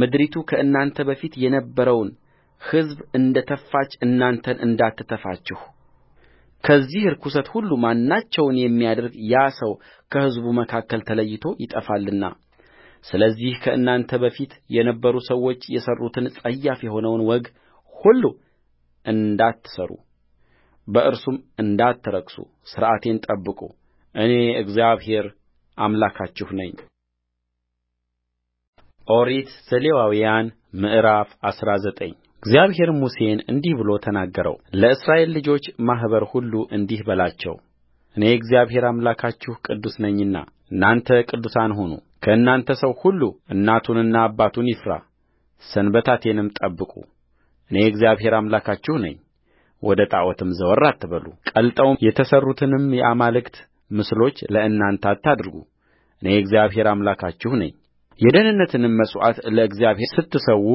ምድሪቱ ከእናንተ በፊት የነበረውን ሕዝብ እንደ ተፋች እናንተን እንዳትተፋችሁ ከዚህ ርኵሰት ሁሉ ማናቸውን የሚያደርግ ያ ሰው ከሕዝቡ መካከል ተለይቶ ይጠፋልና ስለዚህ ከእናንተ በፊት የነበሩ ሰዎች የሠሩትን ጸያፍ የሆነውን ወግ ሁሉ እንዳትሠሩ በእርሱም እንዳትረክሱ ሥርዓቴን ጠብቁ እኔ እግዚአብሔር አምላካችሁ ነኝ። ኦሪት ዘሌዋውያን ምዕራፍ አስራ ዘጠኝ እግዚአብሔርም ሙሴን እንዲህ ብሎ ተናገረውለእስራኤል ልጆች ማኅበር ሁሉ እንዲህ በላቸው እኔ እግዚአብሔር አምላካችሁ ቅዱስ ነኝና እናንተ ቅዱሳን ሁኑከእናንተ ሰው ሁሉ እናቱንና አባቱን ይፍራ፣ ሰንበታቴንም ጠብቁ። እኔ እግዚአብሔር አምላካችሁ ነኝ። ወደ ጣዖትም ዘወር አትበሉ፣ ቀልጠው የተሠሩትንም የአማልክት ምስሎች ለእናንተ አታድርጉ። እኔ እግዚአብሔር አምላካችሁ ነኝ። የደኅንነትንም መሥዋዕት ለእግዚአብሔር ስትሠዉ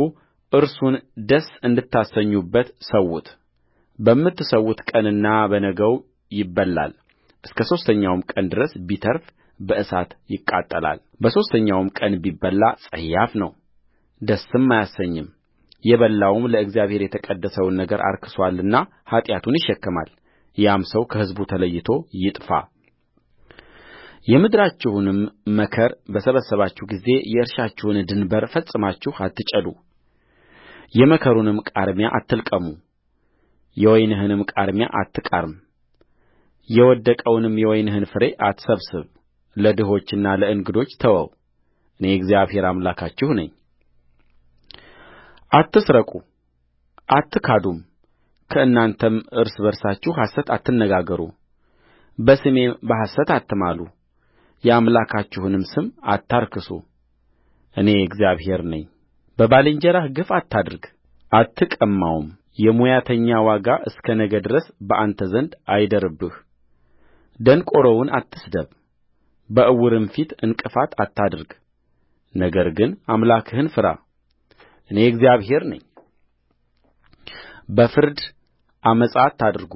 እርሱን ደስ እንድታሰኙበት ሠዉትበምትሠዉት ቀንና በነጋው ይበላል እስከ ሦስተኛውም ቀን ድረስ ቢተርፍ በእሳት ይቃጠላልበሦስተኛውም ቀን ቢበላ ጸያፍ ነው ደስም አያሰኝም የበላውም ለእግዚአብሔር የተቀደሰውን ነገር አርክሶአልና ኃጢአቱን ይሸከማል ያም ሰው ከሕዝቡ ተለይቶ ይጥፋ የምድራችሁንም መከር በሰበሰባችሁ ጊዜ የእርሻችሁን ድንበር ፈጽማችሁ አትጨዱ የመከሩንም ቃርሚያ አትልቀሙ የወይንህንም ቃርሚያ አትቃርም የወደቀውንም የወይንህን ፍሬ አትሰብስብ ለድሆችና ለእንግዶች ተወው እኔ እግዚአብሔር አምላካችሁ ነኝአትስረቁ አትካዱም ከእናንተም እርስ በርሳችሁ ሐሰት አትነጋገሩ በስሜም በሐሰት አትማሉ የአምላካችሁንም ስም አታርክሱ እኔ እግዚአብሔር ነኝ በባልንጀራህ ግፍ አታድርግ አትቀማውም የሙያተኛ ዋጋ እስከ ነገ ድረስ በአንተ ዘንድ አይደርብህ! ደንቆሮውን አትስደብ በዕውርም ፊት ዕንቅፋት አታድርግ ነገር ግን አምላክህን ፍራ እኔ እግዚአብሔር ነኝ በፍርድ ዓመፃ አታድርጉ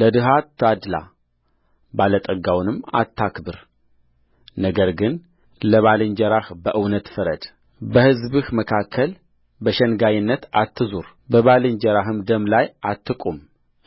ለድሀ አታድላ ባለጠጋውንም አታክብር ነገር ግን ለባልንጀራህ በእውነት ፍረድ በሕዝብህ መካከል በሸንጋይነት አትዙር በባልንጀራህም ደም ላይ አትቁም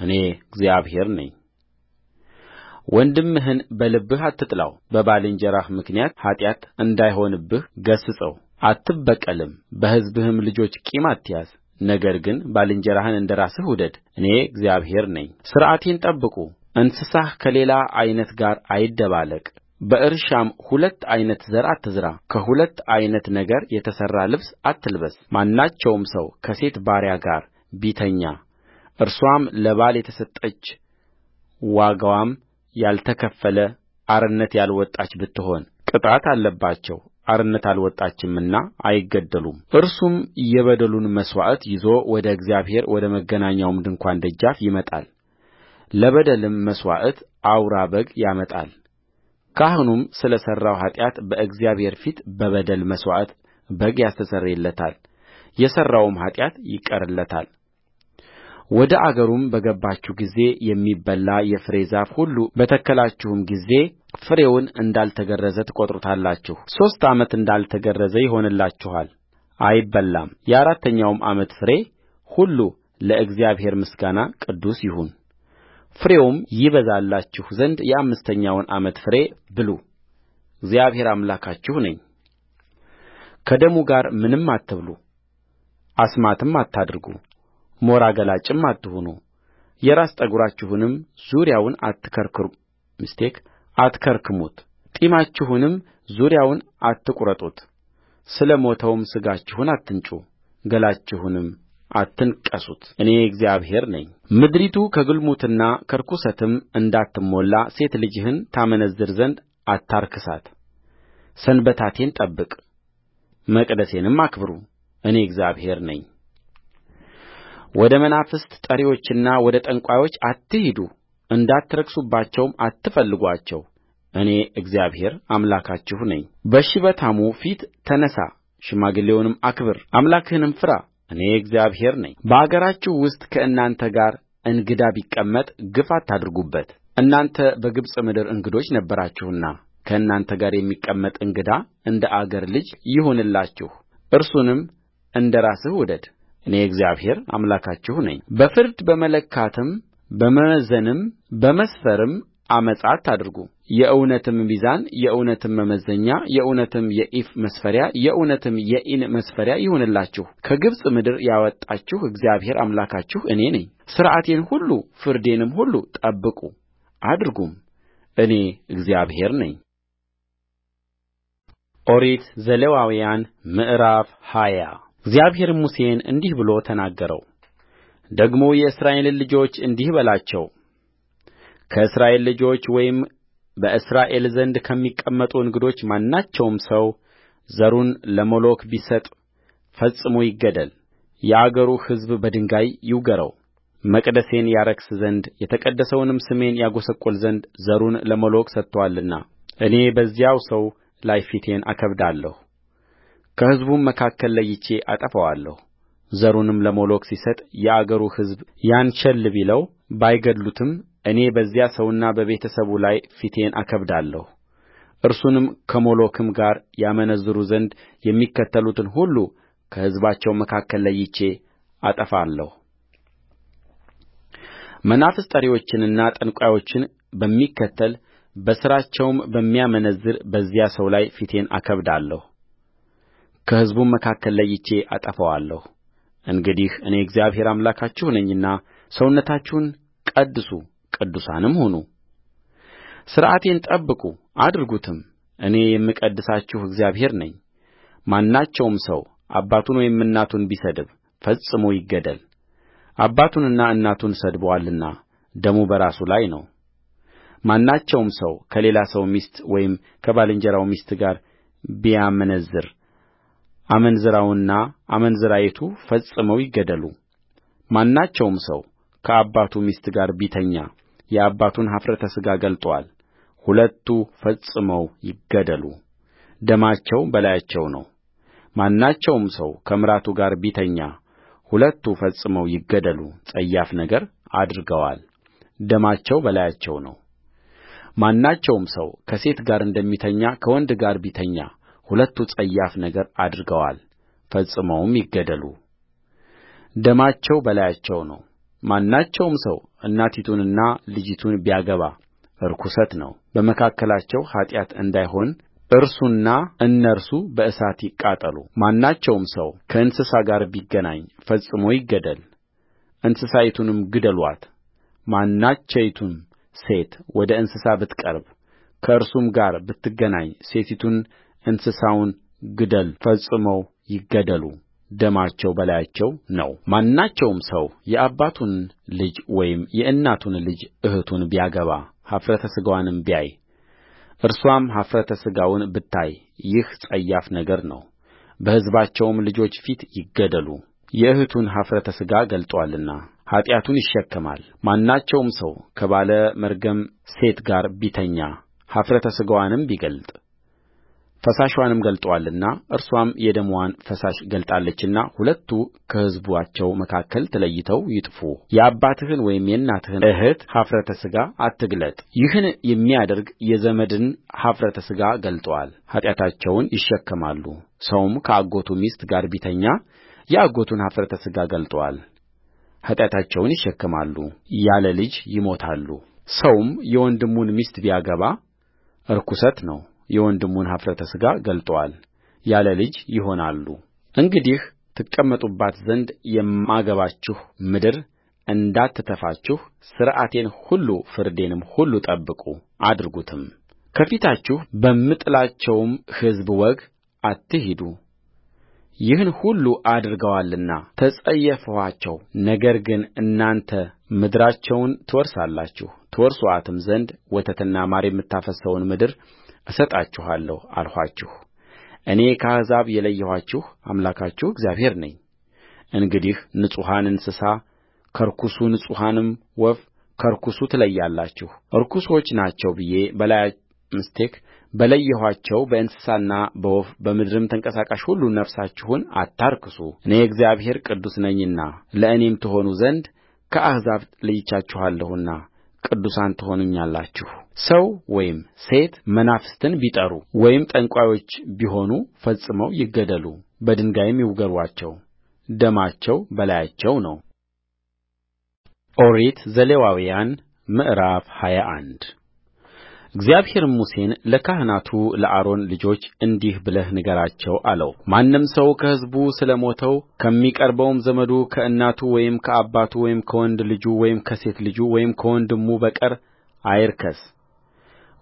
እኔ እግዚአብሔር ነኝወንድምህን በልብህ አትጥላው በባልንጀራህ ምክንያት ኃጢአት እንዳይሆንብህ ገሥጸው አትበቀልም በሕዝብህም ልጆች ቂም አትያዝ ነገር ግን ባልንጀራህን እንደ ራስህ ውደድ እኔ እግዚአብሔር ነኝሥርዓቴን ጠብቁ እንስሳህ ከሌላ ዓይነት ጋር አይደባለቅ በእርሻም ሁለት ዓይነት ዘር አትዝራ ከሁለት ዓይነት ነገር የተሠራ ልብስ አትልበስማናቸውም ሰው ከሴት ባሪያ ጋር ቢተኛ እርስዋም ለባል የተሰጠች ዋጋዋም ያልተከፈለ አርነት ያልወጣች ብትሆን ቅጣት አለባቸው አርነት አልወጣችምና አይገደሉምእርሱም የበደሉን መሥዋዕት ይዞ ወደ እግዚአብሔር ወደ መገናኛው ድንኳን ደጃፍ ይመጣል ለበደልም መሥዋዕት አውራ በግ ያመጣል ካህኑም ስለ ሠራው ኃጢአት በእግዚአብሔር ፊት በበደል መሥዋዕት በግ ያስተሰርይለታል የሠራውም ኃጢአት ይቀርለታልወደ አገሩም በገባችሁ ጊዜ የሚበላ የፍሬ ዛፍ ሁሉ በተከላችሁም ጊዜ ፍሬውን እንዳልተገረዘ ትቈጥሩታላችሁ ሦስት ዓመት እንዳልተገረዘ ይሆንላችኋል አይበላምየአራተኛውም ዓመት ፍሬ ሁሉ ለእግዚአብሔር ምስጋና ቅዱስ ይሁን ፍሬውም ይበዛላችሁ ዘንድ የአምስተኛውን ዓመት ፍሬ ብሉ እግዚአብሔር አምላካችሁ ነኝከደሙ ጋር ምንም አትብሉ አስማትም አታድርጉ ሞራ ገላጭም አትሁኑ የራስ ጠጕራችሁንም ዙሪያውን አትከርክሙት ጢማችሁንም ዙሪያውን አትቍረጡት ስለ ሞተውም ሥጋችሁን አትንጩ ገላችሁንም አትንቀሱት እኔ እግዚአብሔር ነኝምድሪቱ ከግልሙትና ከርኵሰትም እንዳትሞላ ሴት ልጅህን ታመነዝር ዘንድ አታርክሳት ሰንበታቴን ጠብቅ መቅደሴንም አክብሩ እኔ እግዚአብሔር ወደ መናፍስት ጠሪዎችና ወደ ጠንቋዮች አትሂዱ እንዳትረክሱባቸውም አትፈልጓቸው እኔ እግዚአብሔር አምላካችሁ ነኝበሽበታሙ ፊት ተነሣ ሽማግሌውንም አክብር አምላክህንም ፍራ እኔ እግዚአብሔር ነኝበአገራችሁ ውስጥ ከእናንተ ጋር እንግዳ ቢቀመጥ ግፍ እናንተ በግብፅ ምድር እንግዶች ነበራችሁና ከእናንተ ጋር የሚቀመጥ እንግዳ እንደ አገር ልጅ ይሁንላችሁ እርሱንም እንደ ራስህ ውደድ እኔ እግዚአብሔር አምላካችሁ ነኝበፍርድ በመለካትም በመመዘንም በመስፈርም ዓመፃ አታድርጉ የእውነትም ሚዛን የእውነትም መመዘኛ የእውነትም የኢፍ መስፈሪያ የእውነትም የኢን መስፈሪያ ይሁንላችሁ ከግብፅ ምድር ያወጣችሁ እግዚአብሔር አምላካችሁ እኔ ነኝሥርዓቴን ሁሉ ፍርዴንም ሁሉ ጠብቁ አድርጉም እኔ እግዚአብሔር ነኝ ኦሪት ዘሌዋውያን ምዕራፍ ሃያ እግዚአብሔርም ሙሴን እንዲህ ብሎ ተናገረው ደግሞ የእስራኤልን ልጆች እንዲህ በላቸው ከእስራኤል ልጆች ወይም በእስራኤል ዘንድ ከሚቀመጡ እንግዶች ማናቸውም ሰው ዘሩን ለሞሎክ ቢሰጥ ፈጽሞ ይገደል የአገሩ ሕዝብ በድንጋይ ይውገረው መቅደሴን ያረክስ ዘንድ የተቀደሰውንም ስሜን ያጐሰቍል ዘንድ ዘሩን ለሞሎክ ሰጥቶአልና እኔ በዚያው ሰው ላይ ፊቴን አከብዳለሁ፣ ከሕዝቡም መካከል ለይቼ አጠፋዋለሁ። ዘሩንም ለሞሎክ ሲሰጥ የአገሩ ሕዝብ ያን ቸል ቢለው ባይገድሉትም እኔ በዚያ ሰውና በቤተ ሰቡ ላይ ፊቴን አከብዳለሁ እርሱንም ከሞሎክም ጋር ያመነዝሩ ዘንድ የሚከተሉትን ሁሉ ከሕዝባቸው መካከል ለይቼ አጠፋለሁ መናፍስት ጠሪዎችንና ጠንቋዮችን በሚከተል በሥራቸውም በሚያመነዝር በዚያ ሰው ላይ ፊቴን አከብዳለሁ ከሕዝቡም መካከል ለይቼ አጠፋዋለሁ። እንግዲህ እኔ እግዚአብሔር አምላካችሁ ነኝና ሰውነታችሁን ቀድሱ ቅዱሳንም ሁኑሥርዓቴን ጠብቁ አድርጉትም እኔ የምቀድሳችሁ እግዚአብሔር ነኝማናቸውም ሰው አባቱን ወይም እናቱን ቢሰድብ ፈጽሞ ይገደል አባቱንና እናቱን ሰድቦአልና ደሙ በራሱ ላይ ነውማናቸውም ሰው ከሌላ ሰው ሚስት ወይም ከባልንጀራው ሚስት ጋር ቢያመነዝር አመንዝራውና አመንዝራይቱ ፈጽመው ይገደሉ ማናቸውም ሰው ከአባቱ ሚስት ጋር ቢተኛ የአባቱን ኃፍረተ ሥጋ ገልጦአል ሁለቱ ፈጽመው ይገደሉ ደማቸው በላያቸው ነው። ማናቸውም ሰው ከምራቱ ጋር ቢተኛ ሁለቱ ፈጽመው ይገደሉ ጸያፍ ነገር አድርገዋል ደማቸው በላያቸው ነው። ማናቸውም ሰው ከሴት ጋር እንደሚተኛ ከወንድ ጋር ቢተኛ ሁለቱ ጸያፍ ነገር አድርገዋል ፈጽመውም ይገደሉ ደማቸው በላያቸው ነው ማናቸውም ሰው እናቲቱንና ልጂቱን ቢያገባ ርኵሰት ነው በመካከላቸው ኃጢአት እንዳይሆን እርሱና እነርሱ በእሳት ይቃጠሉማናቸውም ሰው ከእንስሳ ጋር ቢገናኝ ፈጽሞ ይገደል እንስሳይቱንም ግደሉአት ማናቸይቱም ሴት ወደ እንስሳ ብትቀርብ ከእርሱም ጋር ብትገናኝ ሴቲቱን እንስሳውን ግደል ፈጽመው ይገደሉ ደማቸው በላያቸው ነውማናቸውም ሰው የአባቱን ልጅ ወይም የእናቱን ልጅ እኅቱን ቢያገባ ኃፍረተ ሥጋዋንም ቢያይ እርስዋም ኃፍረተ ሥጋውን ብታይ ይህ ጸያፍ ነገር ነው፣ በሕዝባቸውም ልጆች ፊት ይገደሉ የእኅቱን ኃፍረተ ሥጋ ገልጦአልና ኃጢአቱን ይሸከማልማናቸውም ሰው ከባለ መርገም ሴት ጋር ቢተኛ ኃፍረተ ሥጋዋንም ቢገልጥ ፈሳሽዋንም ገልጦአልና እርስዋም የደምዋን ፈሳሽ ገልጣለችና ሁለቱ ከሕዝባቸው መካከል ተለይተው ይጥፉየአባትህን ወይም የእናትህን እኅት ኃፍረተ ሥጋ ይህን የሚያደርግ የዘመድን ኃፍረተ ሥጋ ገልጦአል ኃጢአታቸውን ሰውም ከአጎቱ ሚስት ጋር ቢተኛ የአጎቱን ኃፍረተ ሥጋ ገልጦአል ኃጢአታቸውን ይሸከማሉ ያለ ልጅ ይሞታሉሰውም የወንድሙን ሚስት ቢያገባ ርኵሰት ነው የወንድሙን ኃፍረተ ሥጋ ገልጦአል ያለ ልጅ ይሆናሉእንግዲህ ትቀመጡባት ዘንድ የማገባችሁ ምድር እንዳትተፋችሁ ሥርዓቴን ሁሉ ፍርዴንም ሁሉ ጠብቁ አድርጉትም ከፊታችሁ በምጥላቸውም ሕዝብ ወግ አትሂዱ ይህን ሁሉ አድርገዋልና ነገር ግን እናንተ ምድራቸውን ትወርሳላችሁ ትወርሱአትም ዘንድ ወተትና ማር የምታፈስሰውን ምድር እሰጣችኋለሁ እኔ ከአሕዛብ የለየኋችሁ አምላካችሁ እግዚአብሔር ነኝእንግዲህ ንጹሐን እንስሳ ከርኩሱ ንጹሐንም ወፍ ከርኩሱ ትለያላችሁ ርኩሶች ናቸው ብዬ በለየኋቸው በእንስሳና በወፍ በምድርም ተንቀሳቃሽ ሁሉ ነፍሳችሁን አታርክሱ እኔ እግዚአብሔር ቅዱስ ነኝና ለእኔም ትሆኑ ዘንድ ከአሕዛብ ለይቻችኋለሁና ቅዱሳን ሰው ወይም ሴት መናፍስትን ቢጠሩ ወይም ጠንቋዮች ቢሆኑ ፈጽመው ይገደሉ በድንጋይም ይውገሩአቸው ደማቸው በላያቸው ነው ኦሪት ዘሌዋውያን ምዕራፍ ሃያ አንድ እግዚአብሔርም ሙሴን ለካህናቱ ለአሮን ልጆች እንዲህ ብለህ ንገራቸው አለው ማንም ሰው ከሕዝቡ ስለ ሞተው ከሚቀርበውም ዘመዱ ከእናቱ ወይም ከአባቱ ወይም ከወንድ ልጁ ወይም ከሴት ልጁ ወይም ከወንድሙ በቀር አይርከስ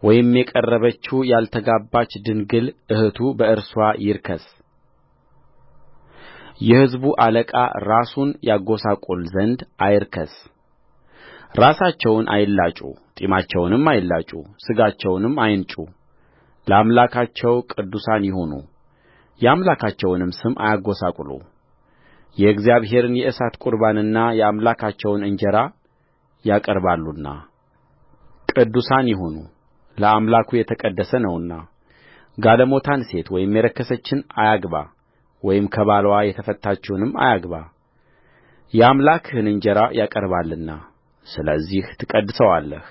ወይም የቀረበችው ያልተጋባች ድንግል እህቱ በእርሷ ይርከስ የሕዝቡ አለቃ ራሱን ያጐሳቍል ዘንድ አይርከስ ራሳቸውን አይላጩ ጢማቸውንም አይላጩ ሥጋቸውንም አይንጩ ለአምላካቸው ቅዱሳን ይሁኑ የአምላካቸውንም ስም አያጐስቍሉ የእግዚአብሔርን የእሳት ቍርባንና የአምላካቸውን እንጀራ ያቀርባሉና ቅዱሳን ይሁኑ ለአምላኩ የተቀደሰ ነውና ጋለሞታን ሴት ወይም የረከሰችውን አያግባ ወይም ከባልዋ የተፈታችውንም አያግባ የአምላክህን እንጀራ ያቀርባልና ስለዚህ ትቀድሰዋለህ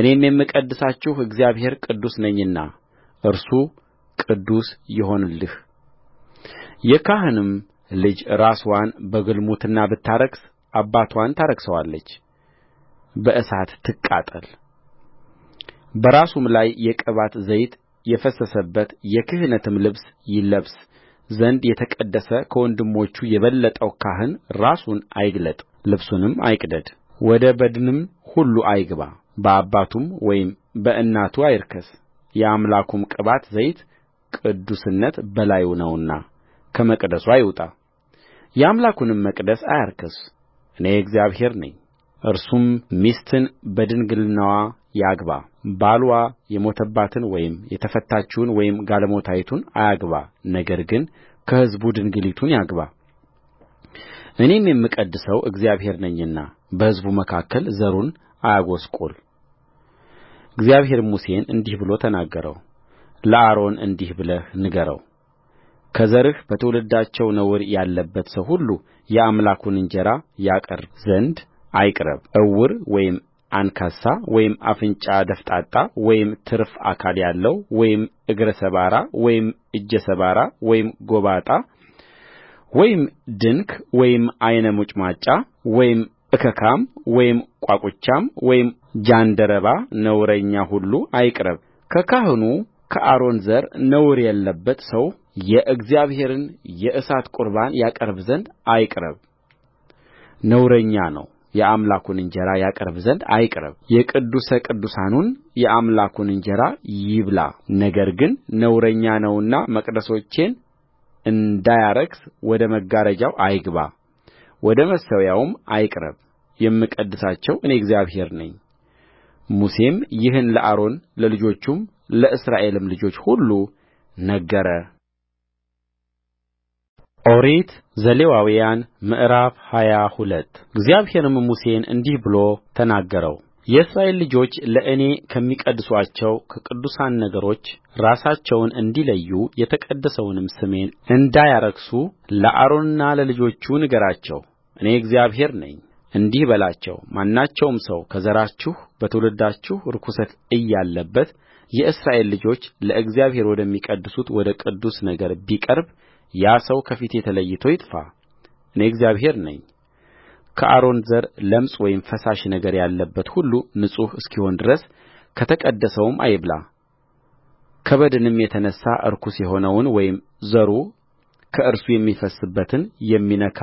እኔም የምቀድሳችሁ እግዚአብሔር ቅዱስ ነኝና እርሱ ቅዱስ የካህንም ልጅ ራስዋን በግልሙትና ብታረክስ አባትዋን ታረክሰዋለች በእሳት ትቃጠል በራሱም ላይ የቅባት ዘይት የፈሰሰበት የክህነትም ልብስ ይለብስ ዘንድ የተቀደሰ ከወንድሞቹ የበለጠው ካህን ራሱን አይግለጥ ልብሱንም አይቅደድ ወደ በድንም ሁሉ አይግባ በአባቱም ወይም በእናቱ አይርከስ የአምላኩም ቅባት ዘይት ቅዱስነት በላዩ ነውና ከመቅደሱ አይውጣ የአምላኩንም መቅደስ አያርክስ እኔ እግዚአብሔር ነኝ እርሱም ሚስትን በድንግልናዋ ያግባ ባልዋ የሞተባትን ወይም የተፋታችውን ወይም ጋለሞታይቱን አያግባ ነገር ግን ከሕዝቡ ድንግሊቱን ያግባ እኔም የምቀድሰው እግዚአብሔር ነኝና በሕዝቡ መካከል ዘሩን አያጐስቁል እግዚአብሔርም ሙሴን እንዲህ ብሎ ተናገረውለአሮን እንዲህ ብለህ ንገረው ከዘርህ በትውልዳቸው ነውር ያለበት ሰው ሁሉ የአምላኩን እንጀራ ያቀርብ ዘንድ አይቅረብ ዕውር ወይም አንካሳ ወይም አፍንጫ ደፍጣጣ ወይም ትርፍ አካል ያለው ወይም እግረ ሰባራ ወይም እጀ ሰባራ ወይም ጎባጣ ወይም ድንክ ወይም ዓይነ ሙጭማጫ ወይም እከካም ወይም ቋቁቻም ወይም ጃንደረባ ነውረኛ ሁሉ አይቅረብከካህኑ ከአሮን ዘር ነውር ያለበት ሰው የእግዚአብሔርን የእሳት ቍርባን ያቀርብ ዘንድ አይቅረብ ነውረኛ ነው የአምላኩን እንጀራ ያቀርብ ዘንድ አይቅረብ የቅዱሰ ቅዱሳኑን የአምላኩን እንጀራ ይብላ ነገር ግን ነውረኛ ነውና መቅደሶቼን እንዳያረክስ ወደ መጋረጃው አይግባ ወደ መሠዊያውም አይቅረብ የምቀድሳቸው እኔ እግዚአብሔር ነኝሙሴም ይህን ለአሮን ለልጆቹም ለእስራኤልም ልጆች ሁሉ ነገረ ኦሪት ዘሌዋውያን ምዕራፍ ሃያ ሁለት እግዚአብሔርም ሙሴን እንዲህ ብሎ ተናገረው። የእስራኤል ልጆች ለእኔ ከሚቀድሱአቸው ከቅዱሳን ነገሮች ራሳቸውን እንዲለዩ የተቀደሰውንም ስሜን እንዳያረክሱ ለአሮንና ለልጆቹ ንገራቸው እኔ እግዚአብሔር ነኝእንዲህ በላቸው ማናቸውም ሰው ከዘራችሁ በትውልዳችሁ ርኵሰት እያለበት የእስራኤል ልጆች ለእግዚአብሔር ወደሚቀድሱት ወደ ቅዱስ ነገር ቢቀርብ ያ ሰው ከፊቴ ተለይቶ ይጥፋ እኔ እግዚአብሔር ነኝከአሮን ዘር ለምጽ ወይም ፈሳሽ ነገር ያለበት ሁሉ ንጹሕ እስኪሆን ድረስ ከተቀደሰውም አይብላ ከበድንም የተነሣ ርኩስ የሆነውን ወይም ዘሩ ከእርሱ የሚፈስስበትን የሚነካ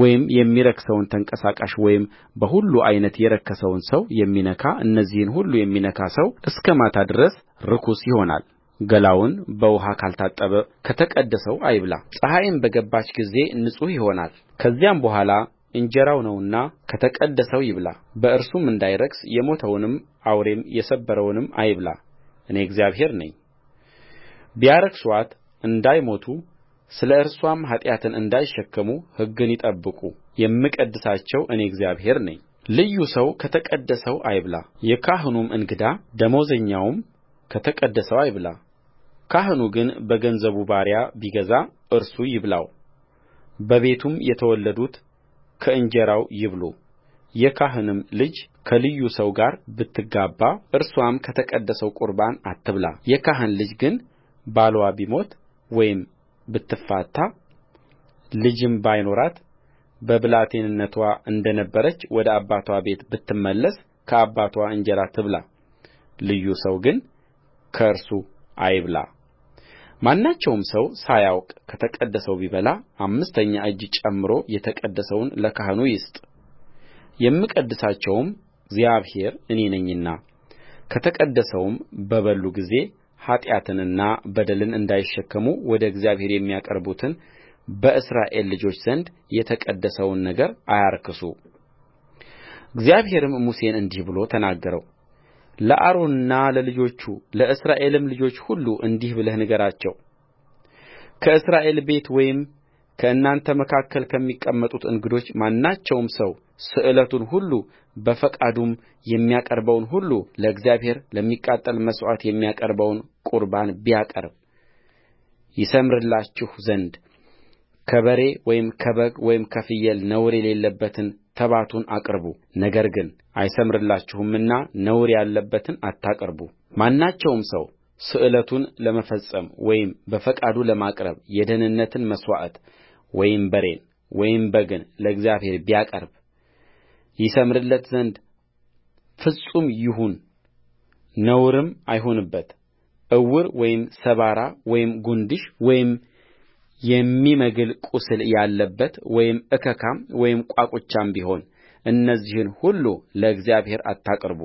ወይም የሚረክሰውን ተንቀሳቃሽ ወይም በሁሉ ዓይነት የረከሰውን ሰው የሚነካ እነዚህን ሁሉ የሚነካ ሰው እስከ ማታ ድረስ ርኩስ ይሆናል ገላውን በውኃ ካልታጠበ ከተቀደሰው አይብላ ፀሐይም በገባች ጊዜ ንጹሕ ይሆናል ከዚያም በኋላ እንጀራው ነውና ከተቀደሰው ይብላ በእርሱም እንዳይረክስ የሞተውንም አውሬም የሰበረውንም አይብላ እኔ እግዚአብሔር ነኝቢያረክሱአት እንዳይሞቱ ስለ እርስዋም ኃጢአትን እንዳይሸከሙ ሕግን ይጠብቁ የምቀድሳቸው እኔ እግዚአብሔር ነኝልዩ ሰው ከተቀደሰው አይብላ የካህኑም እንግዳ ደመወዘኛውም ከተቀደሰው አይብላ ካህኑ ግን በገንዘቡ ባሪያ ቢገዛ እርሱ ይብላው በቤቱም የተወለዱት ከእንጀራው ይብሉ የካህንም ልጅ ከልዩ ሰው ጋር ብትጋባ እርሷም ከተቀደሰው ቁርባን አትብላ የካህን ልጅ ግን ባልዋ ቢሞት ወይም ብትፋታ ልጅም ባይኖራት በብላቴንነትዋ እንደ ነበረች ወደ አባትዋ ቤት ብትመለስ ከአባትዋ እንጀራ ትብላ ልዩ ሰው ግን ከእርሱ አይብላ ማናቸውም ሰው ሳያውቅ ከተቀደሰው ቢበላ አምስተኛ እጅ ጨምሮ የተቀደሰውን ለካህኑ ይስጥ የምቀድሳቸውም እግዚአብሔር እኔ ነኝና ከተቀደሰውም በበሉ ጊዜ ኃጢአትንና በደልን እንዳይሸከሙ ወደ እግዚአብሔር የሚያቀርቡትን በእስራኤል ልጆች ዘንድ የተቀደሰውን ነገር አያርክሱእግዚአብሔርም ሙሴን እንዲህ ብሎ ተናገረውለአሮንና ለልጆቹ ለእስራኤልም ልጆች ሁሉ እንዲህ ብለህ ንገራቸው ከእስራኤል ቤት ወይም ከእናንተ መካከል ከሚቀመጡት እንግዶች ማናቸውም ሰው ስእለቱን ሁሉ በፈቃዱም የሚያቀርበውን ሁሉ ለእግዚአብሔር ለሚቃጠል መሥዋዕት የሚያቀርበውን ቍርባን ቢያቀርብ ይሠምርላችሁ ዘንድ ከበሬ ወይም ከበግ ወይም ከፍየል ነውር የሌለበትን ተባቱን አቅርቡ። ነገር ግን አይሠምርላችሁምና ነውር ያለበትን አታቅርቡ።ማናቸውም ሰው ስእለቱን ለመፈጸም ወይም በፈቃዱ ለማቅረብ የደኅንነትን መሥዋዕት ወይም በሬን ወይም በግን ለእግዚአብሔር ቢያቀርብ ይሠምርለት ዘንድ ፍጹም ይሁን ነውርም አይሁንበት ዕውር ወይም ሰባራ ወይም ጕንድሽ ወይም የሚመግል ቍስል ያለበት ወይም እከካም ወይም ቋቁቻም ቢሆን እነዚህን ሁሉ ለእግዚአብሔር አታቅርቡ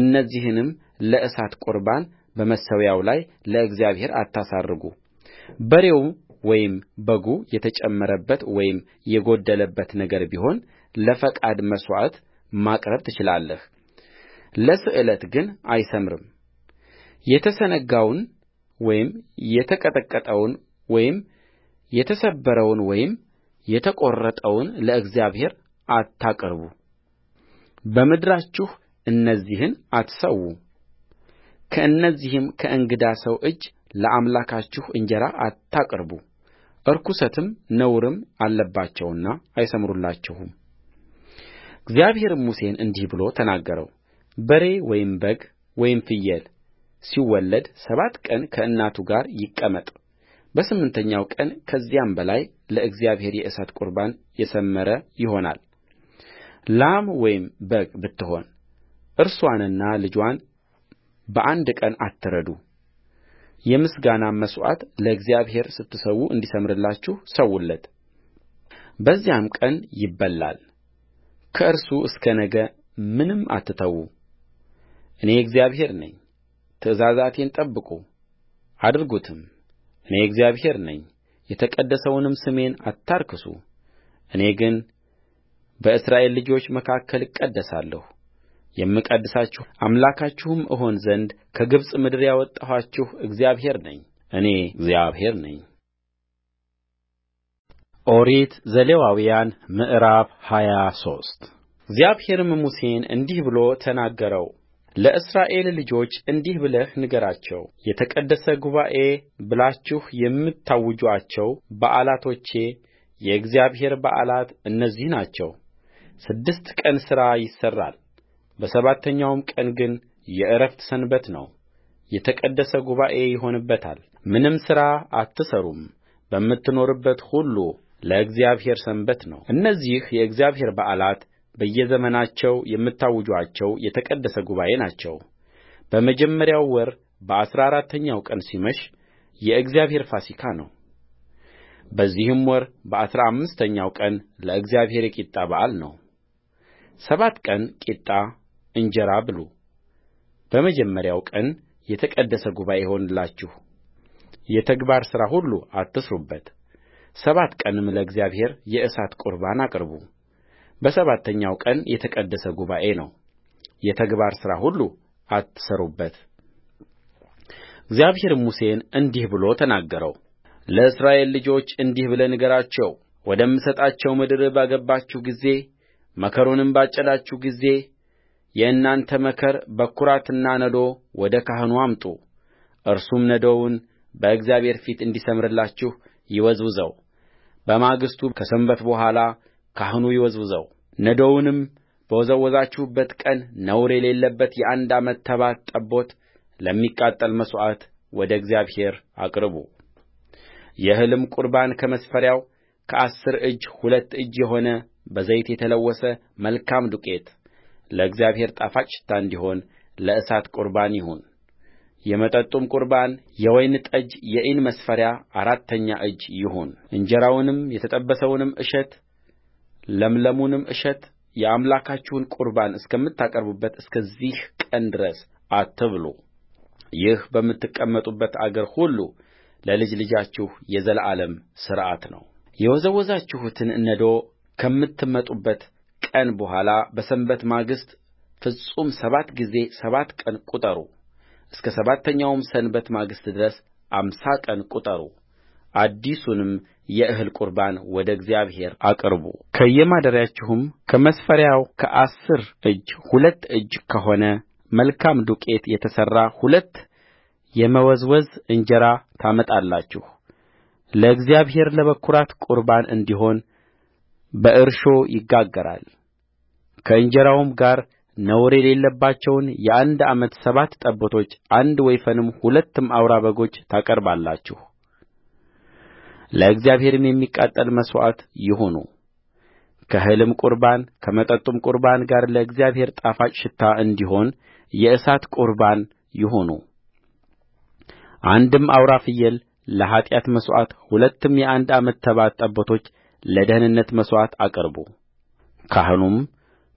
እነዚህንም ለእሳት ቁርባን በመሠዊያው ላይ ለእግዚአብሔር አታሳርጉ በሬው ወይም በጉ የተጨመረበት ወይም የጐደለበት ነገር ቢሆን ለፈቃድ መሥዋዕት ማቅረብ ትችላለህ ለስእለት ግን የተሰነጋውን ወይም የተቀጠቀጠውን ወይም የተሰበረውን ወይም የተቈረጠውን ለእግዚአብሔር አታቅርቡ በምድራችሁ እነዚህን አትሠዉ ከእነዚህም ከእንግዳ ሰው እጅ ለአምላካችሁ እንጀራ አታቅርቡ ርኵሰትም ነውርም አለባቸውና አይሠምሩላችሁም እግዚአብሔርም ሙሴን እንዲህ ብሎ ተናገረውበሬ ወይም በግ ወይም ፍየል ሲወለድ ሰባት ቀን ከእናቱ ጋር ይቀመጥ በስምንተኛው ቀን ከዚያም በላይ ለእግዚአብሔር የእሳት ቍርባን የሠመረ ላም ወይም በግ ብትሆን እርስዋንና ልጅዋን በአንድ ቀን አትረዱ የምስጋናም መሥዋዕት ለእግዚአብሔር ስትሠዉ እንዲሠምርላችሁ ሰውለት። በዚያም ቀን ይበላል ከእርሱ እስከ ነገ ምንም አትተዉ እኔ እግዚአብሔር ነኝ ትእዛዛቴን ጠብቁ አድርጉትም እኔ እግዚአብሔር ነኝ የተቀደሰውንም ስሜን አታርክሱ እኔ ግን በእስራኤል ልጆች መካከል እቀደሳለሁ የምቀድሳችሁ አምላካችሁም እሆን ዘንድ ከግብፅ ምድር ያወጣኋችሁ እግዚአብሔር ነኝ እኔ እግዚአብሔር ነኝ ኦሪት ዘሌዋውያን ምዕራፍ ሃያ ሶስት እግዚአብሔርም ሙሴን እንዲህ ብሎ ተናገረው ለእስራኤል ልጆች እንዲህ ብለህ ንገራቸው የተቀደሰ ጉባኤ ብላችሁ የምታውጁአቸው በዓላቶቼ የእግዚአብሔር በዓላት እነዚህ ናቸው። ስድስት ቀን ሥራ ይሠራል፣ በሰባተኛውም ቀን ግን የዕረፍት ሰንበት ነው፣ የተቀደሰ ጉባኤ ይሆንበታል። ምንም ሥራ አትሠሩም፣ በምትኖሩበት ሁሉ ለእግዚአብሔር ሰንበት ነው። እነዚህ የእግዚአብሔር በዓላት በየዘመናቸው የምታውጁአቸው የተቀደሰ ጉባኤ ናቸው በመጀመሪያው ወር በአሥራ አራተኛው ቀን ሲመሽ የእግዚአብሔር ፋሲካ ነው በዚህም ወር በአሥራ አምስተኛው ቀን ለእግዚአብሔር የቂጣ በዓል ነው ሰባት ቀን ቂጣ እንጀራ ብሉ። በመጀመሪያው ቀን የተቀደሰ ጉባኤ ይሁንላችሁ፣ የተግባር ሥራ ሁሉ አትሥሩበት። ሰባት ቀንም ለእግዚአብሔር የእሳት ቍርባን በሰባተኛው ቀን የተቀደሰ ጉባኤ ነው የተግባር ሥራ ሁሉ አትሥሩበትእግዚአብሔርም ሙሴን እንዲህ ብሎ ተናገረውለእስራኤል ልጆች እንዲህ ብለህ ንገራቸው ወደምሰጣቸው ምድር ባገባችሁ ጊዜ መከሩንም ባጨዳችሁ ጊዜ የእናንተ መከር በኵራትና ነዶ ወደ ካህኑ አምጡ እርሱም ነዶውን በእግዚአብሔር ፊት እንዲሠምርላችሁ ይወዝውዘው በማግስቱ ከሰንበት በኋላ ካህኑ ይወዝውዘው ነዶውንም በወዘወዛችሁበት ቀን ነውር የሌለበት የአንድ ዓመት ተባት ጠቦት ለሚቃጠል መሥዋዕት ወደ እግዚአብሔር አቅርቡ የእህልም ቍርባን ከመስፈሪያው ከአሥር እጅ ሁለት እጅ የሆነ በዘይት የተለወሰ መልካም ዱቄት ለእግዚአብሔር ጣፋጭ ሽታ እንዲሆን ለእሳት ቍርባን ይሁን የመጠጡም ቍርባን የወይን ጠጅ የኢን መስፈሪያ አራተኛ እጅ ይሁንእንጀራውንም የተጠበሰውንም እሸት ለምለሙንም እሸት የአምላካችሁን ቍርባን እስከምታቀርቡበት እስከዚህ ቀን ድረስ አትብሉ ይህ በምትቀመጡበት አገር ሁሉ ለልጅ ልጃችሁ የዘላለም ሥርዓት የወዘወዛችሁትን ነዶ ከምትመጡበት ቀን በኋላ በሰንበት ማግስት ፍጹም ሰባት ጊዜ ሰባት ቀን ቍጠሩ እስከ ሰባተኛው ሰንበት ማግስት ድረስ አምሳ ቀን ቍጠሩ አዲሱንም የእህል ቍርባን ወደ እግዚአብሔር ከየማደሪያችሁም ከመስፈሪያው ከአሥር እጅ ሁለት እጅ ከሆነ መልካም ዱቄት የተሠራ ሁለት የመወዝወዝ እንጀራ ታመጣላችሁ ለእግዚአብሔር ለበኵራት ቍርባን እንዲሆን በእርሾ ይጋገራል ከእንጀራውም ጋር ነውር የሌለባቸውን የአንድ ዓመት ሰባት ጠቦቶች አንድ ወይፈንም ሁለትም አውራ በጎች ታቀርባላችሁ ለእግዚአብሔርም የሚቃጠል መሥዋዕት ይሁኑ ከእህልም ቍርባን ከመጠጡም ቍርባን ጋር ለእግዚአብሔር ጣፋጭ ሽታ እንዲሆን የእሳት ቍርባን ይሁኑ አንድም አውራ ፍየል ለኃጢአት መሥዋዕት ሁለትም የአንድ ዓመት ተባት ጠቦቶች ለደኅንነት መሥዋዕት አቅርቡ ካህኑም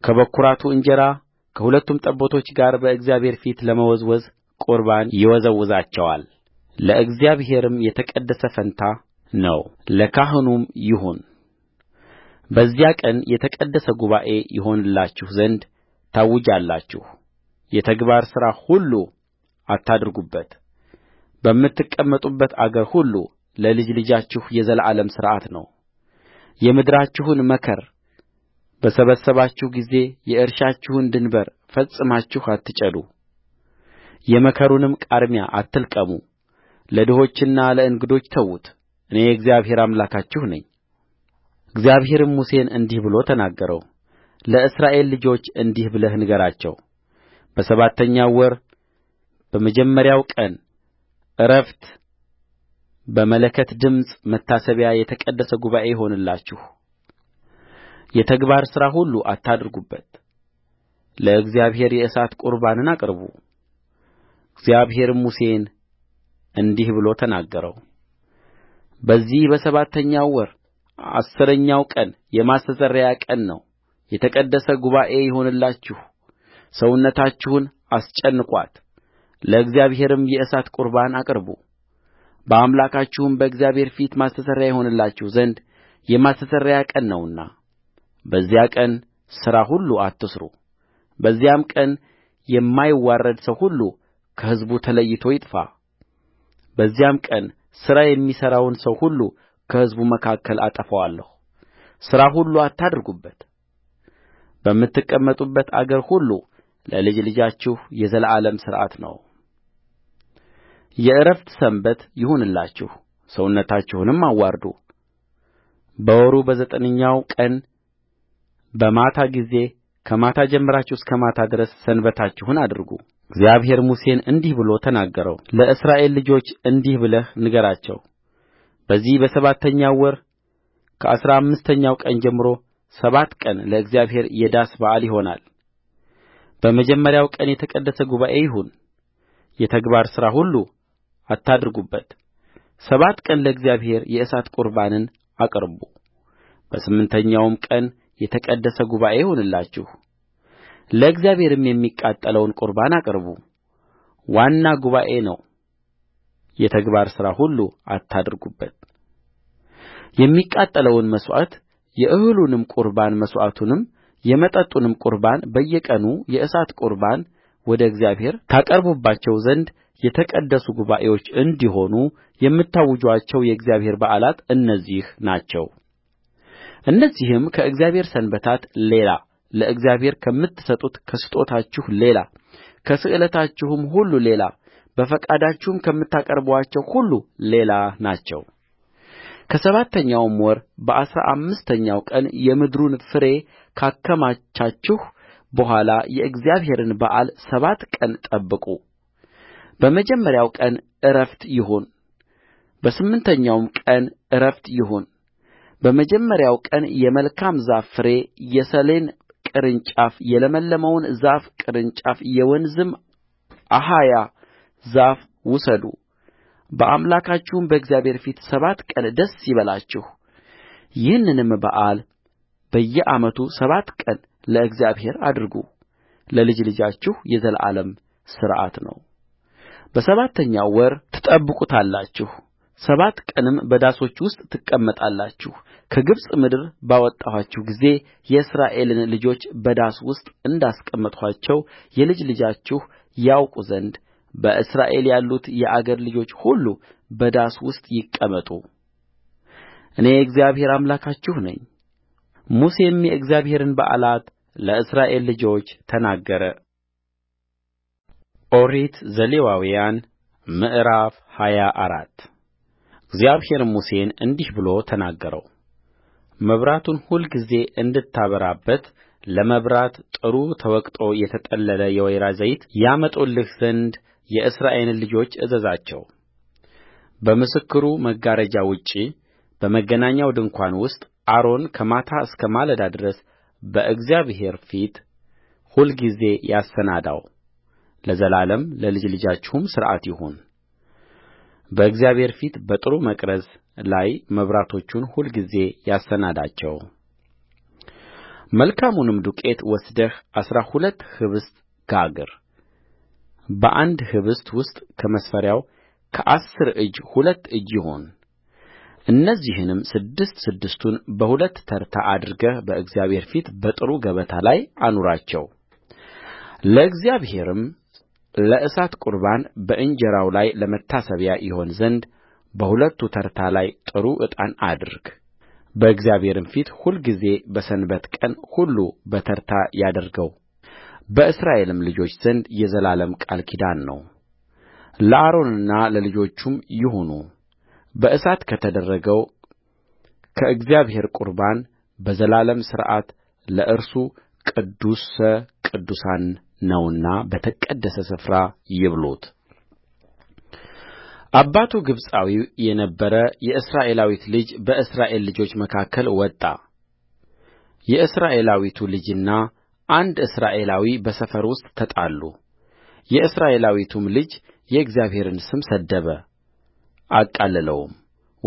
ከበኵራቱ እንጀራ ከሁለቱም ጠቦቶች ጋር በእግዚአብሔር ፊት ለመወዝወዝ ቍርባን ይወዘውዛቸዋል ለእግዚአብሔርም የተቀደሰ ፈንታ ነው ለካህኑም ይሁን በዚያ ቀን የተቀደሰ ጉባኤ ይሆንላችሁ ዘንድ ታውጃላችሁ የተግባር ሥራ ሁሉ አታድርጉበት በምትቀመጡበት አገር ሁሉ ለልጅ ልጃችሁ የዘላለም ሥርዓት ነው የምድራችሁን መከር በሰበሰባችሁ ጊዜ የእርሻችሁን ድንበር ፈጽማችሁ አትጨዱ የመከሩንም ቃርሚያ አትልቀሙ ለድሆችና ለእንግዶች ተዉት እኔ እግዚአብሔር አምላካችሁ ነኝእግዚአብሔርም ሙሴን እንዲህ ብሎ ተናገረው ለእስራኤል ልጆች እንዲህ ብለህ ንገራቸው በሰባተኛው ወር በመጀመሪያው ቀን ዕረፍት በመለከት ድምፅ መታሰቢያ የተቀደሰ ጉባኤ ይሁንላችሁ የተግባር ሥራ ሁሉ ለእግዚአብሔር የእሳት ቍርባንን አቅርቡ እግዚአብሔርም ሙሴን እንዲህ ብሎ ተናገረው በዚህ በሰባተኛው ወር አሥረኛው ቀን የማስተስረያ ቀን ነው የተቀደሰ ጉባኤ ይሁንላችሁ ሰውነታችሁን አስጨንቋት ለእግዚአብሔርም የእሳት ቍርባን አቅርቡ በአምላካችሁም በእግዚአብሔር ፊት ማስተስረያ ይሆንላችሁ ዘንድ የማስተስረያ ቀን ነውና በዚያ ቀን ሥራ ሁሉ አትሥሩ በዚያም ቀን የማይዋረድ ሰው ሁሉ ከሕዝቡ ተለይቶ ይጥፋ በዚያም ቀን ሥራ የሚሠራውን ሰው ሁሉ ከሕዝቡ መካከል አጠፋዋለሁ ሥራ ሁሉ አታድርጉበት በምትቀመጡበት አገር ሁሉ ለልጅ ልጃችሁ የዘላለም ሥርዓት ነው የዕረፍት ሰንበት ይሁንላችሁ ሰውነታችሁንም አዋርዱ በወሩ በዘጠነኛው ቀን በማታ ጊዜ ከማታ ጀምራችሁ እስከ ማታ ድረስ ሰንበታችሁን አድርጉእግዚአብሔር ሙሴን እንዲህ ብሎ ተናገረውለእስራኤል ልጆች እንዲህ ብለህ ንገራቸው በዚህ በሰባተኛው ወር ከአሥራ አምስተኛው ቀን ጀምሮ ሰባት ቀን ለእግዚአብሔር የዳስ በዓል ይሆናል። በመጀመሪያው ቀን የተቀደሰ ጉባኤ ይሁን፣ የተግባር ሥራ ሁሉ አታድርጉበት። ሰባት ቀን ለእግዚአብሔር የእሳት ቁርባንን አቅርቡ። በስምንተኛውም ቀን የተቀደሰ ጉባኤ ይሁንላችሁ ለእግዚአብሔርም የሚቃጠለውን ቁርባን አቅርቡ ዋና ጉባኤ ነው የተግባር ሥራ ሁሉ የሚቃጠለውን መሥዋዕት የእህሉንም ቁርባን መሥዋዕቱንም የመጠጡንም ቁርባን በየቀኑ የእሳት ቁርባን ወደ እግዚአብሔር ታቀርቡባቸው ዘንድ የተቀደሱ ጉባኤዎች እንዲሆኑ የምታውጁአቸው የእግዚአብሔር በዓላት እነዚህ ናቸው እነዚህም ከእግዚአብሔር ሰንበታት ሌላ ለእግዚአብሔር ከምትሰጡት ከስጦታችሁ ሌላ ከስእለታችሁም ሁሉ ሌላ በፈቃዳችሁም ከምታቀርቡአቸው ሁሉ ሌላ ናቸው ከሰባተኛውም ወር በአሥራ አምስተኛው ቀን የምድሩን ፍሬ ካከማቻችሁ በኋላ የእግዚአብሔርን በዓል ሰባት ቀን ጠብቁ። በመጀመሪያው ቀን ዕረፍት ይሁን፣ በስምንተኛውም ቀን ዕረፍት ይሁን። በመጀመሪያው ቀን የመልካም ዛፍ ፍሬ የሰሌን ቅርንጫፍ የለመለመውን ዛፍ ቅርንጫፍ የወንዝም አኻያ ዛፍ ውሰዱ በአምላካችሁም በእግዚአብሔር ፊት ሰባት ቀን ደስ ይበላችሁ። ይህንንም በዓል በየዓመቱ ሰባት ቀን ለእግዚአብሔር አድርጉ፣ ለልጅ ልጃችሁ የዘላለም ሥርዓት ነው። በሰባተኛው ወር ትጠብቁታላችሁ። ሰባት ቀንም በዳሶች ውስጥ ትቀመጣላችሁ ከግብፅ ምድር ባወጣኋችሁ ጊዜ የእስራኤልን ልጆች በዳስ ውስጥ እንዳስቀመጥኋቸው የልጅ ልጆቻችሁ ያውቁ ዘንድ በእስራኤል ያሉት የአገር ልጆች ሁሉ በዳስ ውስጥ ይቀመጡ እኔ እግዚአብሔር አምላካችሁ ነኝሙሴም የእግዚአብሔርን በዓላት ለእስራኤል ልጆች ተናገረ ኦሪት ዘሌዋውያን ምዕራፍ ሃያ አራት እግዚአብሔርም ሙሴን እንዲህ ብሎ ተናገረው መብራቱን ሁልጊዜ እንድታበራበት ለመብራት ጥሩ ተወቅጦ የተጠለለ የወይራ ዘይት ያመጡልህ ዘንድ የእስራኤልን ልጆች እዘዛቸውበምስክሩ መጋረጃ ውጭ በመገናኛው ድንኳን ውስጥ አሮን ከማታ እስከ ማለዳ ድረስ በእግዚአብሔር ፊት ሁልጊዜ ያሰናዳው ለዘላለም ለልጅ ልጃችሁ ሥርዓት ይሁን በእግዚአብሔር ፊት በጥሩ መቅረዝ ላይ መብራቶቹን ሁልጊዜ መልካሙንም ዱቄት ወስደህ አሥራ ሁለት ኅብስት ጋግር በአንድ ኅብስት ውስጥ ከመስፈሪያው ከአሥር እጅ ሁለት እጅ ይሁን እነዚህንም ስድስት ስድስቱን በሁለት ተርታ አድርገህ በእግዚአብሔር ፊት በጥሩ ገበታ ላይ አኑራቸው ለእግዚአብሔርም ለእሳት ቍርባን በእንጀራው ላይ ለመታሰቢያ ይሆን ዘንድ በሁለቱ ተርታ ላይ ጥሩ ዕጣን አድርግ በእግዚአብሔርም ፊት ሁልጊዜ በሰንበት ቀን ሁሉ በተርታ በእስራኤልም ልጆች ዘንድ የዘላለም ቃል ኪዳን ነው ለአሮንና ለልጆቹም ይሁኑ በእሳት ከተደረገው ከእግዚአብሔር ቍርባን በዘላለም ሥርዓት ለእርሱ ቅዱስ ቅዱሳን ነውና በተቀደሰ ስፍራ ይብሉት። አባቱ ግብፃዊ የነበረ የእስራኤላዊት ልጅ በእስራኤል ልጆች መካከል ወጣ የእስራኤላዊቱ ልጅና አንድ እስራኤላዊ በሰፈር ውስጥ ተጣሉ የእስራኤላዊቱም ልጅ የእግዚአብሔርን ስም ሰደበ አቃለለውም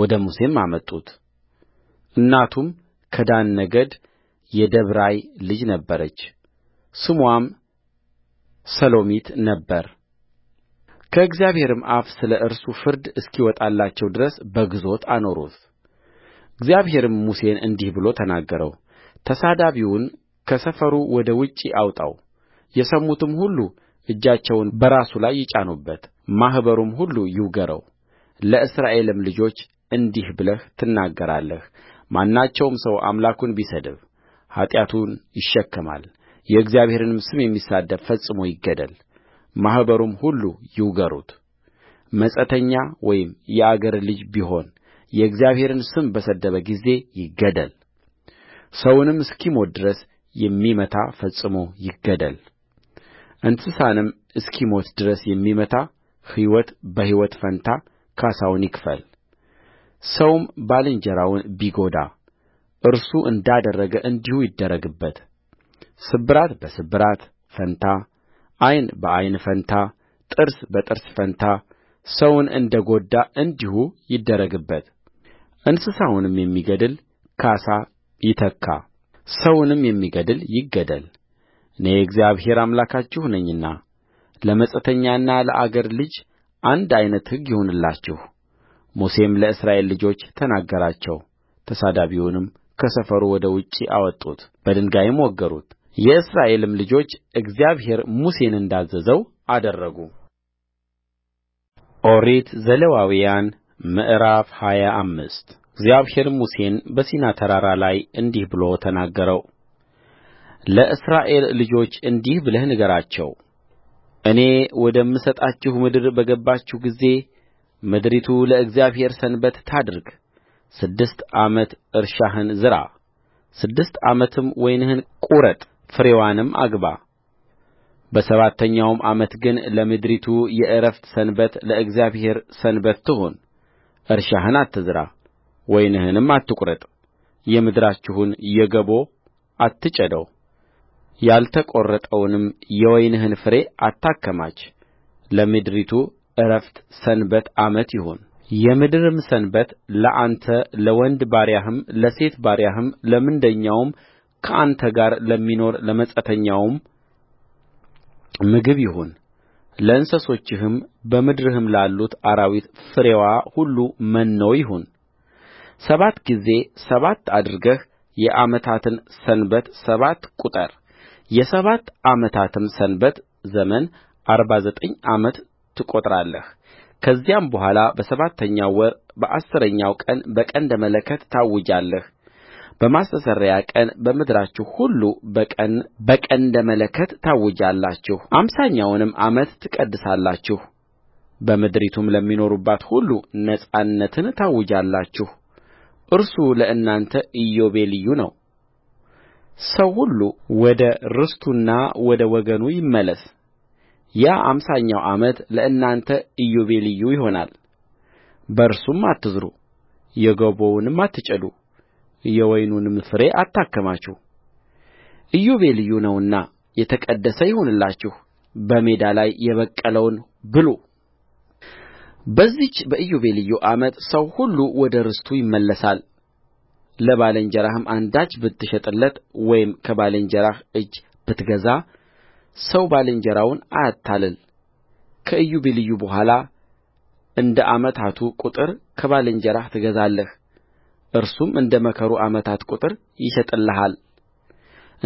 ወደ ሙሴም አመጡት እናቱም ከዳን ነገድ የደብራይ ልጅ ነበረች ስሟም ሰሎሚት ከእግዚአብሔርም አፍ ስለ እርሱ ፍርድ እስኪወጣላቸው ድረስ በግዞት አኖሩት እግዚአብሔርም ሙሴን እንዲህ ብሎ ተናገረውተሳዳቢውን ከሰፈሩ ወደ ውጭ አውጣው የሰሙትም ሁሉ እጃቸውን በራሱ ላይ ይጫኑበት ማኅበሩም ሁሉ ይውገረው ለእስራኤልም ልጆች እንዲህ ብለህ ትናገራለህ ማናቸውም ሰው አምላኩን ቢሰድብ ኃጢአቱን ይሸከማል የእግዚአብሔርንም ስም የሚሳደብ ፈጽሞ ይገደል ማኅበሩም ሁሉ ይውገሩት መጻተኛ ወይም የአገር ልጅ ቢሆን የእግዚአብሔርን ስም በሰደበ ጊዜ ይገደል ሰውንም እስኪሞት ድረስ የሚመታ ፈጽሞ ይገደል። እንስሳንም እስኪሞት ድረስ የሚመታ ሕይወት በሕይወት ፈንታ ካሣውን ይክፈልሰውም ባልንጀራውን ቢጐዳ እርሱ እንዳደረገ እንዲሁ ይደረግበት ስብራት በስብራት ፋንታ ዓይን በዓይን ፋንታ ጥርስ በጥርስ ፋንታ ሰውን እንደ ጐዳ እንዲሁ እንስሳውንም የሚገድል ካሣ ይተካ ሰውንም የሚገድል ይገደል እኔ እግዚአብሔር አምላካችሁ ነኝና ለመጻተኛና ለአገር ልጅ አንድ ዓይነት ሕግ ሙሴም ለእስራኤል ልጆች ተናገራቸው ተሳዳቢውንም ከሰፈሩ ወደ ውጭ አወጡት በድንጋይም ወገሩት የእስራኤልም ልጆች እግዚአብሔር ሙሴን እንዳዘዘው አደረጉ ኦሪት ዘሌዋውያን ምዕራፍ ሃያ አምስት እግዚአብሔርም ሙሴን በሲና ተራራ ላይ እንዲህ ብሎ ተናገረው ለእስራኤል ልጆች እንዲህ ብለህ ንገራቸው እኔ ወደምሰጣችሁ ምድር በገባችሁ ጊዜ ምድሪቱ ለእግዚአብሔር ሰንበት ታድርግ ስድስት ዓመት እርሻህን ዝራ ስድስት ዓመትም ወይንህን ቍረጥ ፍሬዋንም አግባ በሰባተኛውም ዓመት ግን ለምድሪቱ የዕረፍት ሰንበት ለእግዚአብሔር ሰንበት ትሁን እርሻህን አትዝራ ወይንህንም አትቍረጥ የምድራችሁን የገቦ አትጨደው ያልተቈረጠውንም የወይንህን ፍሬ አታከማች ለምድሪቱ ዕረፍት ሰንበት ዓመት ይሁን የምድርም ሰንበት ለአንተ ለወንድ ባሪያህም ለሴት ባሪያህም ለምንደኛውም ከአንተ ጋር ለሚኖር ለመጻተኛውም ምግብ ይሁን ለእንስሶችህም በምድርህም ላሉት አራዊት ፍሬዋ ሁሉ መኖ ሰባት ጊዜ ሰባት አድርገህ የዓመታትን ሰንበት ሰባት ቍጠር የሰባት ዓመታትም ሰንበት ዘመን አርባ ዘጠኝ ዓመት ትቈጥራለህ ከዚያም በኋላ በሰባተኛው ወር በአሥረኛው ቀን በቀንደ መለከት ታውጃለህ በማስተስረያ ቀን በምድራችሁ ሁሉ በቀን በቀንደ መለከት ታውጃላችሁአምሳኛውንም ዓመት ትቀድሳላችሁ በምድሪቱም ለሚኖሩባት ሁሉ ነጻነትን ታውጃላችሁ እርሱ ለእናንተ ኢዮቤልዩ ነው ሰው ሁሉ ወደ ርስቱና ወደ ወገኑ ይመለስ ያ አምሳኛው ዓመት ለእናንተ ኢዮቤልዩ ይሆናል በእርሱም አትዝሩ የገቦውንም አትጨዱ የወይኑንም ፍሬ አታከማቹ ኢዮቤልዩ ነውና የተቀደሰ ይሁንላችሁ በሜዳ ላይ የበቀለውን ብሉ በዚች በኢዮቤልዩ ዓመት ሰው ሁሉ ወደ ርስቱ ይመለሳል ለባልንጀራህም አንዳች ብትሸጥለት ወይም ከባልንጀራህ እጅ ብትገዛ ሰው ባልንጀራውን አያታልል ከኢዮቤልዩ በኋላ እንደ ዓመታቱ ቍጥር ከባልንጀራህ ትገዛለህ እርሱም እንደ መከሩ ዓመታት ቍጥር ይሸጥልሃል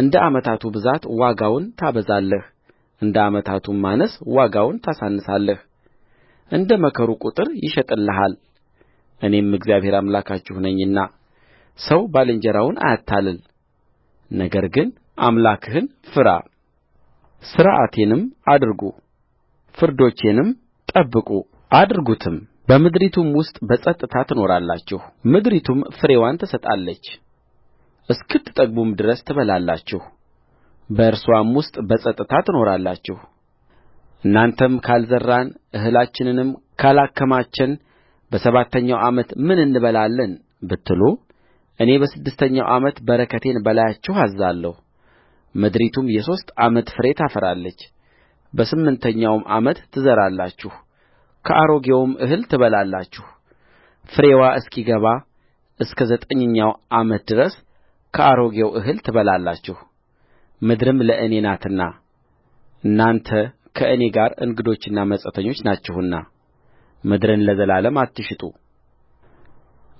እንደ ዓመታቱ ብዛት ዋጋውን ታበዛለህ እንደ ዓመታቱም ማነስ ዋጋውን ታሳንሳለህ እንደ መከሩ ቍጥር ይሸጥልሃል እኔም እግዚአብሔር አምላካችሁ ነኝና ሰው ባልንጀራውን አያታልል ነገር ግን አምላክህን ፍራ ሥርዓቴንም አድርጉ ፍርዶቼንም ጠብቁ አድርጉትም በምድሪቱም ውስጥ በጸጥታ ምድሪቱም ፍሬዋን ትሰጣለች እስክትጠግቡም ድረስ ትበላላችሁ በእርስዋም ውስጥ በጸጥታ ትኖራላችሁ እናንተም ካልዘራን እህላችንንም ካላከማቸን በሰባተኛው ዓመት ምን እንበላለን ብትሉ እኔ በስድስተኛው ዓመት በረከቴን በላያችሁ አዝዛለሁ ምድሪቱም የሦስት ዓመት ፍሬ ታፈራለች በስምንተኛውም ዓመት ትዘራላችሁ ከአሮጌውም እህል ትበላላችሁ ፍሬዋ እስኪገባ እስከ ዘጠኝኛው ዓመት ድረስ ከአሮጌው እህል ትበላላችሁ ምድርም ለእኔ ናትና እናንተ ከእኔ ጋር እንግዶችና መጻተኞች ናችሁና ምድርን ለዘላለም አትሽጡ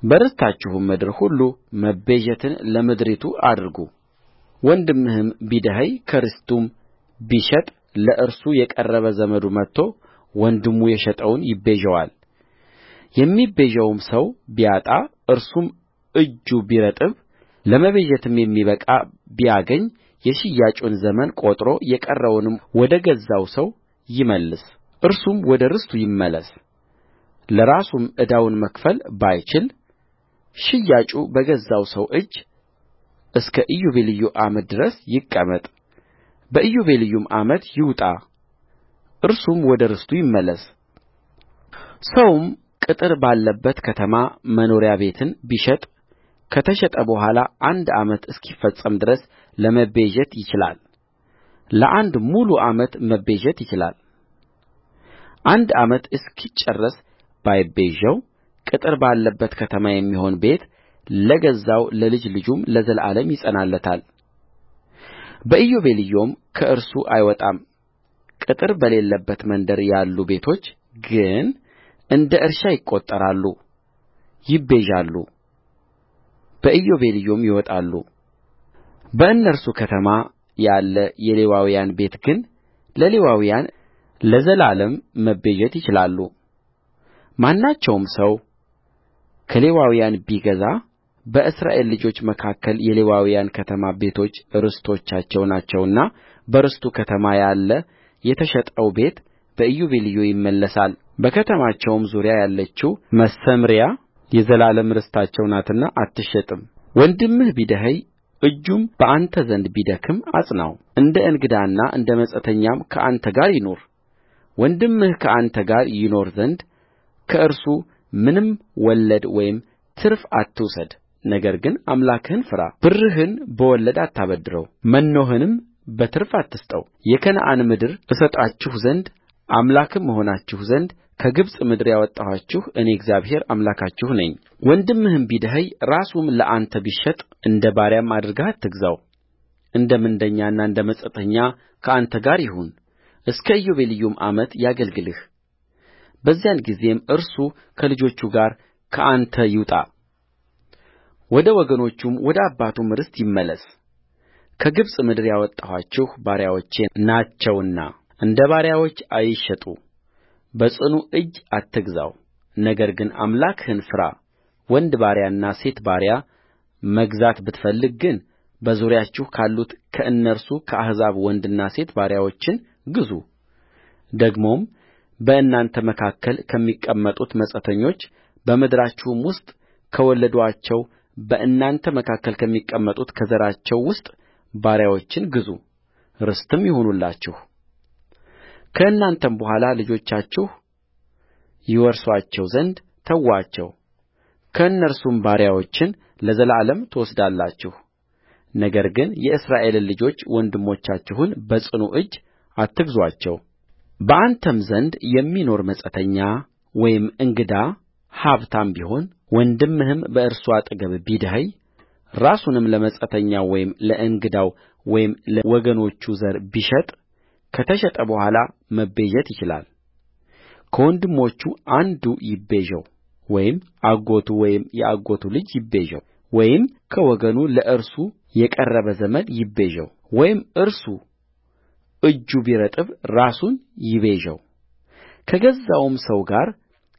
በርስታችሁም ምድር ሁሉ መቤዠትን ለምድሪቱ አድርጉ ወንድምህም ቢደኸይ ከርስቱም ቢሸጥ ለእርሱ የቀረበ ዘመዱ መጥቶ ወንድሙ የሸጠውን ይቤዠዋል የሚቤዠውም ሰው ቢያጣ እርሱም እጁ ቢረጥብ ለመቤዠትም የሚበቃ ቢያገኝ የሽያጩን ዘመን ቈጥሮ የቀረውንም ወደ ገዛው ሰው ይመልስ እርሱም ወደ ርስቱ ይመለስ ለራሱም ዕዳውን መክፈል ባይችል ሽያጩ በገዛው ሰው እጅ እስከ ኢዮቤልዩ ዓመት ድረስ ይቀመጥ በኢዮቤልዩም ዓመት ይውጣ እርሱም ወደ ርስቱ ይመለስሰውም ቅጥር ባለበት ከተማ መኖሪያ ቤትን ቢሸጥ ከተሸጠ በኋላ አንድ ዓመት እስኪፈጸም ድረስ ለመቤዠት ይችላል ለአንድ ሙሉ ዓመት መቤዠት ይችላል አንድ ዓመት እስኪጨረስ ባይቤዠው ቅጥር ባለበት ከተማ የሚሆን ቤት ለገዛው ለልጅ ልጁም ለዘላለም በኢዮቤልዩም ከእርሱ አይወጣም ቅጥር በሌለበት መንደር ያሉ ቤቶች ግን እንደ እርሻ ይቈጠራሉ ይቤዣሉ በኢዮቤልዩም በእነርሱ ከተማ ያለ የሌዋውያን ቤት ግን ለሌዋውያን ለዘላለም መቤዠት ይችላሉ ማናቸውም ሰው ከሌዋውያን ቢገዛ በእስራኤል ልጆች መካከል የሌዋውያን ከተማ ቤቶች ርስቶቻቸው ናቸውና በርስቱ ከተማ ያለ የተሸጠው ቤት በኢዮቤልዩ ይመለሳልበከተማቸውም ዙሪያ ያለችው መሰምርያ የዘላለም ርስታቸው ናትና አትሸጥምወንድምህ ቢደኸይ እጁም በአንተ ዘንድ ቢደክም አጽናው እንደ እንግዳና እንደ መጻተኛም ከአንተ ጋር ይኑር ወንድምህ ከአንተ ጋር ይኖር ዘንድ ከእርሱ ምንም ወለድ ወይም ትርፍ አትውሰድ ነገር ግን አምላክህን ፍራ ብርህን በወለድ አታበድረው መኖህንም በትርፍ አትስጠው የከነዓን ምድር እሰጣችሁ ዘንድ አምላክም እሆናችሁ ዘንድ ከግብፅ ምድር ያወጣኋችሁ እኔ እግዚአብሔር አምላካችሁ ነኝወንድምህም ቢደኸይ ራሱም ለአንተ ቢሸጥ እንደ ባሪያም አድርገህ አትግዛው እንደ ምንደኛና እንደ መጻተኛ ከአንተ ጋር ይሁን እስከ ኢዮቤልዩም ዓመት ያገልግልህ በዚያን ጊዜም እርሱ ከልጆቹ ጋር ከአንተ ይውጣ ወደ ወገኖቹም ወደ አባቱም ርስት ከግብፅ ምድር ያወጣኋቸው ባሪያዎቼ ናቸውና እንደ ባሪያዎች አይሸጡ በጽኑ እጅ አትግዛው ነገር ግን አምላክህን ፍራ ወንድ ባሪያና ሴት ባሪያ መግዛት ብትፈልግ ግን በዙሪያችሁ ካሉት ከእነርሱ ከአሕዛብ ወንድና ሴት ባሪያዎችን ግዙ። ደግሞም በእናንተ መካከል ከሚቀመጡት መጻተኞች በምድራችሁም ውስጥ ከወለዱአቸው በእናንተ መካከል ከሚቀመጡት ከዘራቸው ውስጥ ባሪያዎችን ግዙ ርስትም ይሁኑላችሁከእናንተም በኋላ ልጆቻችሁ ይወርሱአቸው ዘንድ ተዉአቸው ከእነርሱም ባሪያዎችን ለዘላለም ትወስዳላችሁ ነገር ግን የእስራኤልን ልጆች ወንድሞቻችሁን በጽኑ እጅ አትግዙአቸው በአንተም ዘንድ የሚኖር መጻተኛ ወይም እንግዳ ሀብታም ቢሆን ወንድምህም በእርሱ አጠገብ ቢደኸይ ራሱንም ለመጻተኛው ወይም ለእንግዳው ወይም ለወገኖቹ ዘር ቢሸጥ ከተሸጠ በኋላ መቤዠት ይችላል ከወንድሞቹ አንዱ ይቤዠው ወይም አጎቱ ወይም የአጎቱ ልጅ ይቤዠው ወይም ከወገኑ ለእርሱ የቀረበ ዘመድ ወይም እርሱ እጁ ቢረጥብ ራሱን ይቤዠው ከገዛውም ሰው ጋር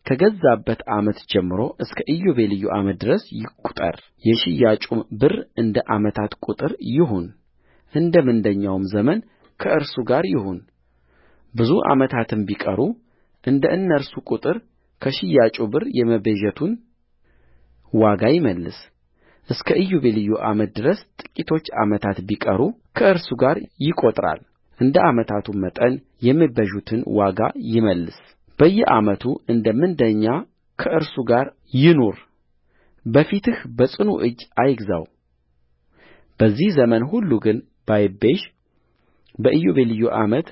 ከገዛበት ዓመት ጀምሮ እስከ ኢዮቤልዩ ዓመት ድረስ ይቍጠር የሽያጩም ብር እንደ ዓመታት ቍጥር ይሁን እንደ ምንደኛውም ዘመን ከእርሱ ጋር ይሁን ብዙ ዓመታትም ቢቀሩ እንደ እነርሱ ቍጥር ከሽያጩ ብር የመቤዠቱን ዋጋ ይመልስ እስከ ኢዮቤልዩ ዓመት ድረስ ጥቂቶች ዓመታት ቢቀሩ ከእርሱ ጋር ይቈጥራል እንደ ዓመታቱም መጠን የመቤዠቱን ዋጋ ይመልስ በየዓመቱ እንደ ምንደኛ ከእርሱ ጋር ይኑር በፊትህ በጽኑ እጅ አይግዛው! በዚህ ዘመን ሁሉ ግን ባይቤዥ በኢዮቤልዩ ዓመት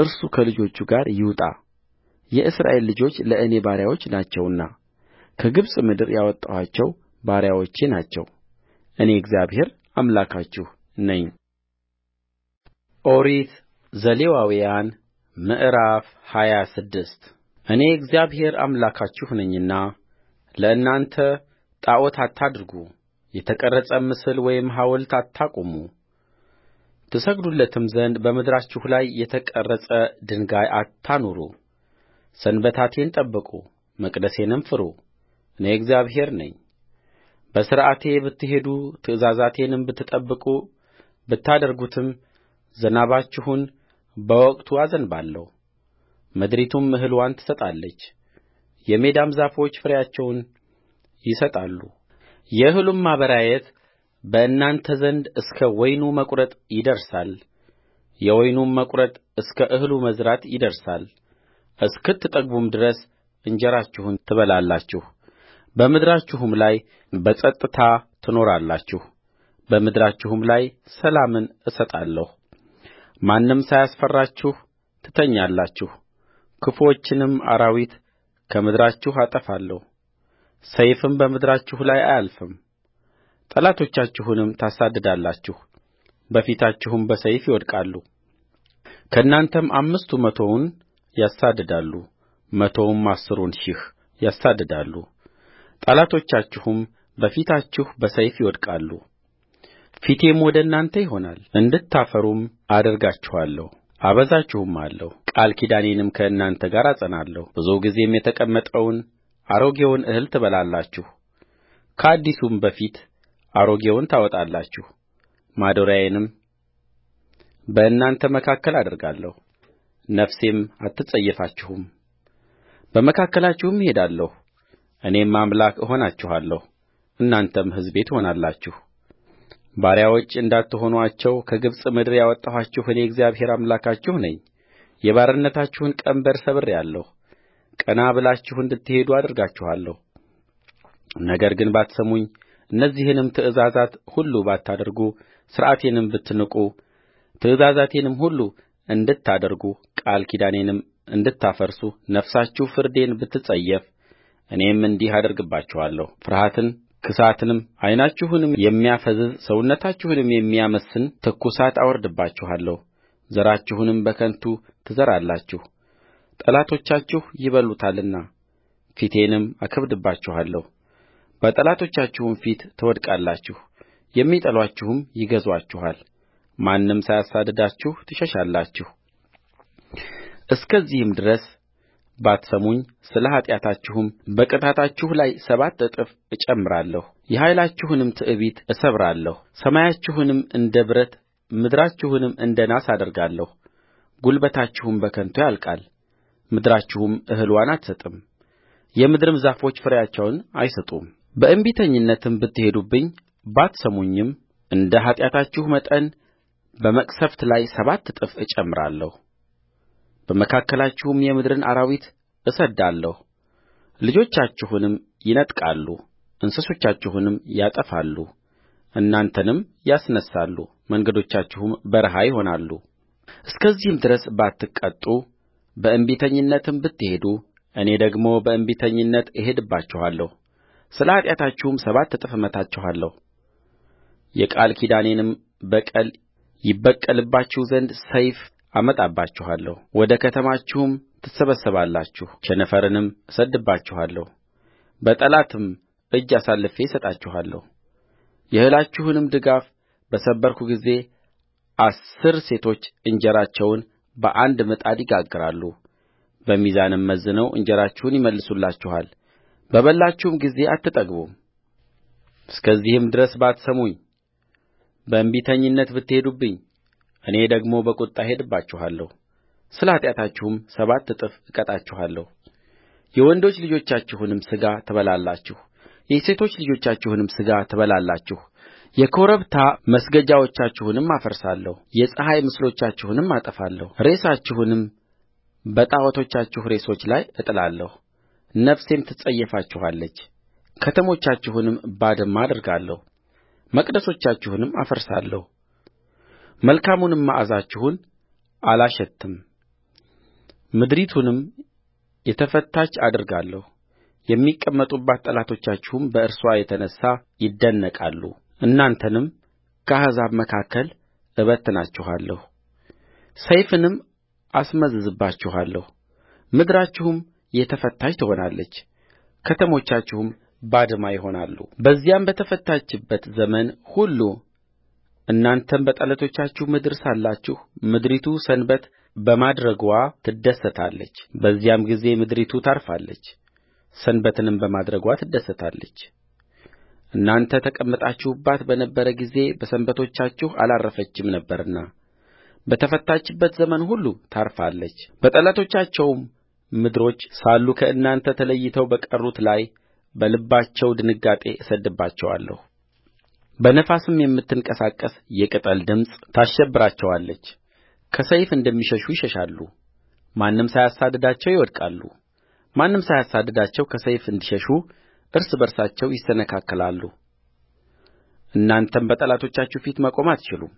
እርሱ ከልጆቹ ጋር ይውጣ የእስራኤል ልጆች ለእኔ ባሪያዎች ናቸውና ከግብፅ ምድር ያወጣኋቸው ባሪያዎቼ ናቸው እኔ እግዚአብሔር አምላካችሁ ነኝ ኦሪት ዘሌዋውያን ምዕራፍ ሃያ ስድስት እኔ እግዚአብሔር አምላካችሁ ነኝና ለእናንተ ጣዖት አታድርጉ የተቀረጸ ምስል ወይም ሐውልት አታቁሙ ትሰግዱለትም ዘንድ በምድራችሁ ላይ የተቀረጸ ድንጋይ አታኑሩ ሰንበታቴን ጠብቁ መቅደሴንም ፍሩ እኔ እግዚአብሔር ነኝ በሥርዓቴ ብትሄዱ ትእዛዛቴንም ብትጠብቁ ብታደርጉትም ዝናባችሁን በወቅቱ አዘንባለሁ ምድሪቱም እህልዋን ትሰጣለች የሜዳም ዛፎች ፍሬያቸውን የእህሉም ማበራየት በእናንተ ዘንድ እስከ ወይኑ መቍረጥ ይደርሳል የወይኑም መቍረጥ እስከ እህሉ መዝራት ይደርሳል እስክትጠግቡም ድረስ እንጀራችሁን ትበላላችሁ በምድራችሁም ላይ በጸጥታ ትኖራላችሁ በምድራችሁም ላይ ሰላምን እሰጣለሁ ማንም ሳያስፈራችሁ ትተኛላችሁ ክፉዎችንም አራዊት ከምድራችሁ አጠፋለሁ ሰይፍም በምድራችሁ ላይ አያልፍም ጠላቶቻችሁንም ታሳድዳላችሁ በፊታችሁም በሰይፍ ይወድቃሉ ከእናንተም አምስቱ መቶውን ያሳድዳሉ መቶውም አሥሩን ሺህ ያሳድዳሉ ጠላቶቻችሁም በፊታችሁ በሰይፍ ይወድቃሉ ፊቴም ወደ እናንተ ይሆናል እንድታፈሩም አደርጋችኋለሁ አበዛችሁማለሁ ቃል ኪዳኔንም ከእናንተ ጋር አጸናለሁ ብዙ ጊዜም የተቀመጠውን አሮጌውን እህል ትበላላችሁ ከአዲሱም በፊት አሮጌውን ታወጣላችሁ ማደሪያዬንም በእናንተ መካከል አደርጋለሁ ነፍሴም አትጸየፋችሁም በመካከላችሁም እሄዳለሁ እኔም አምላክ እሆናችኋለሁ እናንተም ሕዝቤ ትሆናላችሁ ባሪያዎች እንዳትሆኑአቸው ከግብፅ ምድር ያወጣኋችሁ እኔ እግዚአብሔር አምላካችሁ ነኝየባርነታችሁን ቀንበር ሰብሬአለሁ ቀና ብላችሁ እንድትሄዱ አደርጋችኋለሁ ነገር ግን ባትሰሙኝ እነዚህንም ትእዛዛት ሁሉ ባታደርጉ ሥርዓቴንም ብትንቁ ትእዛዛቴንም ሁሉ እንድታደርጉ ቃል ኪዳኔንም እንድታፈርሱ ነፍሳችሁ ፍርዴን ብትጸየፍ እኔም እንዲህ አደርግባችኋለሁ ፍርሃትን ክሳትንም ዓይናችሁንም የሚያፈዝዝ ሰውነታችሁንም የሚያመስን ትኩሳት አወርድባችኋለሁ ዘራችሁንም በከንቱ ትዘራላችሁ ጠላቶቻችሁ ይበሉታልና ፊቴንም አከብድባችኋለሁ በጠላቶቻችሁም ፊት ትወድቃላችሁ የሚጠሉአችሁም ይገዙአችኋል ማንም ሳያሳድዳችሁ ትሸሻላችሁ እስከዚህም ድረስ ባትሰሙኝ ስለ ኃጢአታችሁም በቅጣታችሁ ላይ ሰባት እጥፍ እጨምራለሁ የኃይላችሁንም ትዕቢት እሰብራለሁ ሰማያችሁንም እንደ ብረት ምድራችሁንም እንደ ናስ አደርጋለሁ ጕልበታችሁም በከንቱ ያልቃል ምድራችሁም እህልዋን አትሰጥም የምድርም ዛፎች ፍሬያቸውን አይሰጡም በእንቢተኝነትም ብትሄዱብኝ ባትሰሙኝም እንደ ኃጢአታችሁ መጠን በመቅሠፍት ላይ ሰባት እጥፍ እጨምራለሁ በመካከላችሁም የምድርን አራዊት እሰድዳለሁ ልጆቻችሁንም ይነጥቃሉ እንስሶቻችሁንም ያጠፋሉ እናንተንም ያስነሣሉ መንገዶቻችሁም በረሃ ይሆናሉእስከዚህም ድረስ ባትቀጡ በእንቢተኝነትም ብትሄዱ እኔ ደግሞ በእንቢተኝነት እሄድባችኋለሁ ስለ ኃጢአታችሁም ሰባት እጥፍ እመታችኋለሁ የቃል ኪዳኔንም በቀል ይበቀልባችሁ ዘንድ ሰይፍ አመጣባችኋለሁ ወደ ከተማችሁም ትሰበሰባላችሁ ቸነፈርንም እሰድድባችኋለሁ በጠላትም እጅ አሳልፌ እሰጣችኋለሁ የእህላችሁንም ድጋፍ በሰበርሁ ጊዜ አሥር ሴቶች እንጀራቸውን በአንድ ምጣድ ይጋግራሉ በሚዛንም መዝነው እንጀራችሁን ይመልሱላችኋል በበላችሁም ጊዜ አትጠግቡም እስከዚህም ድረስ ባትሰሙኝ በእንቢተኝነት ብትሄዱብኝ እኔ ደግሞ በቍጣ እሄድባችኋለሁ ስለ ኃጢአታችሁም ሰባት እጥፍ የወንዶች ልጆቻችሁንም ሥጋ ትበላላችሁ የሴቶች ልጆቻችሁንም ሥጋ ትበላላችሁ የኮረብታ መስገጃዎቻችሁንም አፈርሳለሁ የፀሐይ ምስሎቻችሁንም አጠፋለሁ ሬሳችሁንም በጣዖቶቻችሁ ሬሶች ላይ እጥላለሁ ነፍሴም ትጸየፋችኋለች ከተሞቻችሁንም ባድማ አደርጋለሁ መቅደሶቻችሁንም አፈርሳለሁ መልካሙንም መዓዛችሁን አላሸትትም ምድሪቱንም የተፈታች አደርጋለሁ የሚቀመጡባት ጠላቶቻችሁም በእርስዋ የተነሣ እናንተንም ከአሕዛብ መካከል እበትናችኋለሁ ሰይፍንም አስመዝዝባችኋለሁ ምድራችሁም የተፈታች ትሆናለች ከተሞቻችሁም ባድማ ይሆናሉ። በዚያም በተፈታችበት ዘመን ሁሉ እናንተም በጠላቶቻችሁ ምድር ሳላችሁ ምድሪቱ ሰንበት በማድረግዋ ትደሰታለች በዚያም ጊዜ ምድሪቱ ታርፋለች ሰንበትንም በማድረግዋ እናንተ ተቀምጣችሁባት በነበረ ጊዜ በሰንበቶቻችሁ አላረፈችም ነበርና በተፈታችበት ዘመን ሁሉ ታርፋለች በጠላቶቻቸውም ምድሮች ሳሉ ከእናንተ ተለይተው በቀሩት ላይ በልባቸው ድንጋጤ እሰድድባቸዋለሁ በነፋስም የምትንቀሳቀስ የቅጠል ድምፅ ታሸብራቸዋለች ከሰይፍ እንደሚሸሹ ይሸሻሉ ማንም ሳያሳድዳቸው ይወድቃሉ ማንም ሳያሳድዳቸው ከሰይፍ እንዲሸሹ እርስ በርሳቸው ይሰነካከላሉ እናንተም በጠላቶቻችሁ ፊት መቆም አትችሉም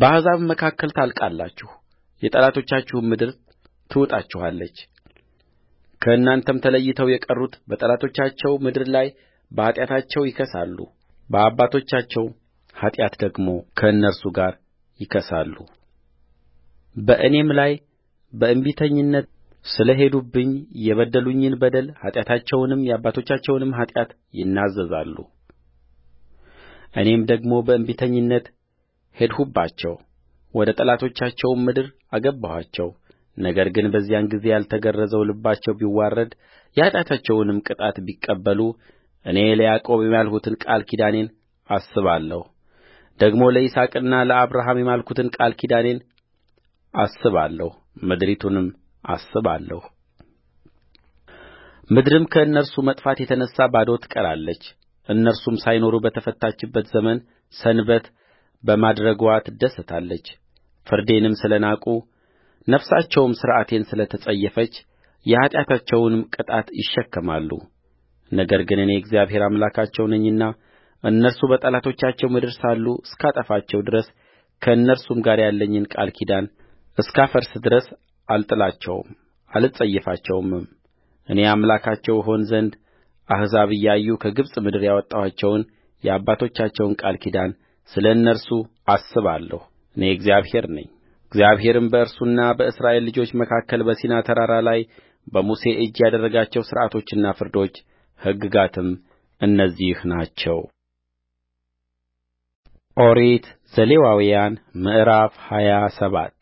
በአሕዛብ መካከል ታልቃላችሁ የጠላቶቻችሁም ምድር ትውጣችኋለች ከእናንተም ተለይተው የቀሩት በጠላቶቻቸው ምድር ላይ በኃጢአታቸው ይከሳሉ በአባቶቻቸው ኃጢአት ደግሞ ከእነርሱ ጋር ይከሳሉበእኔም ላይ በእንቢተኝነት ስለ ሄዱብኝ የበደሉኝን በደል ኃጢአታቸውንም የአባቶቻቸውንም ኃጢአት ይናዘዛሉእኔም ደግሞ በእንቢተኝነት ሄድሁባቸው ወደ ጠላቶቻቸውም ምድር አገባኋቸው። ነገር ግን በዚያን ጊዜ ያልተገረዘው ልባቸው ቢዋረድ የኃጢአታቸውንም ቅጣት ቢቀበሉ እኔ ለያዕቆብ የማልሁትን ቃል ኪዳኔን አስባለሁ ደግሞ ለይስሐቅና ለአብርሃም የማልሁትን ቃል ኪዳኔን አስባለሁ ምድሪቱንም አስባለሁ ምድርም ከእነርሱ መጥፋት የተነሣ ባዶ ትቀራለች እነርሱም ሳይኖሩ በተፈታችበት ዘመን ሰንበት በማድረግዋ ትደሰታለች ፍርዴንም ስለ ናቁ ነፍሳቸውም ሥርዓቴን ስለ ተጸየፈች የኃጢአታቸውንም ቅጣት ይሸከማሉ ነገር ግን እኔ እግዚአብሔር አምላካቸው ነኝና እነርሱ በጠላቶቻቸው ምድር ሳሉ እስካጠፋቸው ድረስ ከእነርሱም ጋር ያለኝን ቃል ኪዳን እስካፈርስ ድረስ አልጥላቸውም አልጸየፋቸውምም። እኔ አምላካቸው እሆን ዘንድ አሕዛብ እያዩ ከግብፅ ምድር ያወጣኋቸውን የአባቶቻቸውን ቃል ኪዳን ስለ እነርሱ አስባለሁ። እኔ እግዚአብሔር ነኝ። እግዚአብሔርም በእርሱና በእስራኤል ልጆች መካከል በሲና ተራራ ላይ በሙሴ እጅ ያደረጋቸው ሥርዓቶችና ፍርዶች ሕግጋትም እነዚህ ናቸው ኦሪት ዘሌዋውያን ምዕራፍ ሃያ ሰባት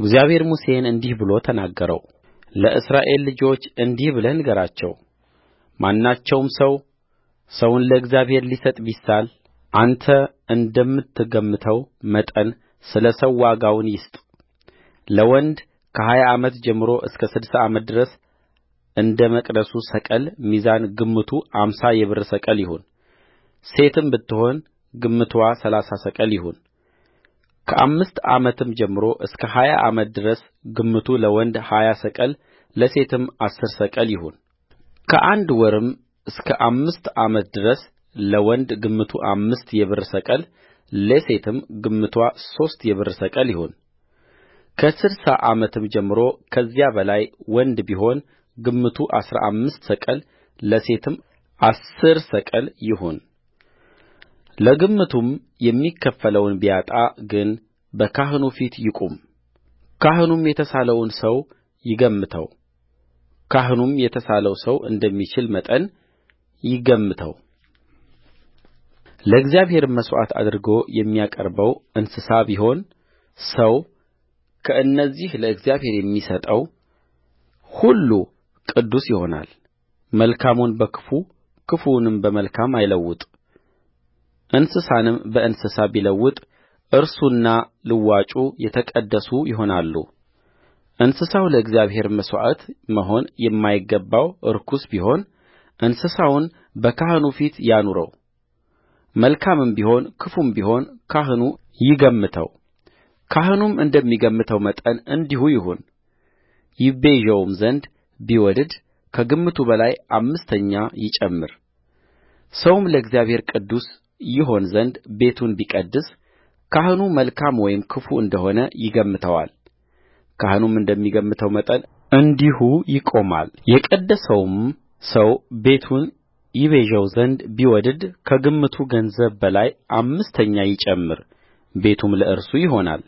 እግዚአብሔር ሙሴን እንዲህ ብሎ ተናገረውለእስራኤል ልጆች እንዲህ ብለህ ንገራቸው ማናቸውም ሰው ሰውን ለእግዚአብሔር ሊሰጥ ቢሳል አንተ እንደምትገምተው መጠን ስለ ሰው ዋጋውን ይስጥ ለወንድ ከሀያ ዓመት ጀምሮ እስከ ስድሳ ዓመት ድረስ እንደ መቅደሱ ሰቅል ሚዛን ግምቱ አምሳ የብር ሰቅል ይሁንሴትም ብትሆን ግምትዋ ሠላሳ ሰቅል ይሁንከአምስት ዓመትም ጀምሮ እስከ ሀያ ዓመት ድረስ ግምቱ ለወንድ ሀያ ሰቅል ለሴትም አሥር ሰቅል ይሁንከአንድ ወርም እስከ አምስት ዓመት ድረስ ለወንድ ግምቱ አምስት የብር ሰቅል ለሴትም ግምቷ ሦስት የብር ሰቅል ይሁን ከስድሳ ዓመትም ጀምሮ ከዚያ በላይ ወንድ ቢሆን ግምቱ አሥራ አምስት ሰቅል ለሴትም አሥር ሰቅል ይሁንለግምቱም የሚከፈለውን ቢያጣ ግን በካህኑ ፊት ይቁም ካህኑም የተሳለውን ሰው ይገምተው ካህኑም የተሳለው ሰው እንደሚችል መጠን ይገምተው ለእግዚአብሔርም መሥዋዕት አድርጎ የሚያቀርበው እንስሳ ቢሆን ሰው ከእነዚህ ለእግዚአብሔር የሚሰጠው ሁሉ ቅዱስ ይሆናል መልካሙን በክፉ ክፉውንም በመልካም አይለውጥ እንስሳንም በእንስሳ ቢለውጥ እርሱና ልዋጩ የተቀደሱ ይሆናሉ እንስሳው ለእግዚአብሔር መሥዋዕት መሆን የማይገባው ርኩስ ቢሆን እንስሳውን በካህኑ ፊት ያኑረው መልካምም ቢሆን ክፉም ቢሆን ካህኑ ይገምተው ካህኑም እንደሚገምተው መጠን እንዲሁ ይሁን ይቤዠውም ዘንድ ቢወድድ ከግምቱ በላይ አምስተኛ ይጨምር ሰውም ለእግዚአብሔር ቅዱስ ይሆን ዘንድ ቤቱን ቢቀድስ ካህኑ መልካም ወይም ክፉ እንደ ሆነ ይገምተዋል ካህኑም እንደሚገምተው መጠን እንዲሁ ይቆማል። የቀደሰውም ሰው ቤቱን ይቤዠው ዘንድ ቢወድድ ከግምቱ ገንዘብ በላይ አምስተኛ ይጨምር ቤቱም ለእርሱ ይሆናል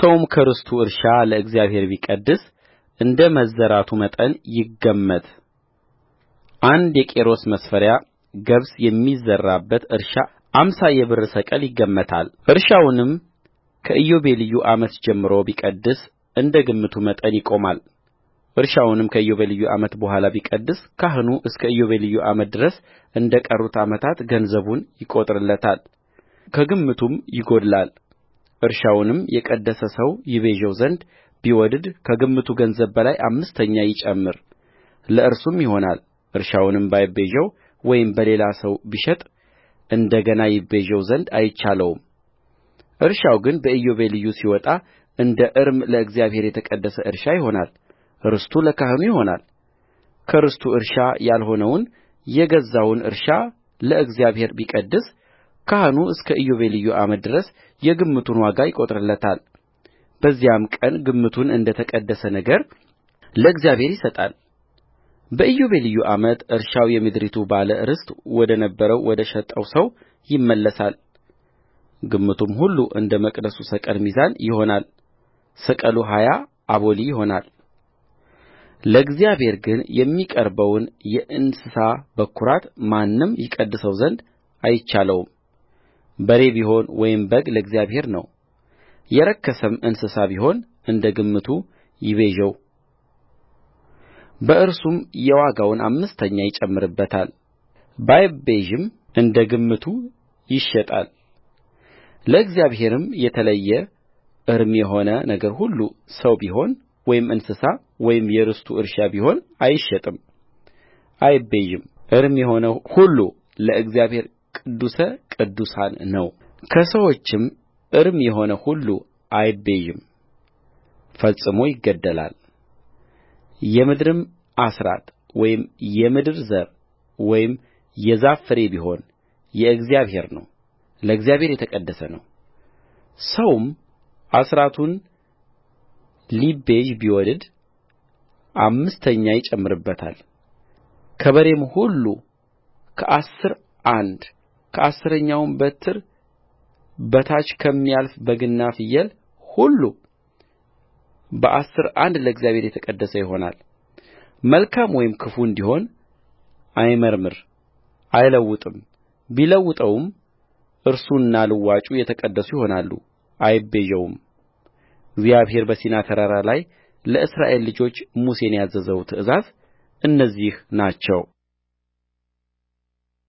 ሰውም ከርስቱ እርሻ ለእግዚአብሔር ቢቀድስ እንደ መዘራቱ መጠን ይገመት አንድ የቆሮስ መስፈሪያ ገብስ የሚዘራበት እርሻ አምሳ የብር ሰቅል ይገመታልእርሻውንም ከኢዮቤልዩ ዓመት ጀምሮ ቢቀድስ እንደ ግምቱ መጠን ይቆማል እርሻውንም ከኢዮቤልዩ ዓመት በኋላ ቢቀድስ ካህኑ እስከ ኢዮቤልዩ ዓመት ድረስ እንደ ቀሩት ዓመታት ገንዘቡን ይቈጥርለታል ከግምቱም ይጐድላል እርሻውንም የቀደሰ ሰው ይቤዠው ዘንድ ቢወድድ ከግምቱ ገንዘብ በላይ አምስተኛ ይጨምር ለእርሱም ይሆናል እርሻውንም ባይቤዠው ወይም በሌላ ሰው ቢሸጥ እንደ ገና ይቤዠው ዘንድ አይቻለውም እርሻው ግን በኢዮቤልዩ ሲወጣ እንደ እርም ለእግዚአብሔር የተቀደሰ እርሻ ይሆናል ርስቱ ለካህኑ ይሆናል ከርስቱ እርሻ ያልሆነውን የገዛውን እርሻ ለእግዚአብሔር ቢቀድስ ካህኑ እስከ ኢዮቤልዩ ዓመት ድረስ የግምቱን ዋጋ ይቈጥርለታል በዚያም ቀን ግምቱን እንደ ተቀደሰ ነገር ለእግዚአብሔር ይሰጣል በኢዮቤልዩ ዓመት እርሻው የምድሪቱ ባለ ርስት ወደ ነበረው ወደ ሸጠው ሰው ይመለሳል ግምቱም ሁሉ እንደ መቅደሱ ሰቅል ሚዛን ይሆናል ሰቅሉ ሀያ አቦሊ ይሆናል ለእግዚአብሔር ግን የሚቀርበውን የእንስሳ በኵራት ማንም ይቀድሰው ዘንድ አይቻለውም በሬ ቢሆን ወይም በግ ለእግዚአብሔር ነው የረከሰም እንስሳ ቢሆን እንደ ግምቱ ይቤዠው በእርሱም የዋጋውን አምስተኛ ይጨምርበታል ባይቤዥም እንደ ግምቱ ይሸጣል ለእግዚአብሔርም የተለየ እርም የሆነ ነገር ሁሉ ሰው ቢሆን ወይም እንስሳ ወይም የርስቱ እርሻ ቢሆን አይሸጥም አይቤዥም እርም የሆነው ሁሉ ለእግዚአብሔር ቅዱስ ቅዱሳን ነው። ከሰዎችም እርም የሆነ ሁሉ አይቤዥም ፈጽሞ ይገደላል የምድርም አሥራት ወይም የምድር ዘር ወይም የዛፍ ፍሬ ቢሆን የእግዚአብሔር ነው ለእግዚአብሔር የተቀደሰ ነው። ሰውም አሥራቱን ሊቤዥ ቢወድድ አምስተኛ ይጨምርበታል ከበሬም ሁሉ ከአሥር አንድ ከአሥረኛውም በትር በታች ከሚያልፍ በግና ፍየል ሁሉ በአሥር አንድ ለእግዚአብሔር የተቀደሰ ይሆናል መልካም ወይም ክፉ እንዲሆን አይመርምር አይለውጥም ቢለውጠውም እርሱና ልዋጩ የተቀደሱ ይሆናሉ አይቤዠውም እግዚአብሔር በሲና ተራራ ላይ ለእስራኤል ልጆች ሙሴን ያዘዘው ትእዛዛት እነዚህ ናቸው